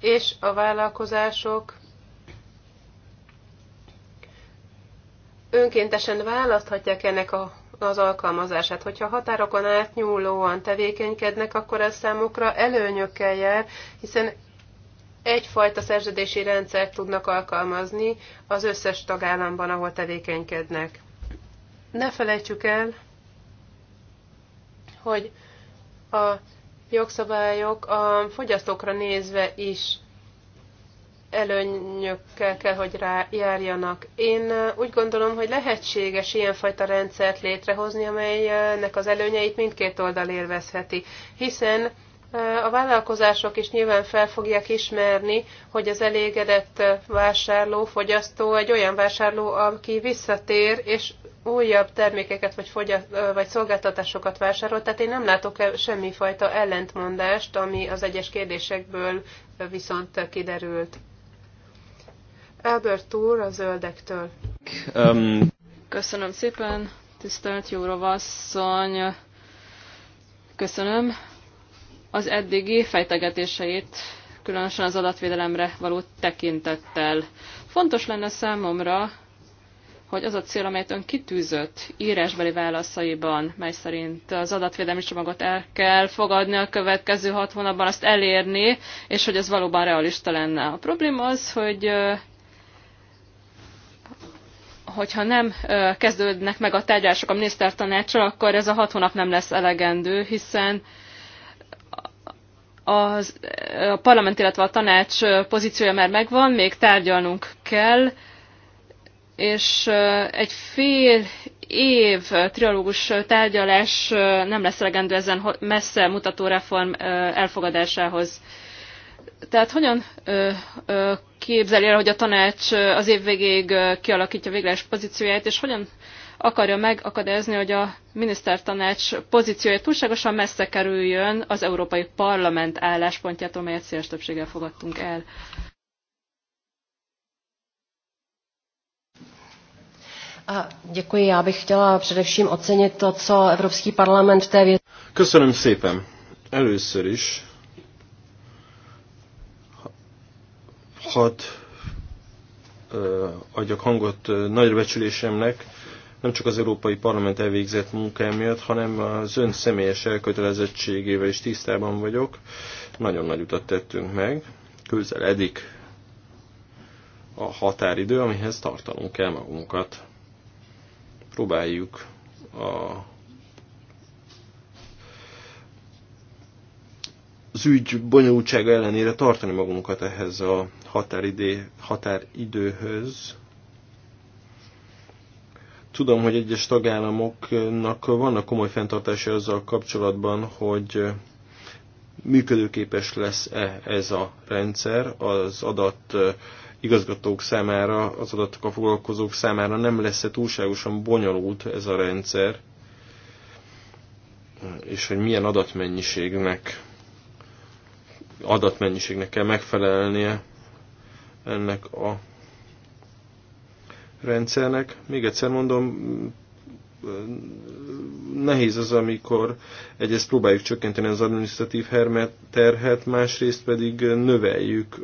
és a vállalkozások önkéntesen választhatják ennek a, az alkalmazását. Hogyha határokon átnyúlóan tevékenykednek, akkor ez számukra előnyökkel jár, hiszen egyfajta szerződési rendszert tudnak alkalmazni az összes tagállamban, ahol tevékenykednek. Ne felejtsük el, hogy a jogszabályok a fogyasztókra nézve is előnyökkel kell, hogy rájárjanak. Én úgy gondolom, hogy lehetséges ilyenfajta rendszert létrehozni, amelynek az előnyeit mindkét oldal élvezheti, hiszen a vállalkozások is nyilván fel fogják ismerni, hogy az elégedett vásárló, fogyasztó egy olyan vásárló, aki visszatér, és újabb termékeket vagy, fogyat, vagy szolgáltatásokat vásárol, tehát én nem látok semmifajta ellentmondást, ami az egyes kérdésekből viszont kiderült. Albert úr a zöldektől. Um. Köszönöm szépen, tisztelt Jórovasszony. Köszönöm az eddigi fejtegetéseit, különösen az adatvédelemre való tekintettel. Fontos lenne számomra, hogy az a cél, amelyet ön kitűzött írásbeli válaszaiban, mely szerint az adatvédelmi csomagot el kell fogadni a következő hat hónapban, azt elérni, és hogy ez valóban realista lenne. A probléma az, hogy hogyha nem kezdődnek meg a tárgyalások a minisztertanácsal, akkor ez a hat hónap nem lesz elegendő, hiszen az, a parlament, illetve a tanács pozíciója már megvan, még tárgyalnunk kell, és egy fél év trialógus tárgyalás nem lesz elegendő ezen messze mutató reform elfogadásához. Tehát hogyan ö, képzeli el, hogy a tanács az év végéig kialakítja végleges pozícióját, és hogyan akarja megakadályozni, hogy a minisztertanács pozíciója túlságosan messze kerüljön az Európai Parlament álláspontjától, melyet széles többséggel fogadtunk el. A, Děkuji, já bych chtěla především ocenit to, co Evropský parlament té věci. Köszönöm szépen. Először is hat adjak hangot nagyra becsülésemnek, nem csak az Európai Parlament elvégzett munkája miatt, hanem az ön személyes elkötelezettségével is tisztában vagyok. Nagyon nagy utat tettünk meg, közeledik a határidő, amihez tartanunk kell magunkat. Próbáljuk a az ügy bonyolultsága ellenére tartani magunkat ehhez a határidé, határidőhöz. Tudom, hogy egyes tagállamoknak vannak komoly fenntartása azzal kapcsolatban, hogy működőképes lesz-e ez a rendszer az adat igazgatók számára, az adatokkal foglalkozók számára nem lesz-e túlságosan bonyolult ez a rendszer, és hogy milyen adatmennyiségnek adatmennyiségnek kell megfelelnie ennek a rendszernek. Még egyszer mondom, nehéz az, amikor egyrészt próbáljuk csökkenteni az administratív terhet, másrészt pedig növeljük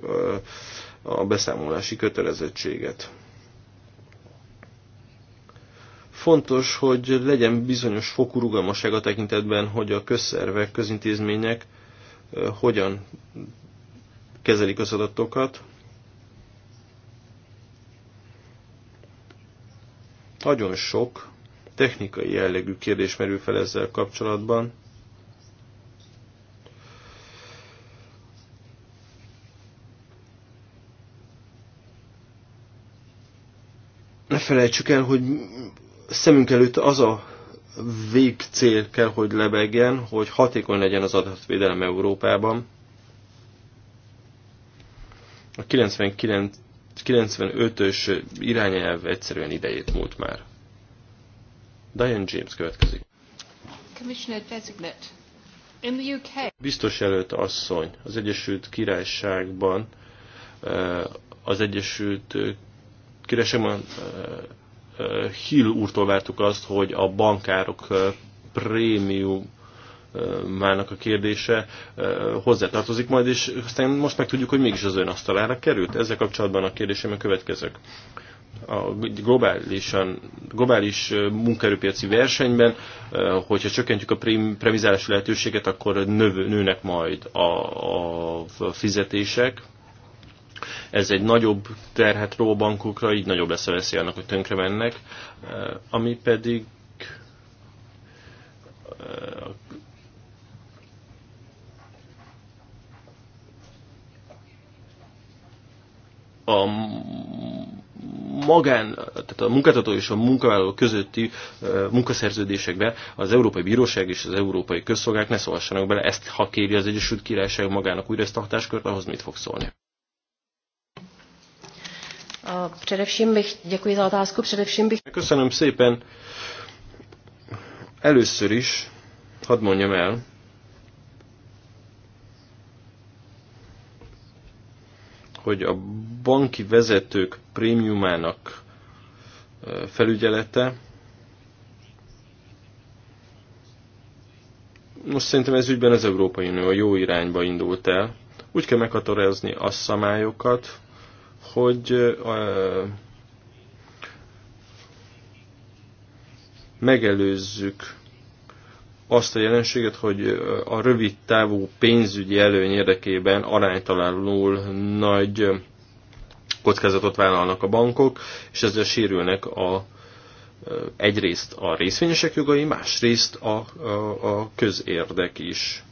a beszámolási kötelezettséget. Fontos, hogy legyen bizonyos fokú rugalmasság a tekintetben, hogy a közszervek, közintézmények hogyan kezelik az adatokat. Nagyon sok technikai jellegű kérdés merül fel ezzel kapcsolatban. Ne felejtsük el, hogy szemünk előtt az a végcél kell, hogy lebegjen, hogy hatékony legyen az adatvédelem Európában. A 99, 95-ös irányelv egyszerűen idejét múlt már. Diane James következik. Commissioner Designate. In the UK. Biztos előtt asszony az Egyesült Királyságban eh, az Egyesült eh, Királyságban eh, Hill úrtól vártuk azt, hogy a bankárok prémium mának a kérdése hozzátartozik majd, és aztán most meg tudjuk, hogy mégis az ön asztalára került. Ezzel kapcsolatban a kérdésem a következők. A globálisan, globális munkaerőpiaci versenyben, hogyha csökkentjük a premizálási lehetőséget, akkor növ, nőnek majd a, a fizetések, ez egy nagyobb terhet ró bankokra, így nagyobb lesz a veszély annak, hogy tönkre mennek, eh, ami pedig eh, a magán, tehát a munkáltató és a munkavállaló közötti eh, munkaszerződésekbe az Európai Bíróság és az Európai Közszolgák ne szólhassanak bele, ezt ha kéri az Egyesült Királyság magának újra ezt a hatáskört, ahhoz mit fog szólni? Především bych, děkuji za otázku, především bych... Köszönöm szépen. Először is, hadd mondjam el, hogy a banki vezetők prémiumának felügyelete. Most szerintem ez ügyben az Európai Unió a jó irányba indult el. Úgy kell meghatározni a szamályokat, hogy megelőzzük azt a jelenséget, hogy a rövid távú pénzügyi előny érdekében aránytalanul nagy kockázatot vállalnak a bankok, és ezzel sérülnek a, egyrészt a részvényesek jogai, másrészt a, a, a közérdek is.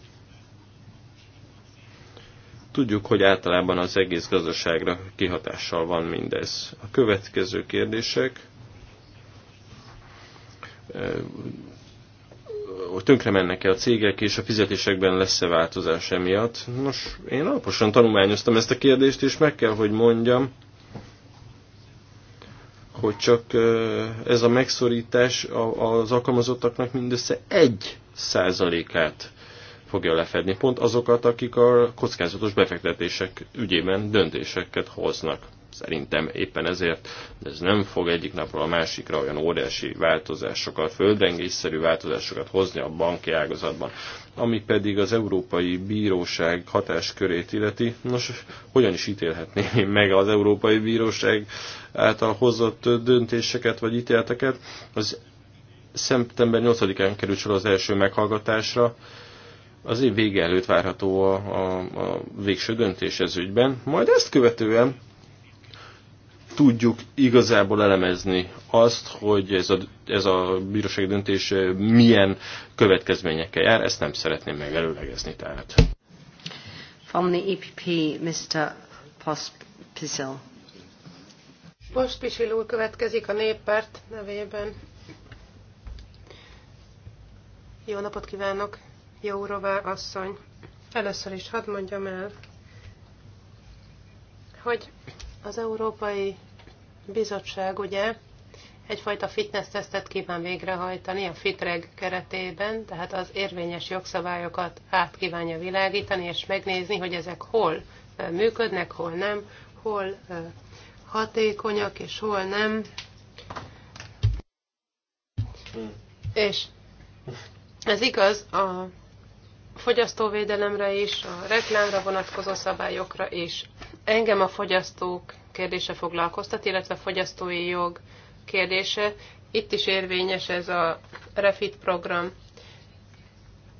Tudjuk, hogy általában az egész gazdaságra kihatással van mindez. A következő kérdések tönkre mennek-e a cégek, és a fizetésekben lesz-e változás emiatt. Nos, én alaposan tanulmányoztam ezt a kérdést, és meg kell, hogy mondjam, hogy csak ez a megszorítás az alkalmazottaknak mindössze egy százalékát fogja lefedni pont azokat, akik a kockázatos befektetések ügyében döntéseket hoznak. Szerintem éppen ezért ez nem fog egyik napról a másikra olyan óriási változásokat, földrengésszerű változásokat hozni a banki ágazatban. Ami pedig az Európai Bíróság hatáskörét illeti, nos, hogyan is ítélhetném meg az Európai Bíróság által hozott döntéseket vagy ítéleteket? Az szeptember 8-án került sor az első meghallgatásra, az év vége előtt várható a, a, a végső döntés ez ügyben. Majd ezt követően tudjuk igazából elemezni azt, hogy ez a, ez a bíróság döntés milyen következményekkel jár. Ezt nem szeretném megelőlegezni tehát. From the EPP, Mr. Pospisil. Pospisil úr következik a néppárt nevében. Jó napot kívánok! Jórová asszony. Először is hadd mondjam el, hogy az Európai Bizottság ugye egyfajta fitness-tesztet kíván végrehajtani a FITREG keretében, tehát az érvényes jogszabályokat át kívánja világítani, és megnézni, hogy ezek hol működnek, hol nem, hol hatékonyak, és hol nem. Hm. És ez igaz a fogyasztóvédelemre is, a reklámra vonatkozó szabályokra is. Engem a fogyasztók kérdése foglalkoztat, illetve a fogyasztói jog kérdése. Itt is érvényes ez a Refit program.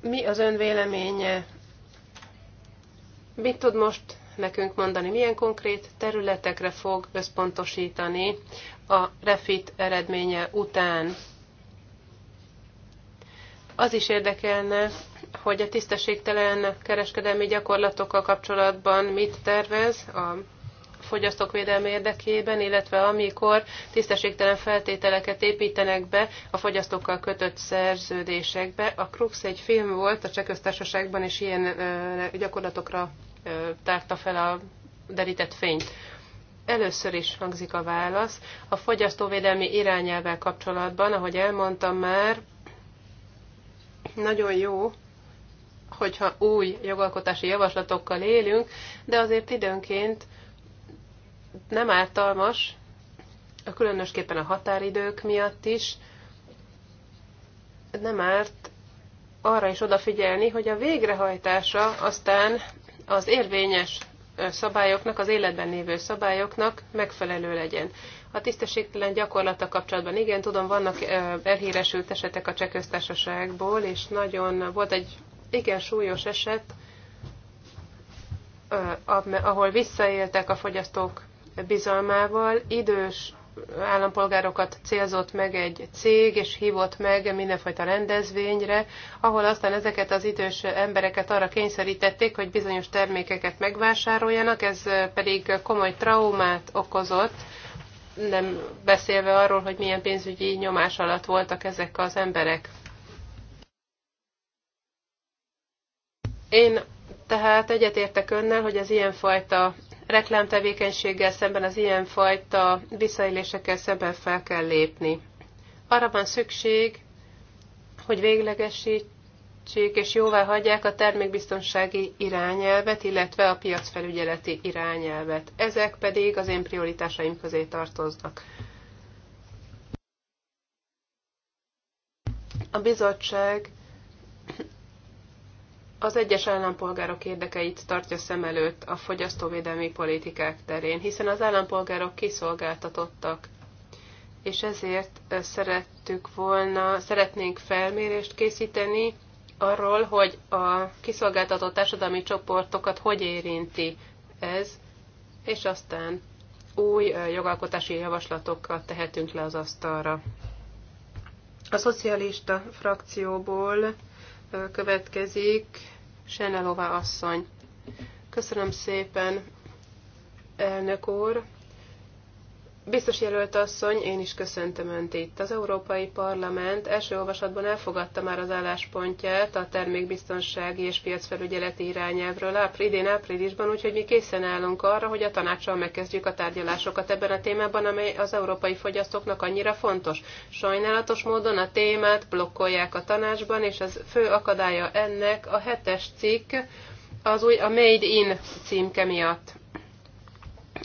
Mi az ön véleménye? Mit tud most nekünk mondani, milyen konkrét területekre fog összpontosítani a Refit eredménye után? Az is érdekelne, hogy a tisztességtelen kereskedelmi gyakorlatokkal kapcsolatban mit tervez a fogyasztók védelme érdekében, illetve amikor tisztességtelen feltételeket építenek be a fogyasztókkal kötött szerződésekbe. A Krux egy film volt, a Csehköztársaságban is ilyen gyakorlatokra tárta fel a derített fényt. Először is hangzik a válasz. A fogyasztóvédelmi irányelvvel kapcsolatban, ahogy elmondtam már, nagyon jó, hogyha új jogalkotási javaslatokkal élünk, de azért időnként nem ártalmas, különösképpen a határidők miatt is, nem árt arra is odafigyelni, hogy a végrehajtása aztán az érvényes szabályoknak, az életben lévő szabályoknak megfelelő legyen. A tisztességtelen gyakorlata kapcsolatban igen, tudom, vannak elhíresült esetek a cseh és nagyon volt egy igen súlyos eset, ahol visszaéltek a fogyasztók bizalmával, idős állampolgárokat célzott meg egy cég, és hívott meg mindenfajta rendezvényre, ahol aztán ezeket az idős embereket arra kényszerítették, hogy bizonyos termékeket megvásároljanak, ez pedig komoly traumát okozott, nem beszélve arról, hogy milyen pénzügyi nyomás alatt voltak ezek az emberek. Én tehát egyetértek önnel, hogy az ilyenfajta reklámtevékenységgel szemben, az ilyenfajta visszaélésekkel szemben fel kell lépni. Arra van szükség, hogy véglegesít és jóvá hagyják a termékbiztonsági irányelvet, illetve a piacfelügyeleti irányelvet. Ezek pedig az én prioritásaim közé tartoznak. A bizottság az egyes állampolgárok érdekeit tartja szem előtt a fogyasztóvédelmi politikák terén, hiszen az állampolgárok kiszolgáltatottak. És ezért szerettük volna, szeretnénk felmérést készíteni arról, hogy a kiszolgáltatott társadalmi csoportokat hogy érinti ez, és aztán új jogalkotási javaslatokat tehetünk le az asztalra. A szocialista frakcióból következik Senelová asszony. Köszönöm szépen, elnök úr! Biztos jelölt asszony, én is köszöntöm Önt itt. Az Európai Parlament első olvasatban elfogadta már az álláspontját a termékbiztonsági és piacfelügyeleti irányelvről Április idén áprilisban, úgyhogy mi készen állunk arra, hogy a tanácssal megkezdjük a tárgyalásokat ebben a témában, amely az európai fogyasztóknak annyira fontos. Sajnálatos módon a témát blokkolják a tanácsban, és az fő akadálya ennek a hetes cikk, az új, a Made in címke miatt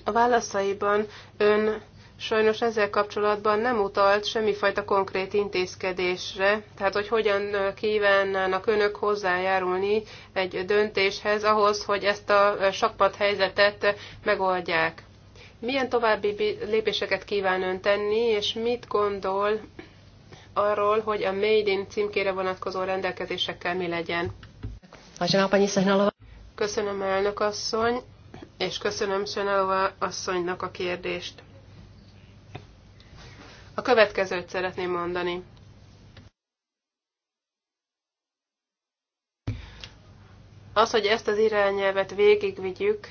a válaszaiban ön sajnos ezzel kapcsolatban nem utalt semmifajta konkrét intézkedésre, tehát hogy hogyan kívánnának önök hozzájárulni egy döntéshez ahhoz, hogy ezt a sakpat helyzetet megoldják. Milyen további lépéseket kíván ön tenni, és mit gondol arról, hogy a Made in címkére vonatkozó rendelkezésekkel mi legyen? Köszönöm, elnök asszony és köszönöm Sönelva asszonynak a kérdést. A következőt szeretném mondani. Az, hogy ezt az irányelvet végigvigyük,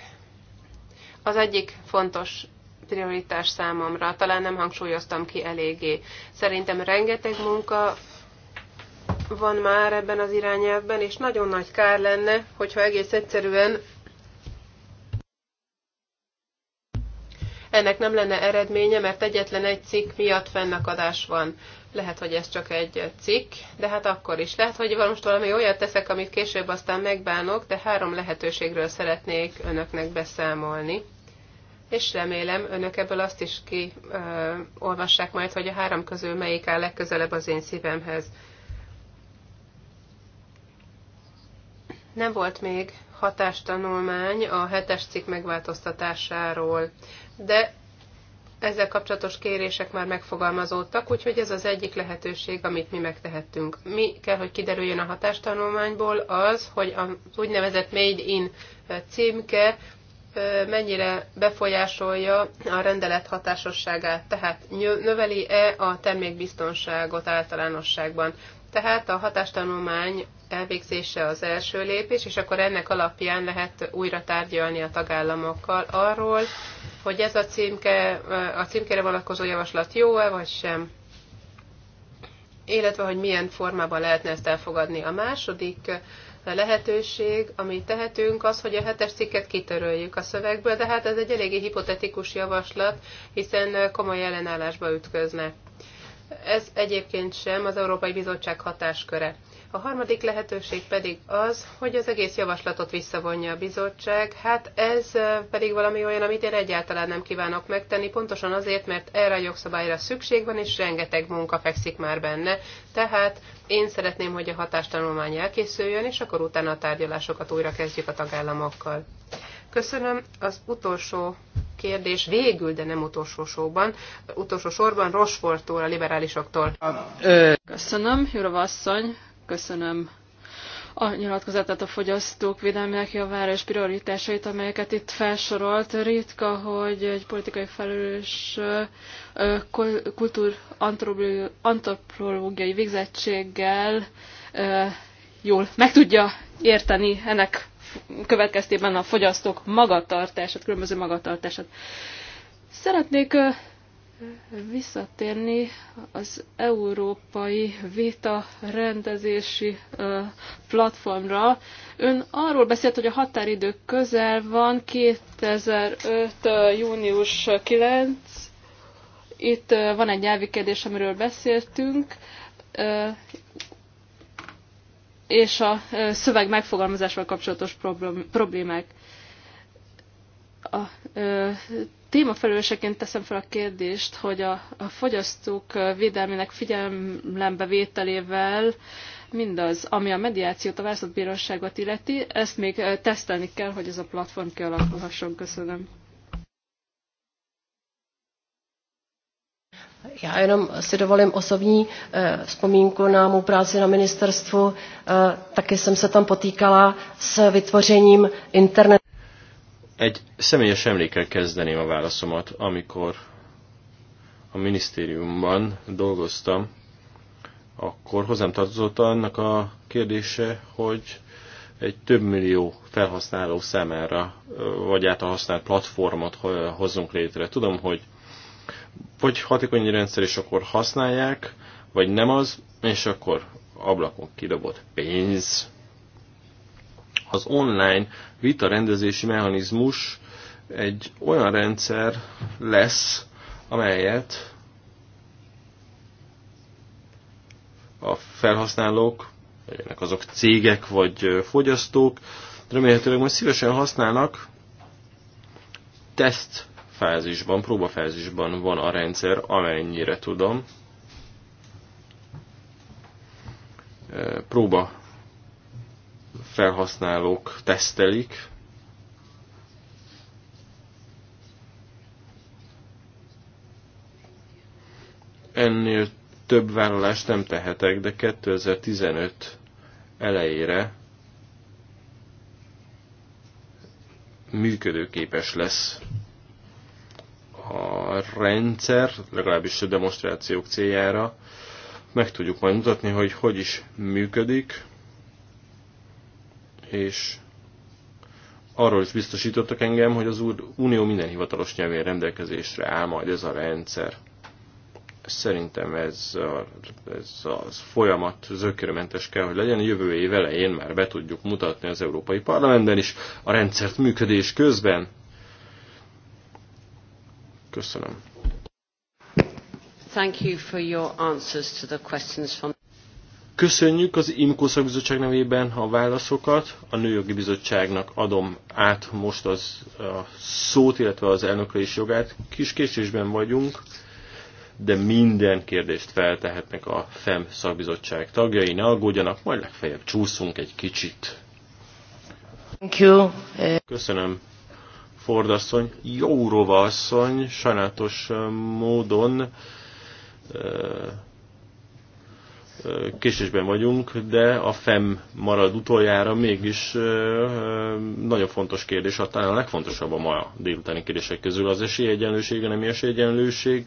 az egyik fontos prioritás számomra. Talán nem hangsúlyoztam ki eléggé. Szerintem rengeteg munka van már ebben az irányelvben, és nagyon nagy kár lenne, hogyha egész egyszerűen ennek nem lenne eredménye, mert egyetlen egy cikk miatt fennakadás van. Lehet, hogy ez csak egy cikk, de hát akkor is. Lehet, hogy most valami olyat teszek, amit később aztán megbánok, de három lehetőségről szeretnék önöknek beszámolni. És remélem, önök ebből azt is kiolvassák majd, hogy a három közül melyik áll legközelebb az én szívemhez. Nem volt még hatástanulmány a hetes cikk megváltoztatásáról de ezzel kapcsolatos kérések már megfogalmazódtak, úgyhogy ez az egyik lehetőség, amit mi megtehettünk. Mi kell, hogy kiderüljön a hatástanulmányból az, hogy az úgynevezett Made in eh, címke eh, mennyire befolyásolja a rendelet hatásosságát, tehát növeli-e a termékbiztonságot általánosságban. Tehát a hatástanulmány elvégzése az első lépés, és akkor ennek alapján lehet újra tárgyalni a tagállamokkal arról, hogy ez a címke, a címkére vonatkozó javaslat jó-e vagy sem, illetve hogy milyen formában lehetne ezt elfogadni. A második lehetőség, amit tehetünk, az, hogy a hetes cikket kitöröljük a szövegből, de hát ez egy eléggé hipotetikus javaslat, hiszen komoly ellenállásba ütközne. Ez egyébként sem az Európai Bizottság hatásköre. A harmadik lehetőség pedig az, hogy az egész javaslatot visszavonja a bizottság. Hát ez pedig valami olyan, amit én egyáltalán nem kívánok megtenni, pontosan azért, mert erre a jogszabályra szükség van, és rengeteg munka fekszik már benne. Tehát én szeretném, hogy a hatástanulmány elkészüljön, és akkor utána a tárgyalásokat újra kezdjük a tagállamokkal. Köszönöm. Az utolsó kérdés végül, de nem utolsó sorban, utolsó sorban Rosfortól, a liberálisoktól. Köszönöm, Jurova Köszönöm a nyilatkozatát a fogyasztók védelmének javára és prioritásait, amelyeket itt felsorolt. Ritka, hogy egy politikai felelős antropológiai végzettséggel jól meg tudja érteni ennek következtében a fogyasztók magatartását, különböző magatartását. Szeretnék visszatérni az európai vita rendezési platformra. Ön arról beszélt, hogy a határidő közel van, 2005. június 9. Itt van egy nyelvi kérdés, amiről beszéltünk, és a szöveg megfogalmazásával kapcsolatos problémák. A témafelelőseként teszem fel a kérdést, hogy a, a fogyasztók védelmének figyelembe vételével mindaz, ami a mediációt, a választatbíróságot illeti, ezt még tesztelni kell, hogy ez a platform kialakulhasson. Köszönöm. Já jenom si dovolím osobní eh, vzpomínku na mou práci na ministerstvu. Eh, Taky jsem se tam potýkala s vytvořením internetu. Egy személyes emlékkel kezdeném a válaszomat, amikor a minisztériumban dolgoztam, akkor hozzám tartozott annak a kérdése, hogy egy több millió felhasználó számára, vagy a használt platformot hozzunk létre. Tudom, hogy vagy hatékony rendszer, és akkor használják, vagy nem az, és akkor ablakon kidobott pénz az online vita rendezési mechanizmus egy olyan rendszer lesz, amelyet a felhasználók, legyenek azok cégek vagy fogyasztók, remélhetőleg majd szívesen használnak. Teszt fázisban, próbafázisban van a rendszer, amennyire tudom. Próba felhasználók tesztelik, ennél több vállalást nem tehetek, de 2015 elejére működőképes lesz a rendszer, legalábbis a demonstrációk céljára. Meg tudjuk majd mutatni, hogy hogy is működik és arról is biztosítottak engem, hogy az Unió minden hivatalos nyelvén rendelkezésre áll majd ez a rendszer. Szerintem ez, a, ez az folyamat zökkörömentes kell, hogy legyen. Jövő év elején már be tudjuk mutatni az Európai Parlamentben is a rendszert működés közben. Köszönöm. Thank you for your answers to the questions from Köszönjük az IMKO szakbizottság nevében a válaszokat. A Nőjogi Bizottságnak adom át most az, a szót, illetve az elnökre is jogát. Kis késésben vagyunk, de minden kérdést feltehetnek a FEM szakbizottság tagjai. Ne aggódjanak, majd legfeljebb csúszunk egy kicsit. Thank you. Köszönöm. Fordasszony, asszony, Jórova asszony sajnálatos módon késésben vagyunk, de a FEM marad utoljára, mégis nagyon fontos kérdés, talán a legfontosabb a ma délutáni kérdések közül az esélyegyenlőség, a nem esélyegyenlőség,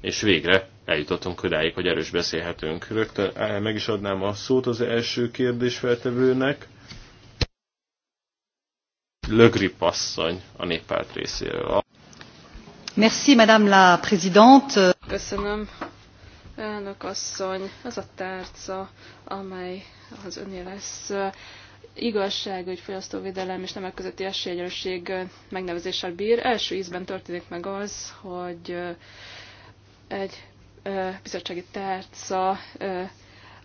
és végre eljutottunk odáig, hogy erős beszélhetünk. Rögtön meg is adnám a szót az első kérdés feltevőnek. Lögri passzony a néppárt részéről. Merci, Madame la Présidente. Köszönöm, Elnök asszony, az a tárca, amely az öné lesz igazság, hogy fogyasztóvédelem és nemek közötti esélyegyenlőség megnevezéssel bír. Első ízben történik meg az, hogy egy bizottsági tárca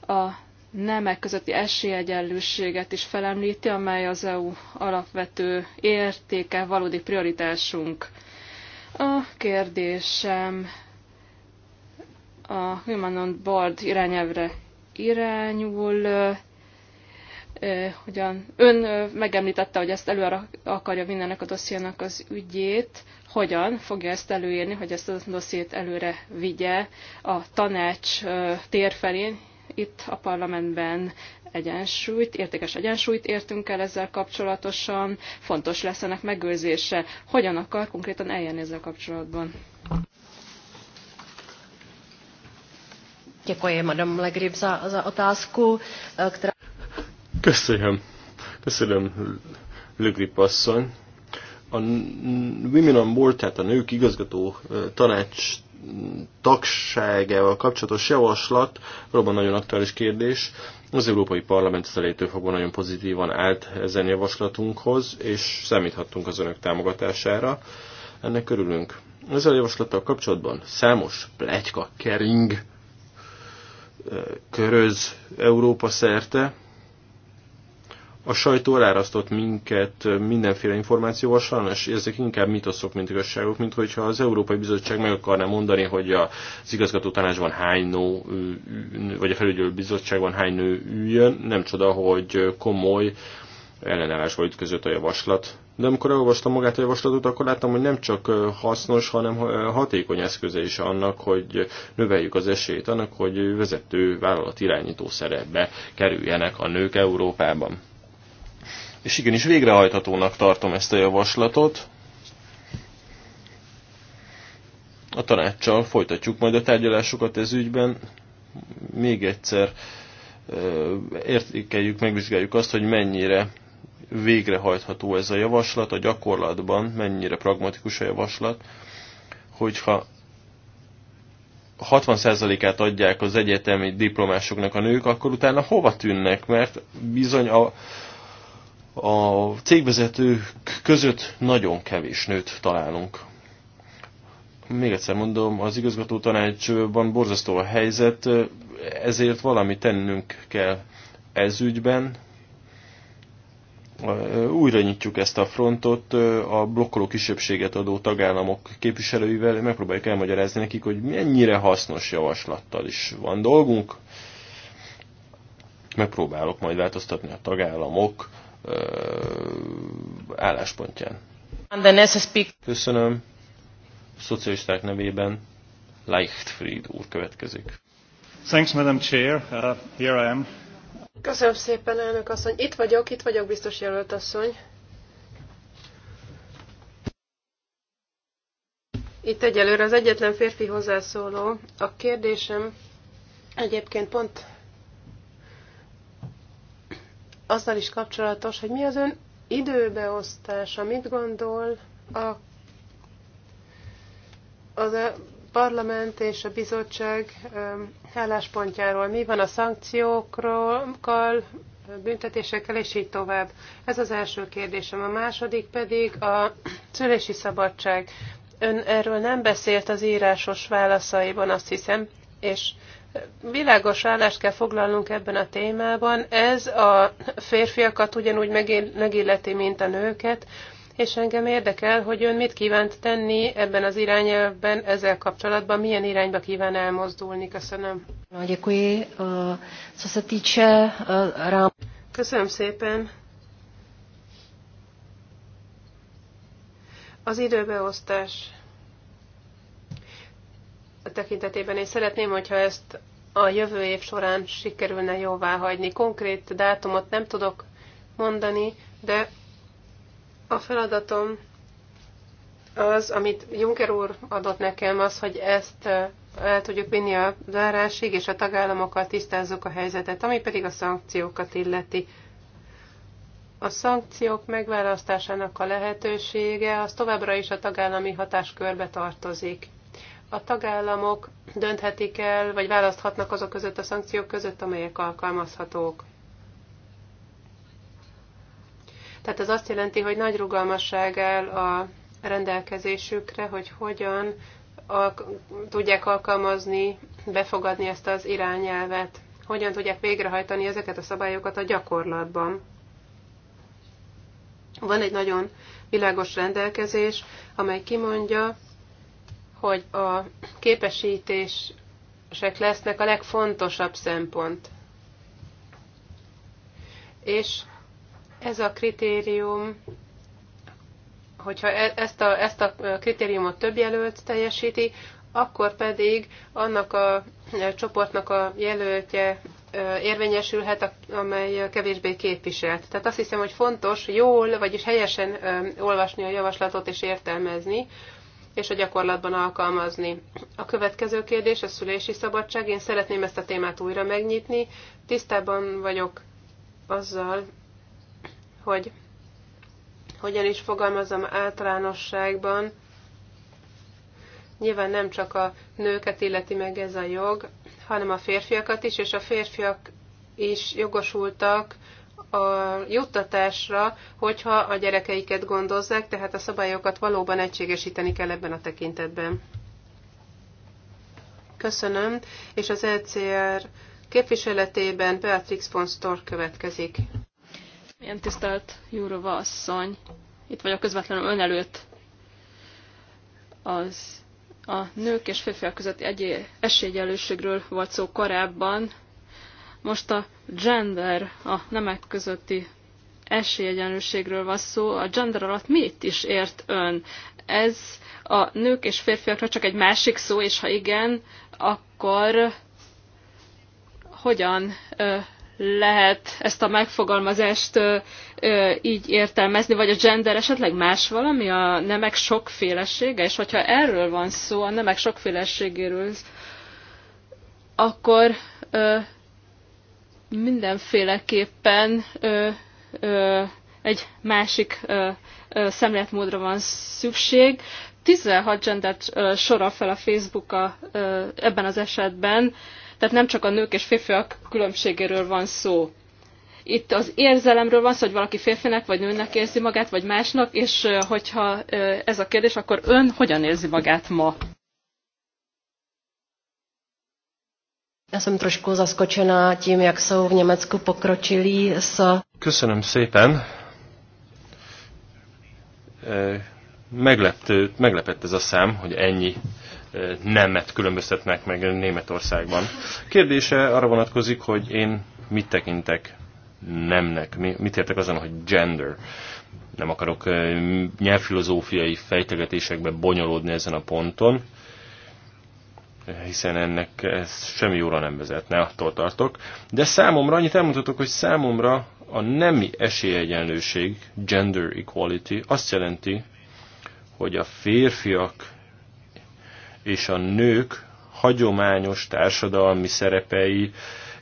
a nemek közötti esélyegyenlőséget is felemlíti, amely az EU alapvető értéke, valódi prioritásunk. A kérdésem a Human on Board irányelvre irányul, hogyan ön megemlítette, hogy ezt előre akarja vinni ennek a dossziénak az ügyét, hogyan fogja ezt előírni, hogy ezt a dossziét előre vigye a tanács tér felén, itt a parlamentben egyensúlyt, értékes egyensúlyt értünk el ezzel kapcsolatosan, fontos lesz ennek megőrzése. Hogyan akar konkrétan eljönni ezzel kapcsolatban? Děkuji, Madame Legrib, za, za otázku, eh, která... Köszönöm. Köszönöm, Legrip asszony. A Women on Board, tehát a nők igazgató eh, tanács tagságával kapcsolatos javaslat, valóban nagyon aktuális kérdés. Az Európai Parlament szelétől fogva nagyon pozitívan állt ezen javaslatunkhoz, és számíthattunk az önök támogatására. Ennek örülünk. Ezzel a javaslattal kapcsolatban számos plegyka kering köröz Európa szerte. A sajtó elárasztott minket mindenféle információval, sajnos ezek inkább mitoszok, mint igazságok, mint hogyha az Európai Bizottság meg akarná mondani, hogy az igazgató tanácsban hány nő, vagy a felügyelő bizottságban hány nő üljön. Nem csoda, hogy komoly ellenállásba ütközött a javaslat de amikor elolvastam magát a javaslatot, akkor láttam, hogy nem csak hasznos, hanem hatékony eszköze is annak, hogy növeljük az esélyt annak, hogy vezető vállalat irányító szerepbe kerüljenek a nők Európában. És igenis végrehajthatónak tartom ezt a javaslatot. A tanácssal folytatjuk majd a tárgyalásokat ez ügyben. Még egyszer értékeljük, megvizsgáljuk azt, hogy mennyire végrehajtható ez a javaslat, a gyakorlatban mennyire pragmatikus a javaslat, hogyha 60%-át adják az egyetemi diplomásoknak a nők, akkor utána hova tűnnek? Mert bizony a, a cégvezetők között nagyon kevés nőt találunk. Még egyszer mondom, az igazgató tanácsban borzasztó a helyzet, ezért valami tennünk kell ez ügyben, újra nyitjuk ezt a frontot, a blokkoló kisebbséget adó tagállamok képviselőivel megpróbáljuk elmagyarázni nekik, hogy mennyire hasznos javaslattal is van dolgunk. Megpróbálok majd változtatni a tagállamok álláspontján. Köszönöm. A szocialisták nevében Leichtfried úr következik. Thanks, Madam Chair. Uh, here I am. Köszönöm szépen, elnök asszony. Itt vagyok, itt vagyok, biztos jelölt asszony. Itt egyelőre az egyetlen férfi hozzászóló. A kérdésem egyébként pont azzal is kapcsolatos, hogy mi az ön időbeosztása, mit gondol a, az e- parlament és a bizottság álláspontjáról, mi van a szankciókról, büntetésekkel, és így tovább. Ez az első kérdésem. A második pedig a szülési szabadság. Ön erről nem beszélt az írásos válaszaiban, azt hiszem, és világos állást kell foglalnunk ebben a témában. Ez a férfiakat ugyanúgy megilleti, mint a nőket, és engem érdekel, hogy ön mit kívánt tenni ebben az irányelvben, ezzel kapcsolatban, milyen irányba kíván elmozdulni. Köszönöm. Eh, eh, Köszönöm szépen. Az időbeosztás tekintetében én szeretném, hogyha ezt a jövő év során sikerülne jóvá hagyni. Konkrét dátumot nem tudok mondani, de a feladatom az, amit Juncker úr adott nekem, az, hogy ezt el tudjuk vinni a zárásig, és a tagállamokkal tisztázzuk a helyzetet, ami pedig a szankciókat illeti. A szankciók megválasztásának a lehetősége az továbbra is a tagállami hatáskörbe tartozik. A tagállamok dönthetik el, vagy választhatnak azok között a szankciók között, amelyek alkalmazhatók. Tehát ez azt jelenti, hogy nagy rugalmasság áll a rendelkezésükre, hogy hogyan alk- tudják alkalmazni, befogadni ezt az irányelvet, hogyan tudják végrehajtani ezeket a szabályokat a gyakorlatban. Van egy nagyon világos rendelkezés, amely kimondja, hogy a képesítések lesznek a legfontosabb szempont. És ez a kritérium, hogyha e- ezt a, ezt a kritériumot több jelölt teljesíti, akkor pedig annak a e, csoportnak a jelöltje e, érvényesülhet, amely kevésbé képviselt. Tehát azt hiszem, hogy fontos jól, vagyis helyesen olvasni a javaslatot és értelmezni, és a gyakorlatban alkalmazni. A következő kérdés a szülési szabadság. Én szeretném ezt a témát újra megnyitni. Tisztában vagyok azzal, hogy hogyan is fogalmazom általánosságban, nyilván nem csak a nőket illeti meg ez a jog, hanem a férfiakat is, és a férfiak is jogosultak a juttatásra, hogyha a gyerekeiket gondozzák, tehát a szabályokat valóban egységesíteni kell ebben a tekintetben. Köszönöm, és az ECR képviseletében Beatrix von Storr következik. Milyen tisztelt Jurova asszony, itt vagyok közvetlenül ön előtt. Az a nők és férfiak közötti egy esélyegyenlőségről volt szó korábban. Most a gender, a nemek közötti esélyegyenlőségről van szó. A gender alatt mit is ért ön? Ez a nők és férfiakra csak egy másik szó, és ha igen, akkor hogyan lehet ezt a megfogalmazást így értelmezni, vagy a gender esetleg más valami, a nemek sokfélesége, és hogyha erről van szó, a nemek sokféleségéről, akkor mindenféleképpen egy másik szemléletmódra van szükség. 16 gendert sorol fel a Facebook a, ebben az esetben, tehát nem csak a nők és férfiak különbségéről van szó. Itt az érzelemről van szó, hogy valaki férfinek vagy nőnek érzi magát, vagy másnak, és hogyha ez a kérdés, akkor ön hogyan érzi magát ma? Já jsem trošku zaskočená tím, jak jsou v Německu pokročilí s... Köszönöm szépen. Meglepő, meglepett ez a szám, hogy ennyi nemet különböztetnek meg Németországban. Kérdése arra vonatkozik, hogy én mit tekintek nemnek, mit értek azon, hogy gender. Nem akarok nyelvfilozófiai fejtegetésekbe bonyolódni ezen a ponton, hiszen ennek ez semmi jóra nem vezetne, attól tartok. De számomra, annyit elmondhatok, hogy számomra a nemi esélyegyenlőség, gender equality, azt jelenti, hogy a férfiak és a nők hagyományos társadalmi szerepei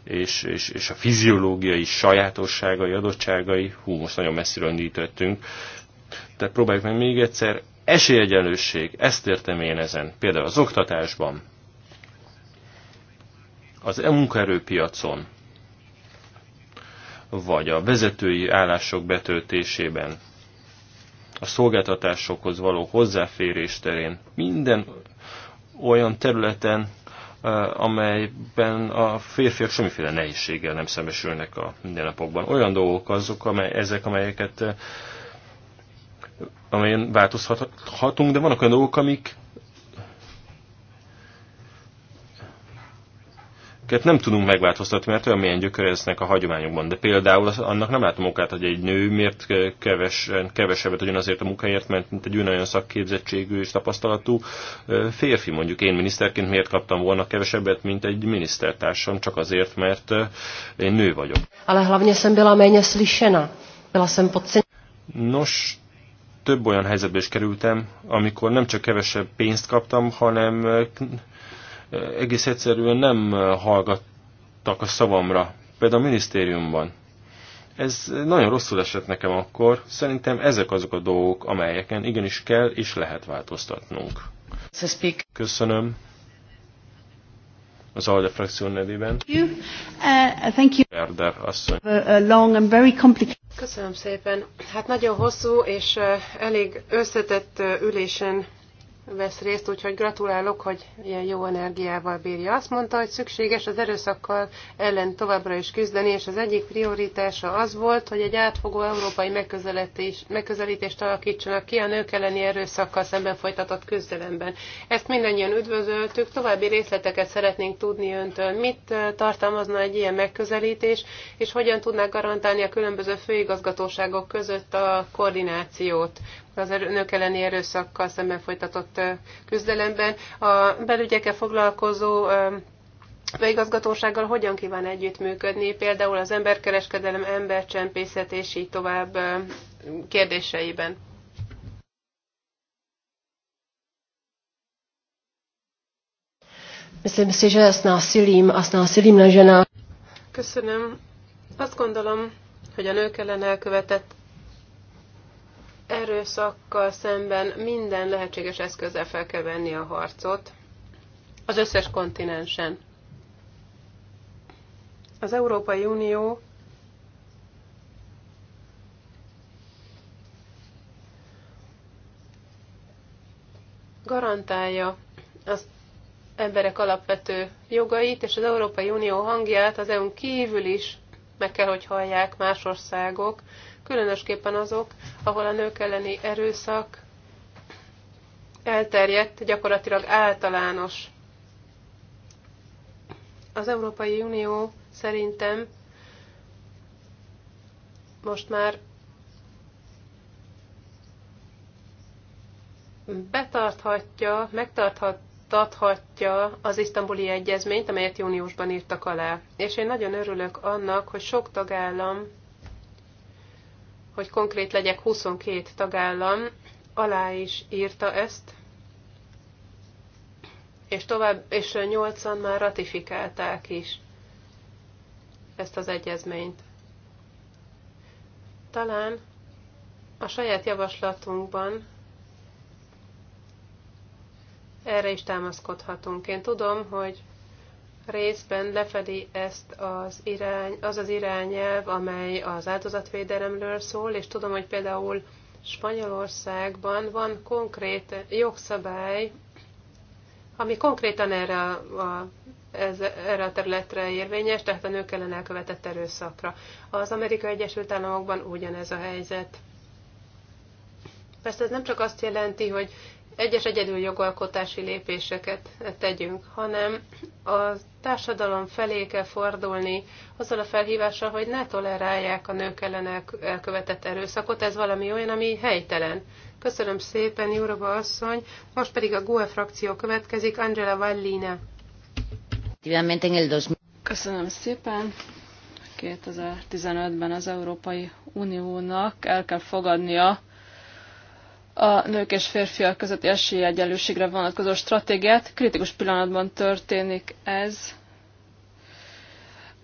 és, és, és a fiziológiai sajátosságai, adottságai, hú, most nagyon messziről nyitottunk, tehát próbáljuk meg még egyszer, esélyegyenlőség, ezt értem én ezen, például az oktatásban, az e munkaerőpiacon, vagy a vezetői állások betöltésében, a szolgáltatásokhoz való hozzáférés terén, minden olyan területen, amelyben a férfiak semmiféle nehézséggel nem szembesülnek a mindennapokban. Olyan dolgok azok, amely, ezek, amelyeket amelyen változhatunk, de vannak olyan dolgok, amik amiket nem tudunk megváltoztatni, mert olyan milyen gyökereznek a hagyományokban. De például annak nem látom okát, hogy egy nő miért eh, keves, kevesebbet adjon azért a munkáért, mert mint egy olyan szakképzettségű és tapasztalatú eh, férfi. Mondjuk én miniszterként miért kaptam volna kevesebbet, mint egy minisztertársam, csak azért, mert eh, én nő vagyok. Ale hlavně jsem byla méně slyšena. Byla jsem podcen... Nos, több olyan helyzetbe is kerültem, amikor nem csak kevesebb pénzt kaptam, hanem egész egyszerűen nem hallgattak a szavamra, például a minisztériumban. Ez nagyon rosszul esett nekem akkor. Szerintem ezek azok a dolgok, amelyeken igenis kell és lehet változtatnunk. Köszönöm. Az ALDE frakció nevében. Thank you. Uh, long and very Köszönöm szépen. Hát nagyon hosszú és elég összetett ülésen vesz részt, úgyhogy gratulálok, hogy ilyen jó energiával bírja. Azt mondta, hogy szükséges az erőszakkal ellen továbbra is küzdeni, és az egyik prioritása az volt, hogy egy átfogó európai megközelítés, megközelítést alakítsanak ki a nők elleni erőszakkal szemben folytatott küzdelemben. Ezt mindannyian üdvözöltük, további részleteket szeretnénk tudni öntől. Mit eh, tartalmazna egy ilyen megközelítés, és hogyan tudnák garantálni a különböző főigazgatóságok között a koordinációt? az önök elleni erőszakkal szemben folytatott küzdelemben. A belügyekkel foglalkozó főigazgatósággal hogyan kíván együttműködni, például az emberkereskedelem, embercsempészet és így tovább kérdéseiben. Köszönöm. Azt gondolom, hogy a nők ellen elkövetett erőszakkal szemben minden lehetséges eszközzel fel kell venni a harcot az összes kontinensen. Az Európai Unió garantálja az emberek alapvető jogait, és az Európai Unió hangját az EU-n kívül is meg kell, hogy hallják más országok, különösképpen azok, ahol a nők elleni erőszak elterjedt, gyakorlatilag általános. Az Európai Unió szerintem most már betarthatja, megtarthatja az isztambuli egyezményt, amelyet júniusban írtak alá. És én nagyon örülök annak, hogy sok tagállam hogy konkrét legyek, 22 tagállam alá is írta ezt, és tovább, és 80 már ratifikálták is ezt az egyezményt. Talán a saját javaslatunkban erre is támaszkodhatunk. Én tudom, hogy részben lefedi ezt az irány, az az irányelv, amely az áldozatvédelemről szól, és tudom, hogy például Spanyolországban van konkrét jogszabály, ami konkrétan erre a, ez, erre a területre érvényes, tehát a nők ellen elkövetett erőszakra. Az Amerikai Egyesült Államokban ugyanez a helyzet. Persze ez nem csak azt jelenti, hogy egyes egyedül jogalkotási lépéseket tegyünk, hanem a társadalom felé kell fordulni azzal a felhívással, hogy ne tolerálják a nők ellen elkövetett erőszakot, ez valami olyan, ami helytelen. Köszönöm szépen, Jurova asszony. Most pedig a GUE frakció következik, Angela Vallina. Köszönöm szépen. 2015-ben az Európai Uniónak el kell fogadnia a nők és férfiak közötti esélyegyenlőségre vonatkozó stratégiát. Kritikus pillanatban történik ez,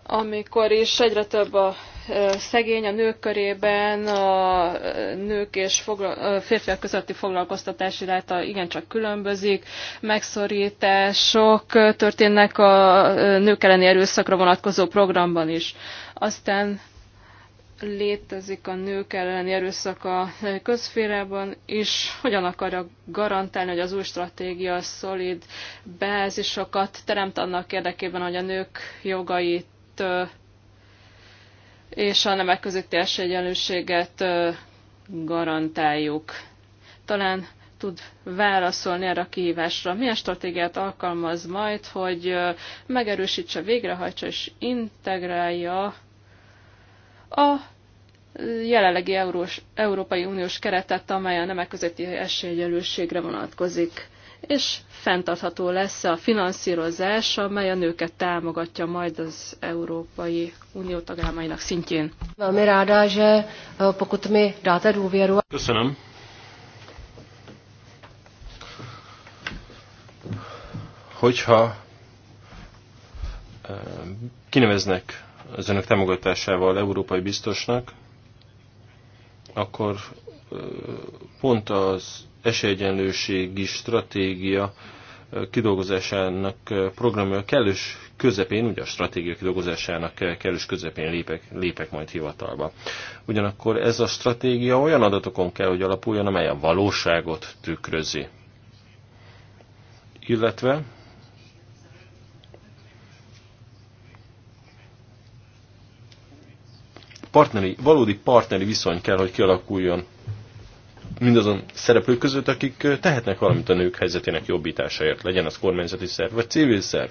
amikor is egyre több a szegény a nők körében, a nők és férfiak közötti foglalkoztatási ráta igencsak különbözik, megszorítások történnek a nők elleni erőszakra vonatkozó programban is. Aztán létezik a nők elleni erőszak a közférában, és hogyan akarja garantálni, hogy az új stratégia szolid beázisokat teremt annak érdekében, hogy a nők jogait és a nemek közötti esélyegyenlőséget garantáljuk. Talán tud válaszolni erre a kihívásra. Milyen stratégiát alkalmaz majd, hogy megerősítse, végrehajtsa és integrálja a jelenlegi Eurós, Európai Uniós keretet, amely a nemek közötti esélyegyenlőségre vonatkozik, és fenntartható lesz a finanszírozás, amely a nőket támogatja majd az Európai Unió tagállamainak szintjén. Eh, mi Köszönöm. Hogyha eh, kineveznek az önök támogatásával európai biztosnak, akkor pont az esélyegyenlőségi stratégia kidolgozásának programja kellős közepén, ugye a stratégia kidolgozásának kellős közepén lépek, lépek majd hivatalba. Ugyanakkor ez a stratégia olyan adatokon kell, hogy alapuljon, amely a valóságot tükrözi. Illetve partneri, valódi partneri viszony kell, hogy kialakuljon mindazon szereplők között, akik tehetnek valamit a nők helyzetének jobbításáért, legyen az kormányzati szerv vagy civil szerv.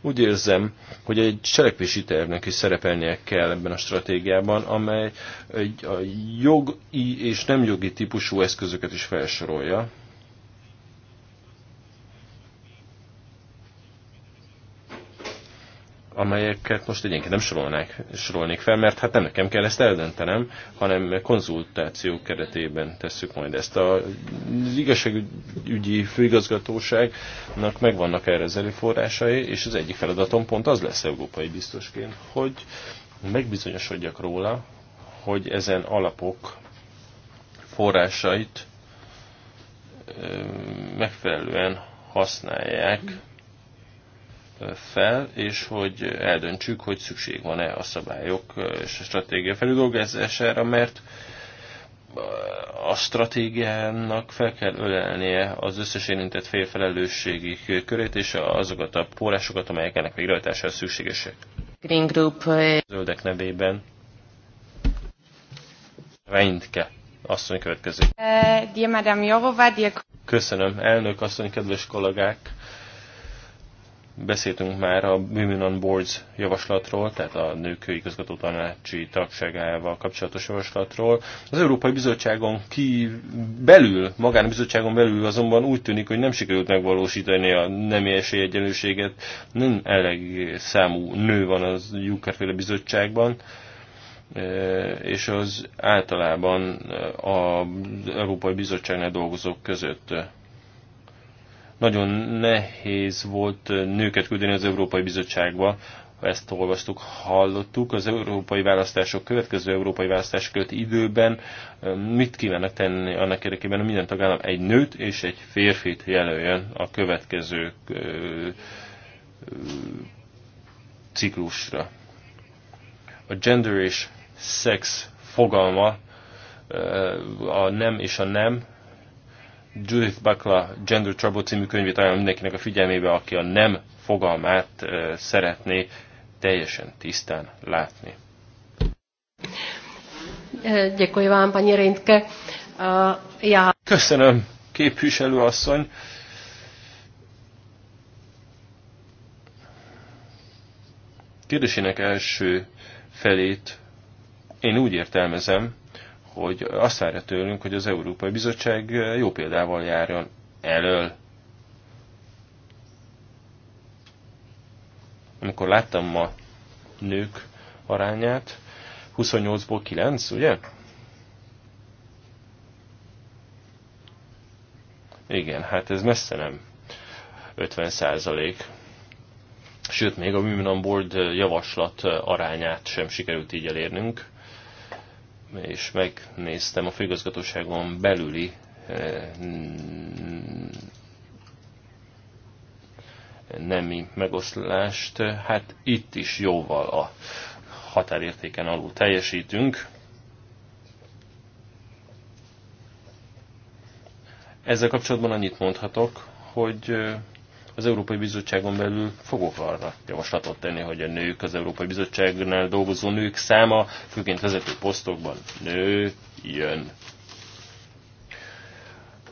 Úgy érzem, hogy egy cselekvési tervnek is szerepelnie kell ebben a stratégiában, amely egy a jogi és nem jogi típusú eszközöket is felsorolja, amelyeket most egyébként nem sorolnák, sorolnék fel, mert hát nem nekem kell ezt eldöntenem, hanem konzultáció keretében tesszük majd ezt. a Az igazságügyi főigazgatóságnak megvannak erre az előforrásai, és az egyik feladatom pont az lesz európai biztosként, hogy megbizonyosodjak róla, hogy ezen alapok forrásait megfelelően használják, fel, és hogy eldöntsük, hogy szükség van-e a szabályok és a stratégia felüldolgozására, mert a stratégiának fel kell ölelnie az összes érintett fél felelősségi körét és azokat a forrásokat, amelyek ennek végrehajtására szükségesek. Green Group. Eh, Zöldek nevében. Reintke. Asszony következő. Eh, Köszönöm, elnök asszony, kedves kollégák! Beszéltünk már a Women on Boards javaslatról, tehát a nők igazgató tanácsi tagságával kapcsolatos javaslatról. Az Európai Bizottságon ki belül, bizottságon belül azonban úgy tűnik, hogy nem sikerült megvalósítani a nemi esélyegyenlőséget. Nem elég számú nő van az Juncker bizottságban e, és az általában az Európai Bizottságnál dolgozók között nagyon nehéz volt nőket küldeni az Európai Bizottságba, ezt olvastuk, hallottuk. Az európai választások, következő európai választás köt időben mit kívánnak tenni annak érdekében, hogy minden tagállam egy nőt és egy férfit jelöljön a következő ciklusra. A gender és sex fogalma a nem és a nem Judith Buckla Gender Trouble című könyvét ajánlom mindenkinek a figyelmébe, aki a nem fogalmát szeretné teljesen tisztán látni. Děkuji vám, paní Köszönöm, képviselő asszony. Kérdésének első felét én úgy értelmezem, hogy azt várja tőlünk, hogy az Európai Bizottság jó példával járjon elől. Amikor láttam ma nők arányát, 28-ból 9, ugye? Igen, hát ez messze nem 50 százalék. Sőt, még a Women on Board javaslat arányát sem sikerült így elérnünk és megnéztem a főigazgatóságon belüli eh, nemi megoszlást, hát itt is jóval a határértéken alul teljesítünk. Ezzel kapcsolatban annyit mondhatok, hogy eh, az Európai Bizottságon belül fogok arra javaslatot tenni, hogy a nők, az Európai Bizottságnál dolgozó nők száma, főként vezető posztokban nő jön.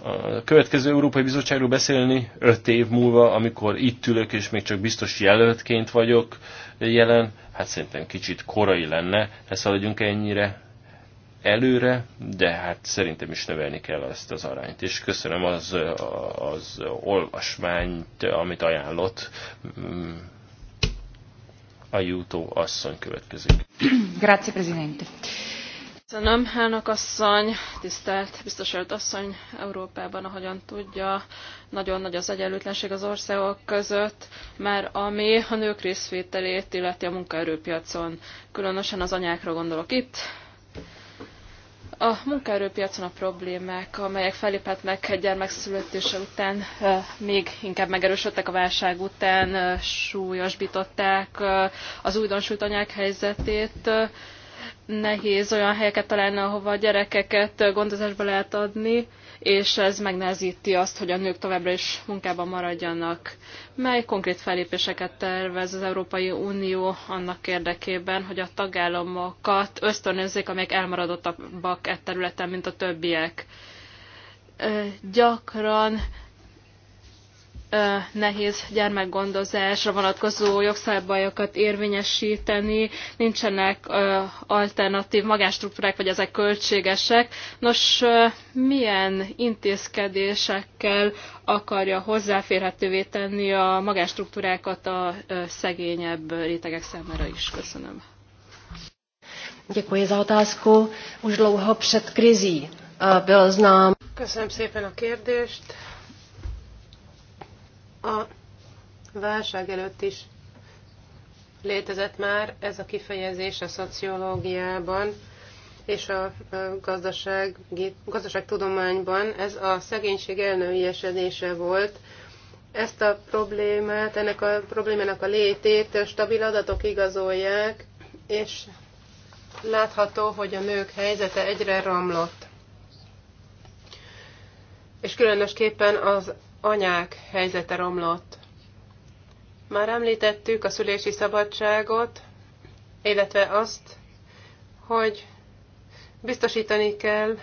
A következő Európai Bizottságról beszélni öt év múlva, amikor itt ülök és még csak biztos jelöltként vagyok jelen, hát szerintem kicsit korai lenne, ne szaladjunk ennyire előre, de hát szerintem is növelni kell ezt az arányt. És köszönöm az, az olvasmányt, amit ajánlott a jutó asszony következik. Grazie, Presidente. Köszönöm, elnök asszony, tisztelt biztosult asszony Európában, ahogyan tudja, nagyon nagy az egyenlőtlenség az országok között, mert ami a nők részvételét illeti a munkaerőpiacon, különösen az anyákra gondolok itt, a munkaerőpiacon a problémák, amelyek egy gyermek születése után, még inkább megerősödtek a válság után, súlyosbították az újdonsült anyák helyzetét. Nehéz olyan helyeket találni, ahova a gyerekeket gondozásba lehet adni és ez megnehezíti azt, hogy a nők továbbra is munkában maradjanak. Mely konkrét fellépéseket tervez az Európai Unió annak érdekében, hogy a tagállamokat ösztönözzék, amelyek elmaradottabbak e területen, mint a többiek? Gyakran nehéz gyermekgondozásra vonatkozó jogszabályokat érvényesíteni, nincsenek alternatív magánstruktúrák, vagy ezek költségesek. Nos, milyen intézkedésekkel akarja hozzáférhetővé tenni a magánstruktúrákat a szegényebb rétegek számára is? Köszönöm. Děkuji za otázku. Už dlouho před krizí byl znám. Köszönöm szépen a kérdést a válság előtt is létezett már ez a kifejezés a szociológiában és a gazdaság, gazdaságtudományban. Ez a szegénység esedése volt. Ezt a problémát, ennek a problémának a létét stabil adatok igazolják, és látható, hogy a nők helyzete egyre ramlott. És különösképpen az anyák helyzete romlott. Már említettük a szülési szabadságot, illetve azt, hogy biztosítani kell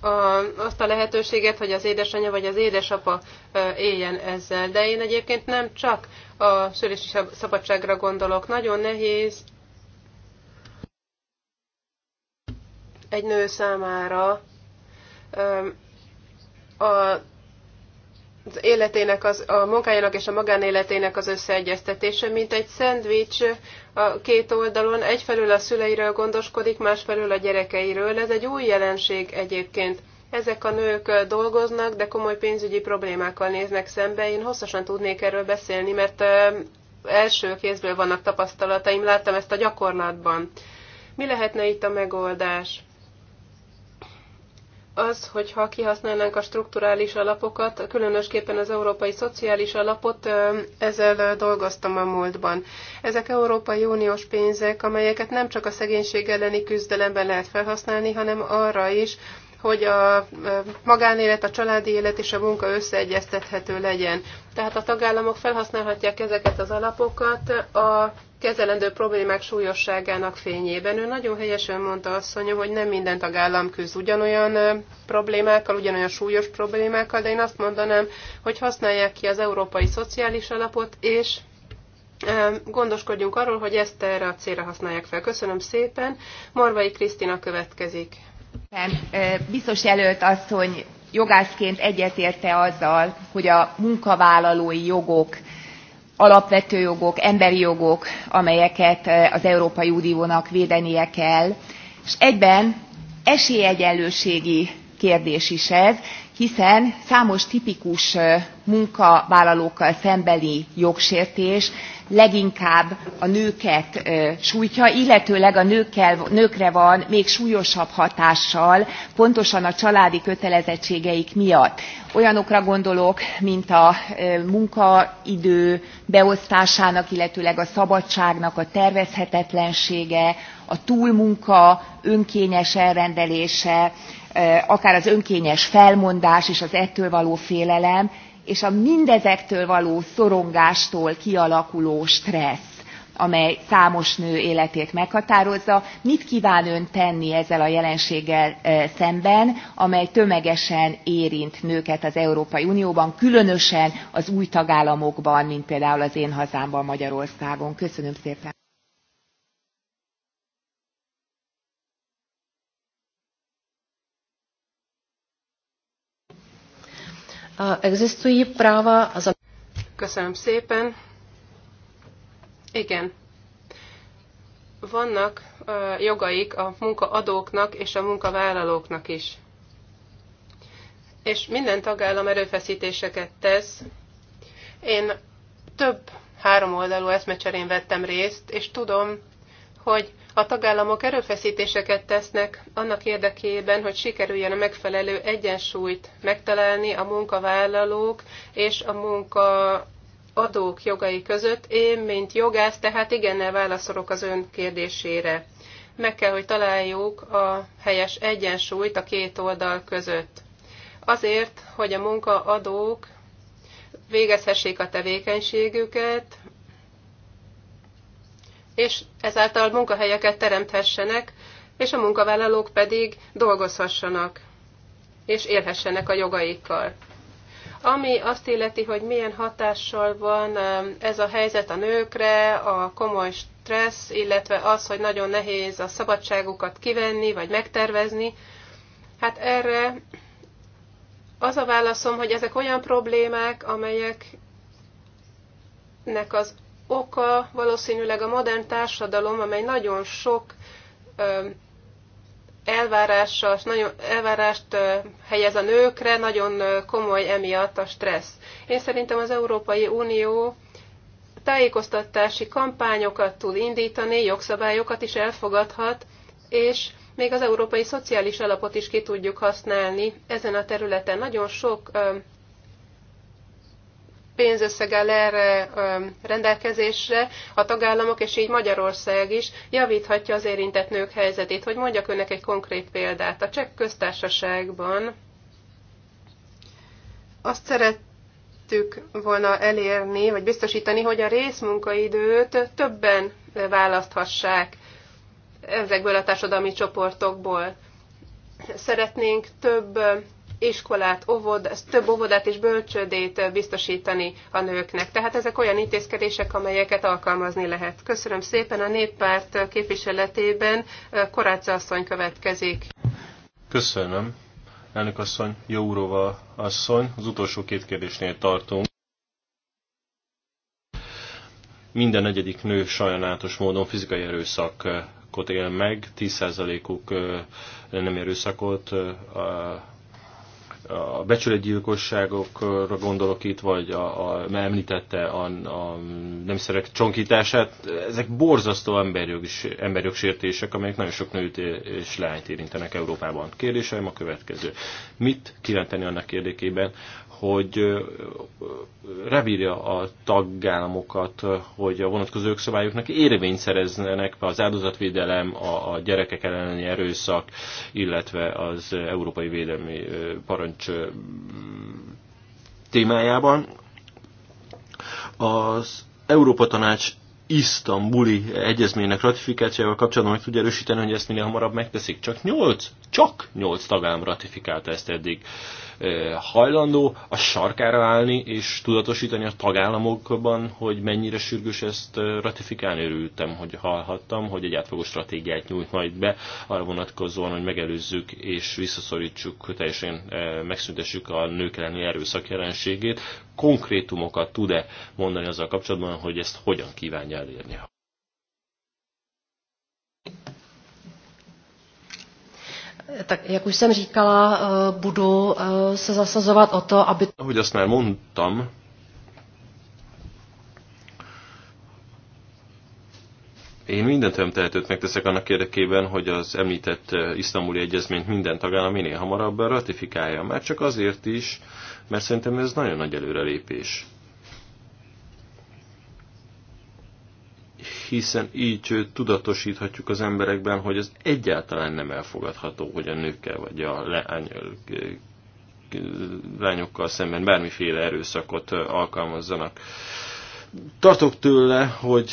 a, azt a lehetőséget, hogy az édesanyja vagy az édesapa éljen ezzel. De én egyébként nem csak a szülési szabadságra gondolok. Nagyon nehéz egy nő számára a az életének, az, a munkájának és a magánéletének az összeegyeztetése, mint egy szendvics a két oldalon, egyfelől a szüleiről gondoskodik, másfelől a gyerekeiről. Ez egy új jelenség egyébként. Ezek a nők dolgoznak, de komoly pénzügyi problémákkal néznek szembe. Én hosszasan tudnék erről beszélni, mert első kézből vannak tapasztalataim, láttam ezt a gyakorlatban. Mi lehetne itt a megoldás? az, hogy ha kihasználnánk a strukturális alapokat, különösképpen az európai szociális alapot, ezzel dolgoztam a múltban. Ezek Európai Uniós pénzek, amelyeket nem csak a szegénység elleni küzdelemben lehet felhasználni, hanem arra is, hogy a magánélet, a családi élet és a munka összeegyeztethető legyen. Tehát a tagállamok felhasználhatják ezeket az alapokat a kezelendő problémák súlyosságának fényében. Ő nagyon helyesen mondta asszonyom, hogy nem minden tagállam küzd ugyanolyan problémákkal, ugyanolyan súlyos problémákkal, de én azt mondanám, hogy használják ki az európai szociális alapot, és gondoskodjunk arról, hogy ezt erre a célra használják fel. Köszönöm szépen. Marvai Krisztina következik. biztos jelölt asszony jogászként egyetérte azzal, hogy a munkavállalói jogok alapvető jogok, emberi jogok, amelyeket eh, az Európai Uniónak védenie kell, és egyben esélyegyenlőségi kérdés is ez, hiszen számos tipikus eh, munkavállalókkal szembeni jogsértés leginkább a nőket sújtja, illetőleg a nőkkel, nőkre van még súlyosabb hatással, pontosan a családi kötelezettségeik miatt. Olyanokra gondolok, mint a munkaidő beosztásának, illetőleg a szabadságnak a tervezhetetlensége, a túlmunka önkényes elrendelése, akár az önkényes felmondás és az ettől való félelem és a mindezektől való szorongástól kialakuló stressz amely számos nő életét meghatározza mit kván ön tenni ezzel a jelenséggel szemben amely tömegesen érint nőket az európai unióban különösen az új tagállamokban mint például az én hazámban magyarországon? köszönöm szépen! Existují práva a Köszönöm szépen. Igen. Vannak jogaik a munkaadóknak és a munkavállalóknak is. És minden tagállam erőfeszítéseket tesz. Én több három oldalú eszmecserén vettem részt, és tudom, hogy a tagállamok erőfeszítéseket tesznek annak érdekében, hogy sikerüljen a megfelelő egyensúlyt megtalálni a munkavállalók és a munka adók jogai között. Én, mint jogász, tehát igennel válaszolok az ön kérdésére. Meg kell, hogy találjuk a helyes egyensúlyt a két oldal között. Azért, hogy a munkaadók végezhessék a tevékenységüket, és ezáltal munkahelyeket teremthessenek, és a munkavállalók pedig dolgozhassanak, és élhessenek a jogaikkal. Ami azt illeti, hogy milyen hatással van um, ez a helyzet a nőkre, a komoly stressz, illetve az, hogy nagyon nehéz a szabadságukat kivenni, vagy megtervezni, hát erre az a válaszom, hogy ezek olyan problémák, amelyeknek az oka valószínűleg a modern társadalom, amely nagyon sok elvárással, nagyon elvárást helyez a nőkre, nagyon komoly emiatt a stressz. Én szerintem az Európai Unió tájékoztatási kampányokat tud indítani, jogszabályokat is elfogadhat, és még az európai szociális alapot is ki tudjuk használni ezen a területen. Nagyon sok pénzösszeg áll erre rendelkezésre a tagállamok, és így Magyarország is javíthatja az érintett nők helyzetét. Hogy mondjak önnek egy konkrét példát. A cseh köztársaságban azt szerettük volna elérni, vagy biztosítani, hogy a részmunkaidőt többen választhassák ezekből a társadalmi csoportokból. Szeretnénk több iskolát, óvod, több óvodát és bölcsődét biztosítani a nőknek. Tehát ezek olyan intézkedések, amelyeket alkalmazni lehet. Köszönöm szépen a néppárt képviseletében. Korácsa asszony következik. Köszönöm. Elnök asszony, Jóurova asszony, az utolsó két kérdésnél tartunk. Minden negyedik nő sajnálatos módon fizikai erőszakot él meg, 10%-uk nem erőszakot, a becsületgyilkosságokra gondolok itt, vagy a, a említette a, a nemszerek csonkítását, ezek borzasztó emberjog sértések, amelyek nagyon sok nőt és lányt érintenek Európában. Kérdéseim a következő. Mit kilenteni annak érdekében, hogy revírja a tagállamokat, hogy a vonatkozó jogszabályoknak érvényt szereznek az áldozatvédelem, a, a gyerekek elleni erőszak, illetve az európai védelmi parancs témájában. Az Európa Tanács isztambuli egyezménynek ratifikációjával kapcsolatban meg tudja erősíteni, hogy ezt minél hamarabb megteszik. Csak 8, csak 8 tagállam ratifikálta ezt eddig. Uh, hajlandó a sarkára állni és tudatosítani a tagállamokban, hogy mennyire sürgős ezt ratifikálni. Örültem, hogy hallhattam, hogy egy átfogó stratégiát nyújt majd be arra vonatkozóan, hogy megelőzzük és visszaszorítsuk, teljesen megszüntessük a nők elleni erőszak jelenségét. Konkrétumokat tud-e mondani azzal kapcsolatban, hogy ezt hogyan kívánja elérni? tak jak už jsem říkala, eh, budu eh, se zasazovat o to, aby... Ahogy azt már mondtam, én mindent tehetőt megteszek annak érdekében, hogy az említett eh, isztambuli egyezményt minden tagállam minél hamarabb ratifikálja. Már csak azért is, mert szerintem ez nagyon nagy előrelépés. hiszen így tudatosíthatjuk az emberekben, hogy ez egyáltalán nem elfogadható, hogy a nőkkel vagy a leány, lányokkal szemben bármiféle erőszakot alkalmazzanak. Tartok tőle, hogy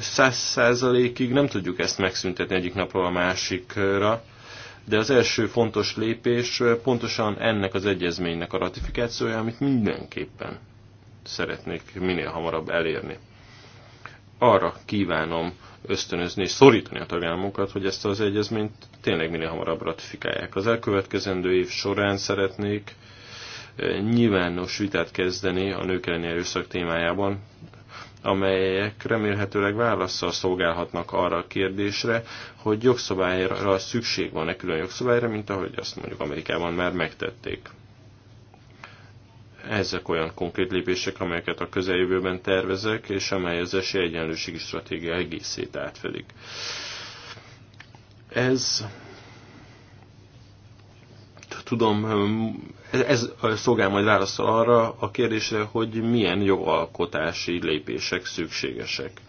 száz százalékig nem tudjuk ezt megszüntetni egyik napról a másikra, de az első fontos lépés pontosan ennek az egyezménynek a ratifikációja, amit mindenképpen szeretnék minél hamarabb elérni arra kívánom ösztönözni és szorítani a tagállamokat, hogy ezt az egyezményt tényleg minél hamarabb ratifikálják. Az elkövetkezendő év során szeretnék eh, nyilvános vitát kezdeni a nők elleni erőszak témájában, amelyek remélhetőleg válaszsal szolgálhatnak arra a kérdésre, hogy jogszabályra szükség van-e külön jogszabályra, mint ahogy azt mondjuk Amerikában már megtették. Ezek olyan konkrét lépések, amelyeket a közeljövőben tervezek, és amely az esélyegyenlőségi stratégia egészét átfedik. Ez tudom, ez szolgál majd válaszol arra a kérdésre, hogy milyen jogalkotási lépések szükségesek.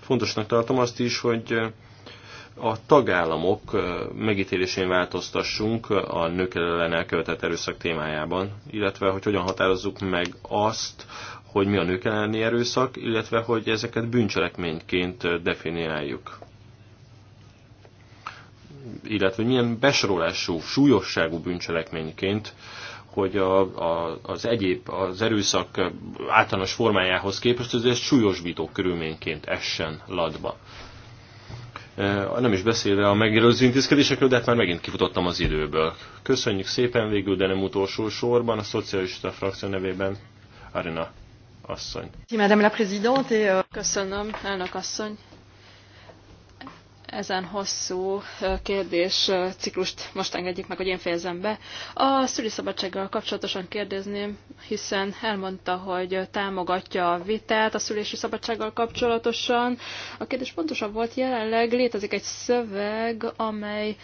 Fontosnak tartom azt is, hogy a tagállamok megítélésén változtassunk a nők ellen elkövetett erőszak témájában, illetve hogy hogyan határozzuk meg azt, hogy mi a nők elleni erőszak, illetve hogy ezeket bűncselekményként definiáljuk. Illetve hogy milyen besorolású, súlyosságú bűncselekményként, hogy a, a, az egyéb, az erőszak általános formájához képest ez egy súlyosbító körülményként essen ladba nem is beszélve a megelőző intézkedésekről, de hát már megint kifutottam az időből. Köszönjük szépen végül, de nem utolsó sorban a szocialista frakció nevében Arina asszony. Madame la Présidente, euh, köszönöm, elnök asszony ezen hosszú kérdés ciklust most engedjék meg, hogy én fejezem be. A szülésszabadsággal kapcsolatosan kérdezném, hiszen elmondta, hogy támogatja a vitát a szülési szabadsággal kapcsolatosan. A kérdés pontosabb volt, jelenleg létezik egy szöveg, amely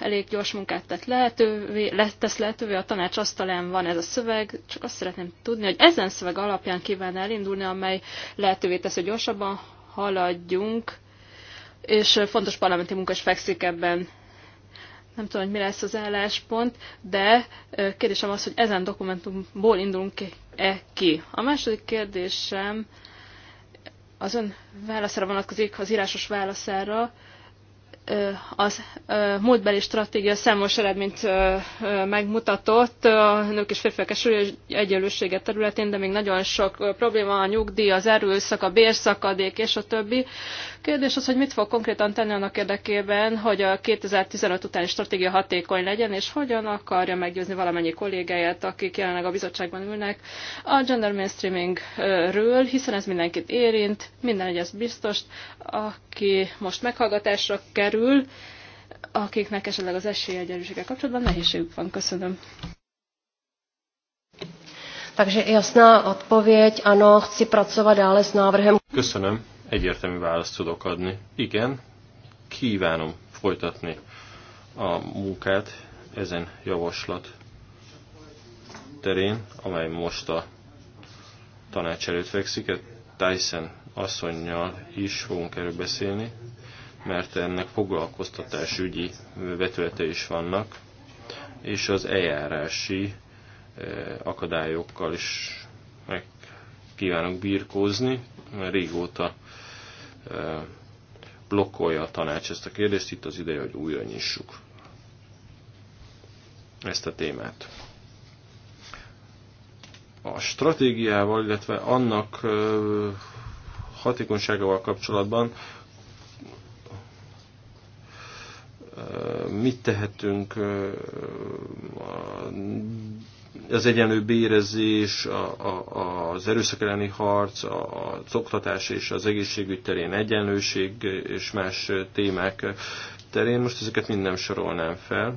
elég gyors munkát tett lehetővé, tesz lehetővé, a tanács asztalán van ez a szöveg, csak azt szeretném tudni, hogy ezen szöveg alapján kíván elindulni, amely lehetővé tesz, hogy gyorsabban haladjunk és fontos parlamenti munka is fekszik ebben. Nem tudom, hogy mi lesz az álláspont, de kérdésem az, hogy ezen dokumentumból indulunk-e ki. A második kérdésem az ön válaszára vonatkozik, az írásos válaszára a múltbeli stratégia számos eredményt megmutatott a nők és férfiak esői egyenlősége területén, de még nagyon sok probléma a nyugdíj, az erőszak, a bérszakadék és a többi. Kérdés az, hogy mit fog konkrétan tenni annak érdekében, hogy a 2015 utáni stratégia hatékony legyen, és hogyan akarja meggyőzni valamennyi kollégáját, akik jelenleg a bizottságban ülnek a gender mainstreamingről, hiszen ez mindenkit érint, minden egyes biztos, aki most meghallgatásra kerül, kerül, akiknek esetleg az esélyegyenlőséggel kapcsolatban nehézségük van. Köszönöm. Takže jasná odpověď, ano, chci pracovat dále s návrhem. Köszönöm, egyértelmű választ tudok adni. Igen, kívánom folytatni a munkát ezen javaslat terén, amely most a tanács előtt fekszik. Tyson asszonynal is fogunk erről beszélni mert ennek foglalkoztatásügyi vetülete is vannak, és az eljárási eh, akadályokkal is meg kívánok birkózni. Régóta eh, blokkolja a tanács ezt a kérdést, itt az ideje, hogy újra nyissuk ezt a témát. A stratégiával, illetve annak eh, hatékonyságával kapcsolatban mit tehetünk az egyenlő bérezés, a, az erőszak elleni harc, a, az oktatás és az egészségügy terén egyenlőség és más témák terén. Most ezeket mind nem sorolnám fel.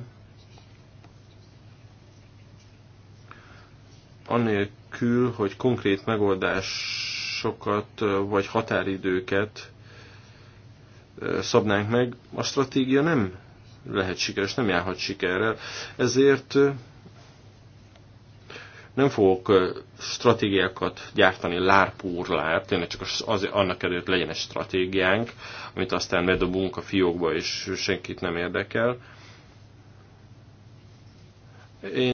Annélkül, hogy konkrét megoldásokat vagy határidőket szabnánk meg, a stratégia nem lehet sikeres, nem járhat sikerrel. Ezért nem fogok stratégiákat gyártani lárpúrlár, tényleg csak az, az annak előtt legyen egy stratégiánk, amit aztán bedobunk a fiókba, és senkit nem érdekel. Én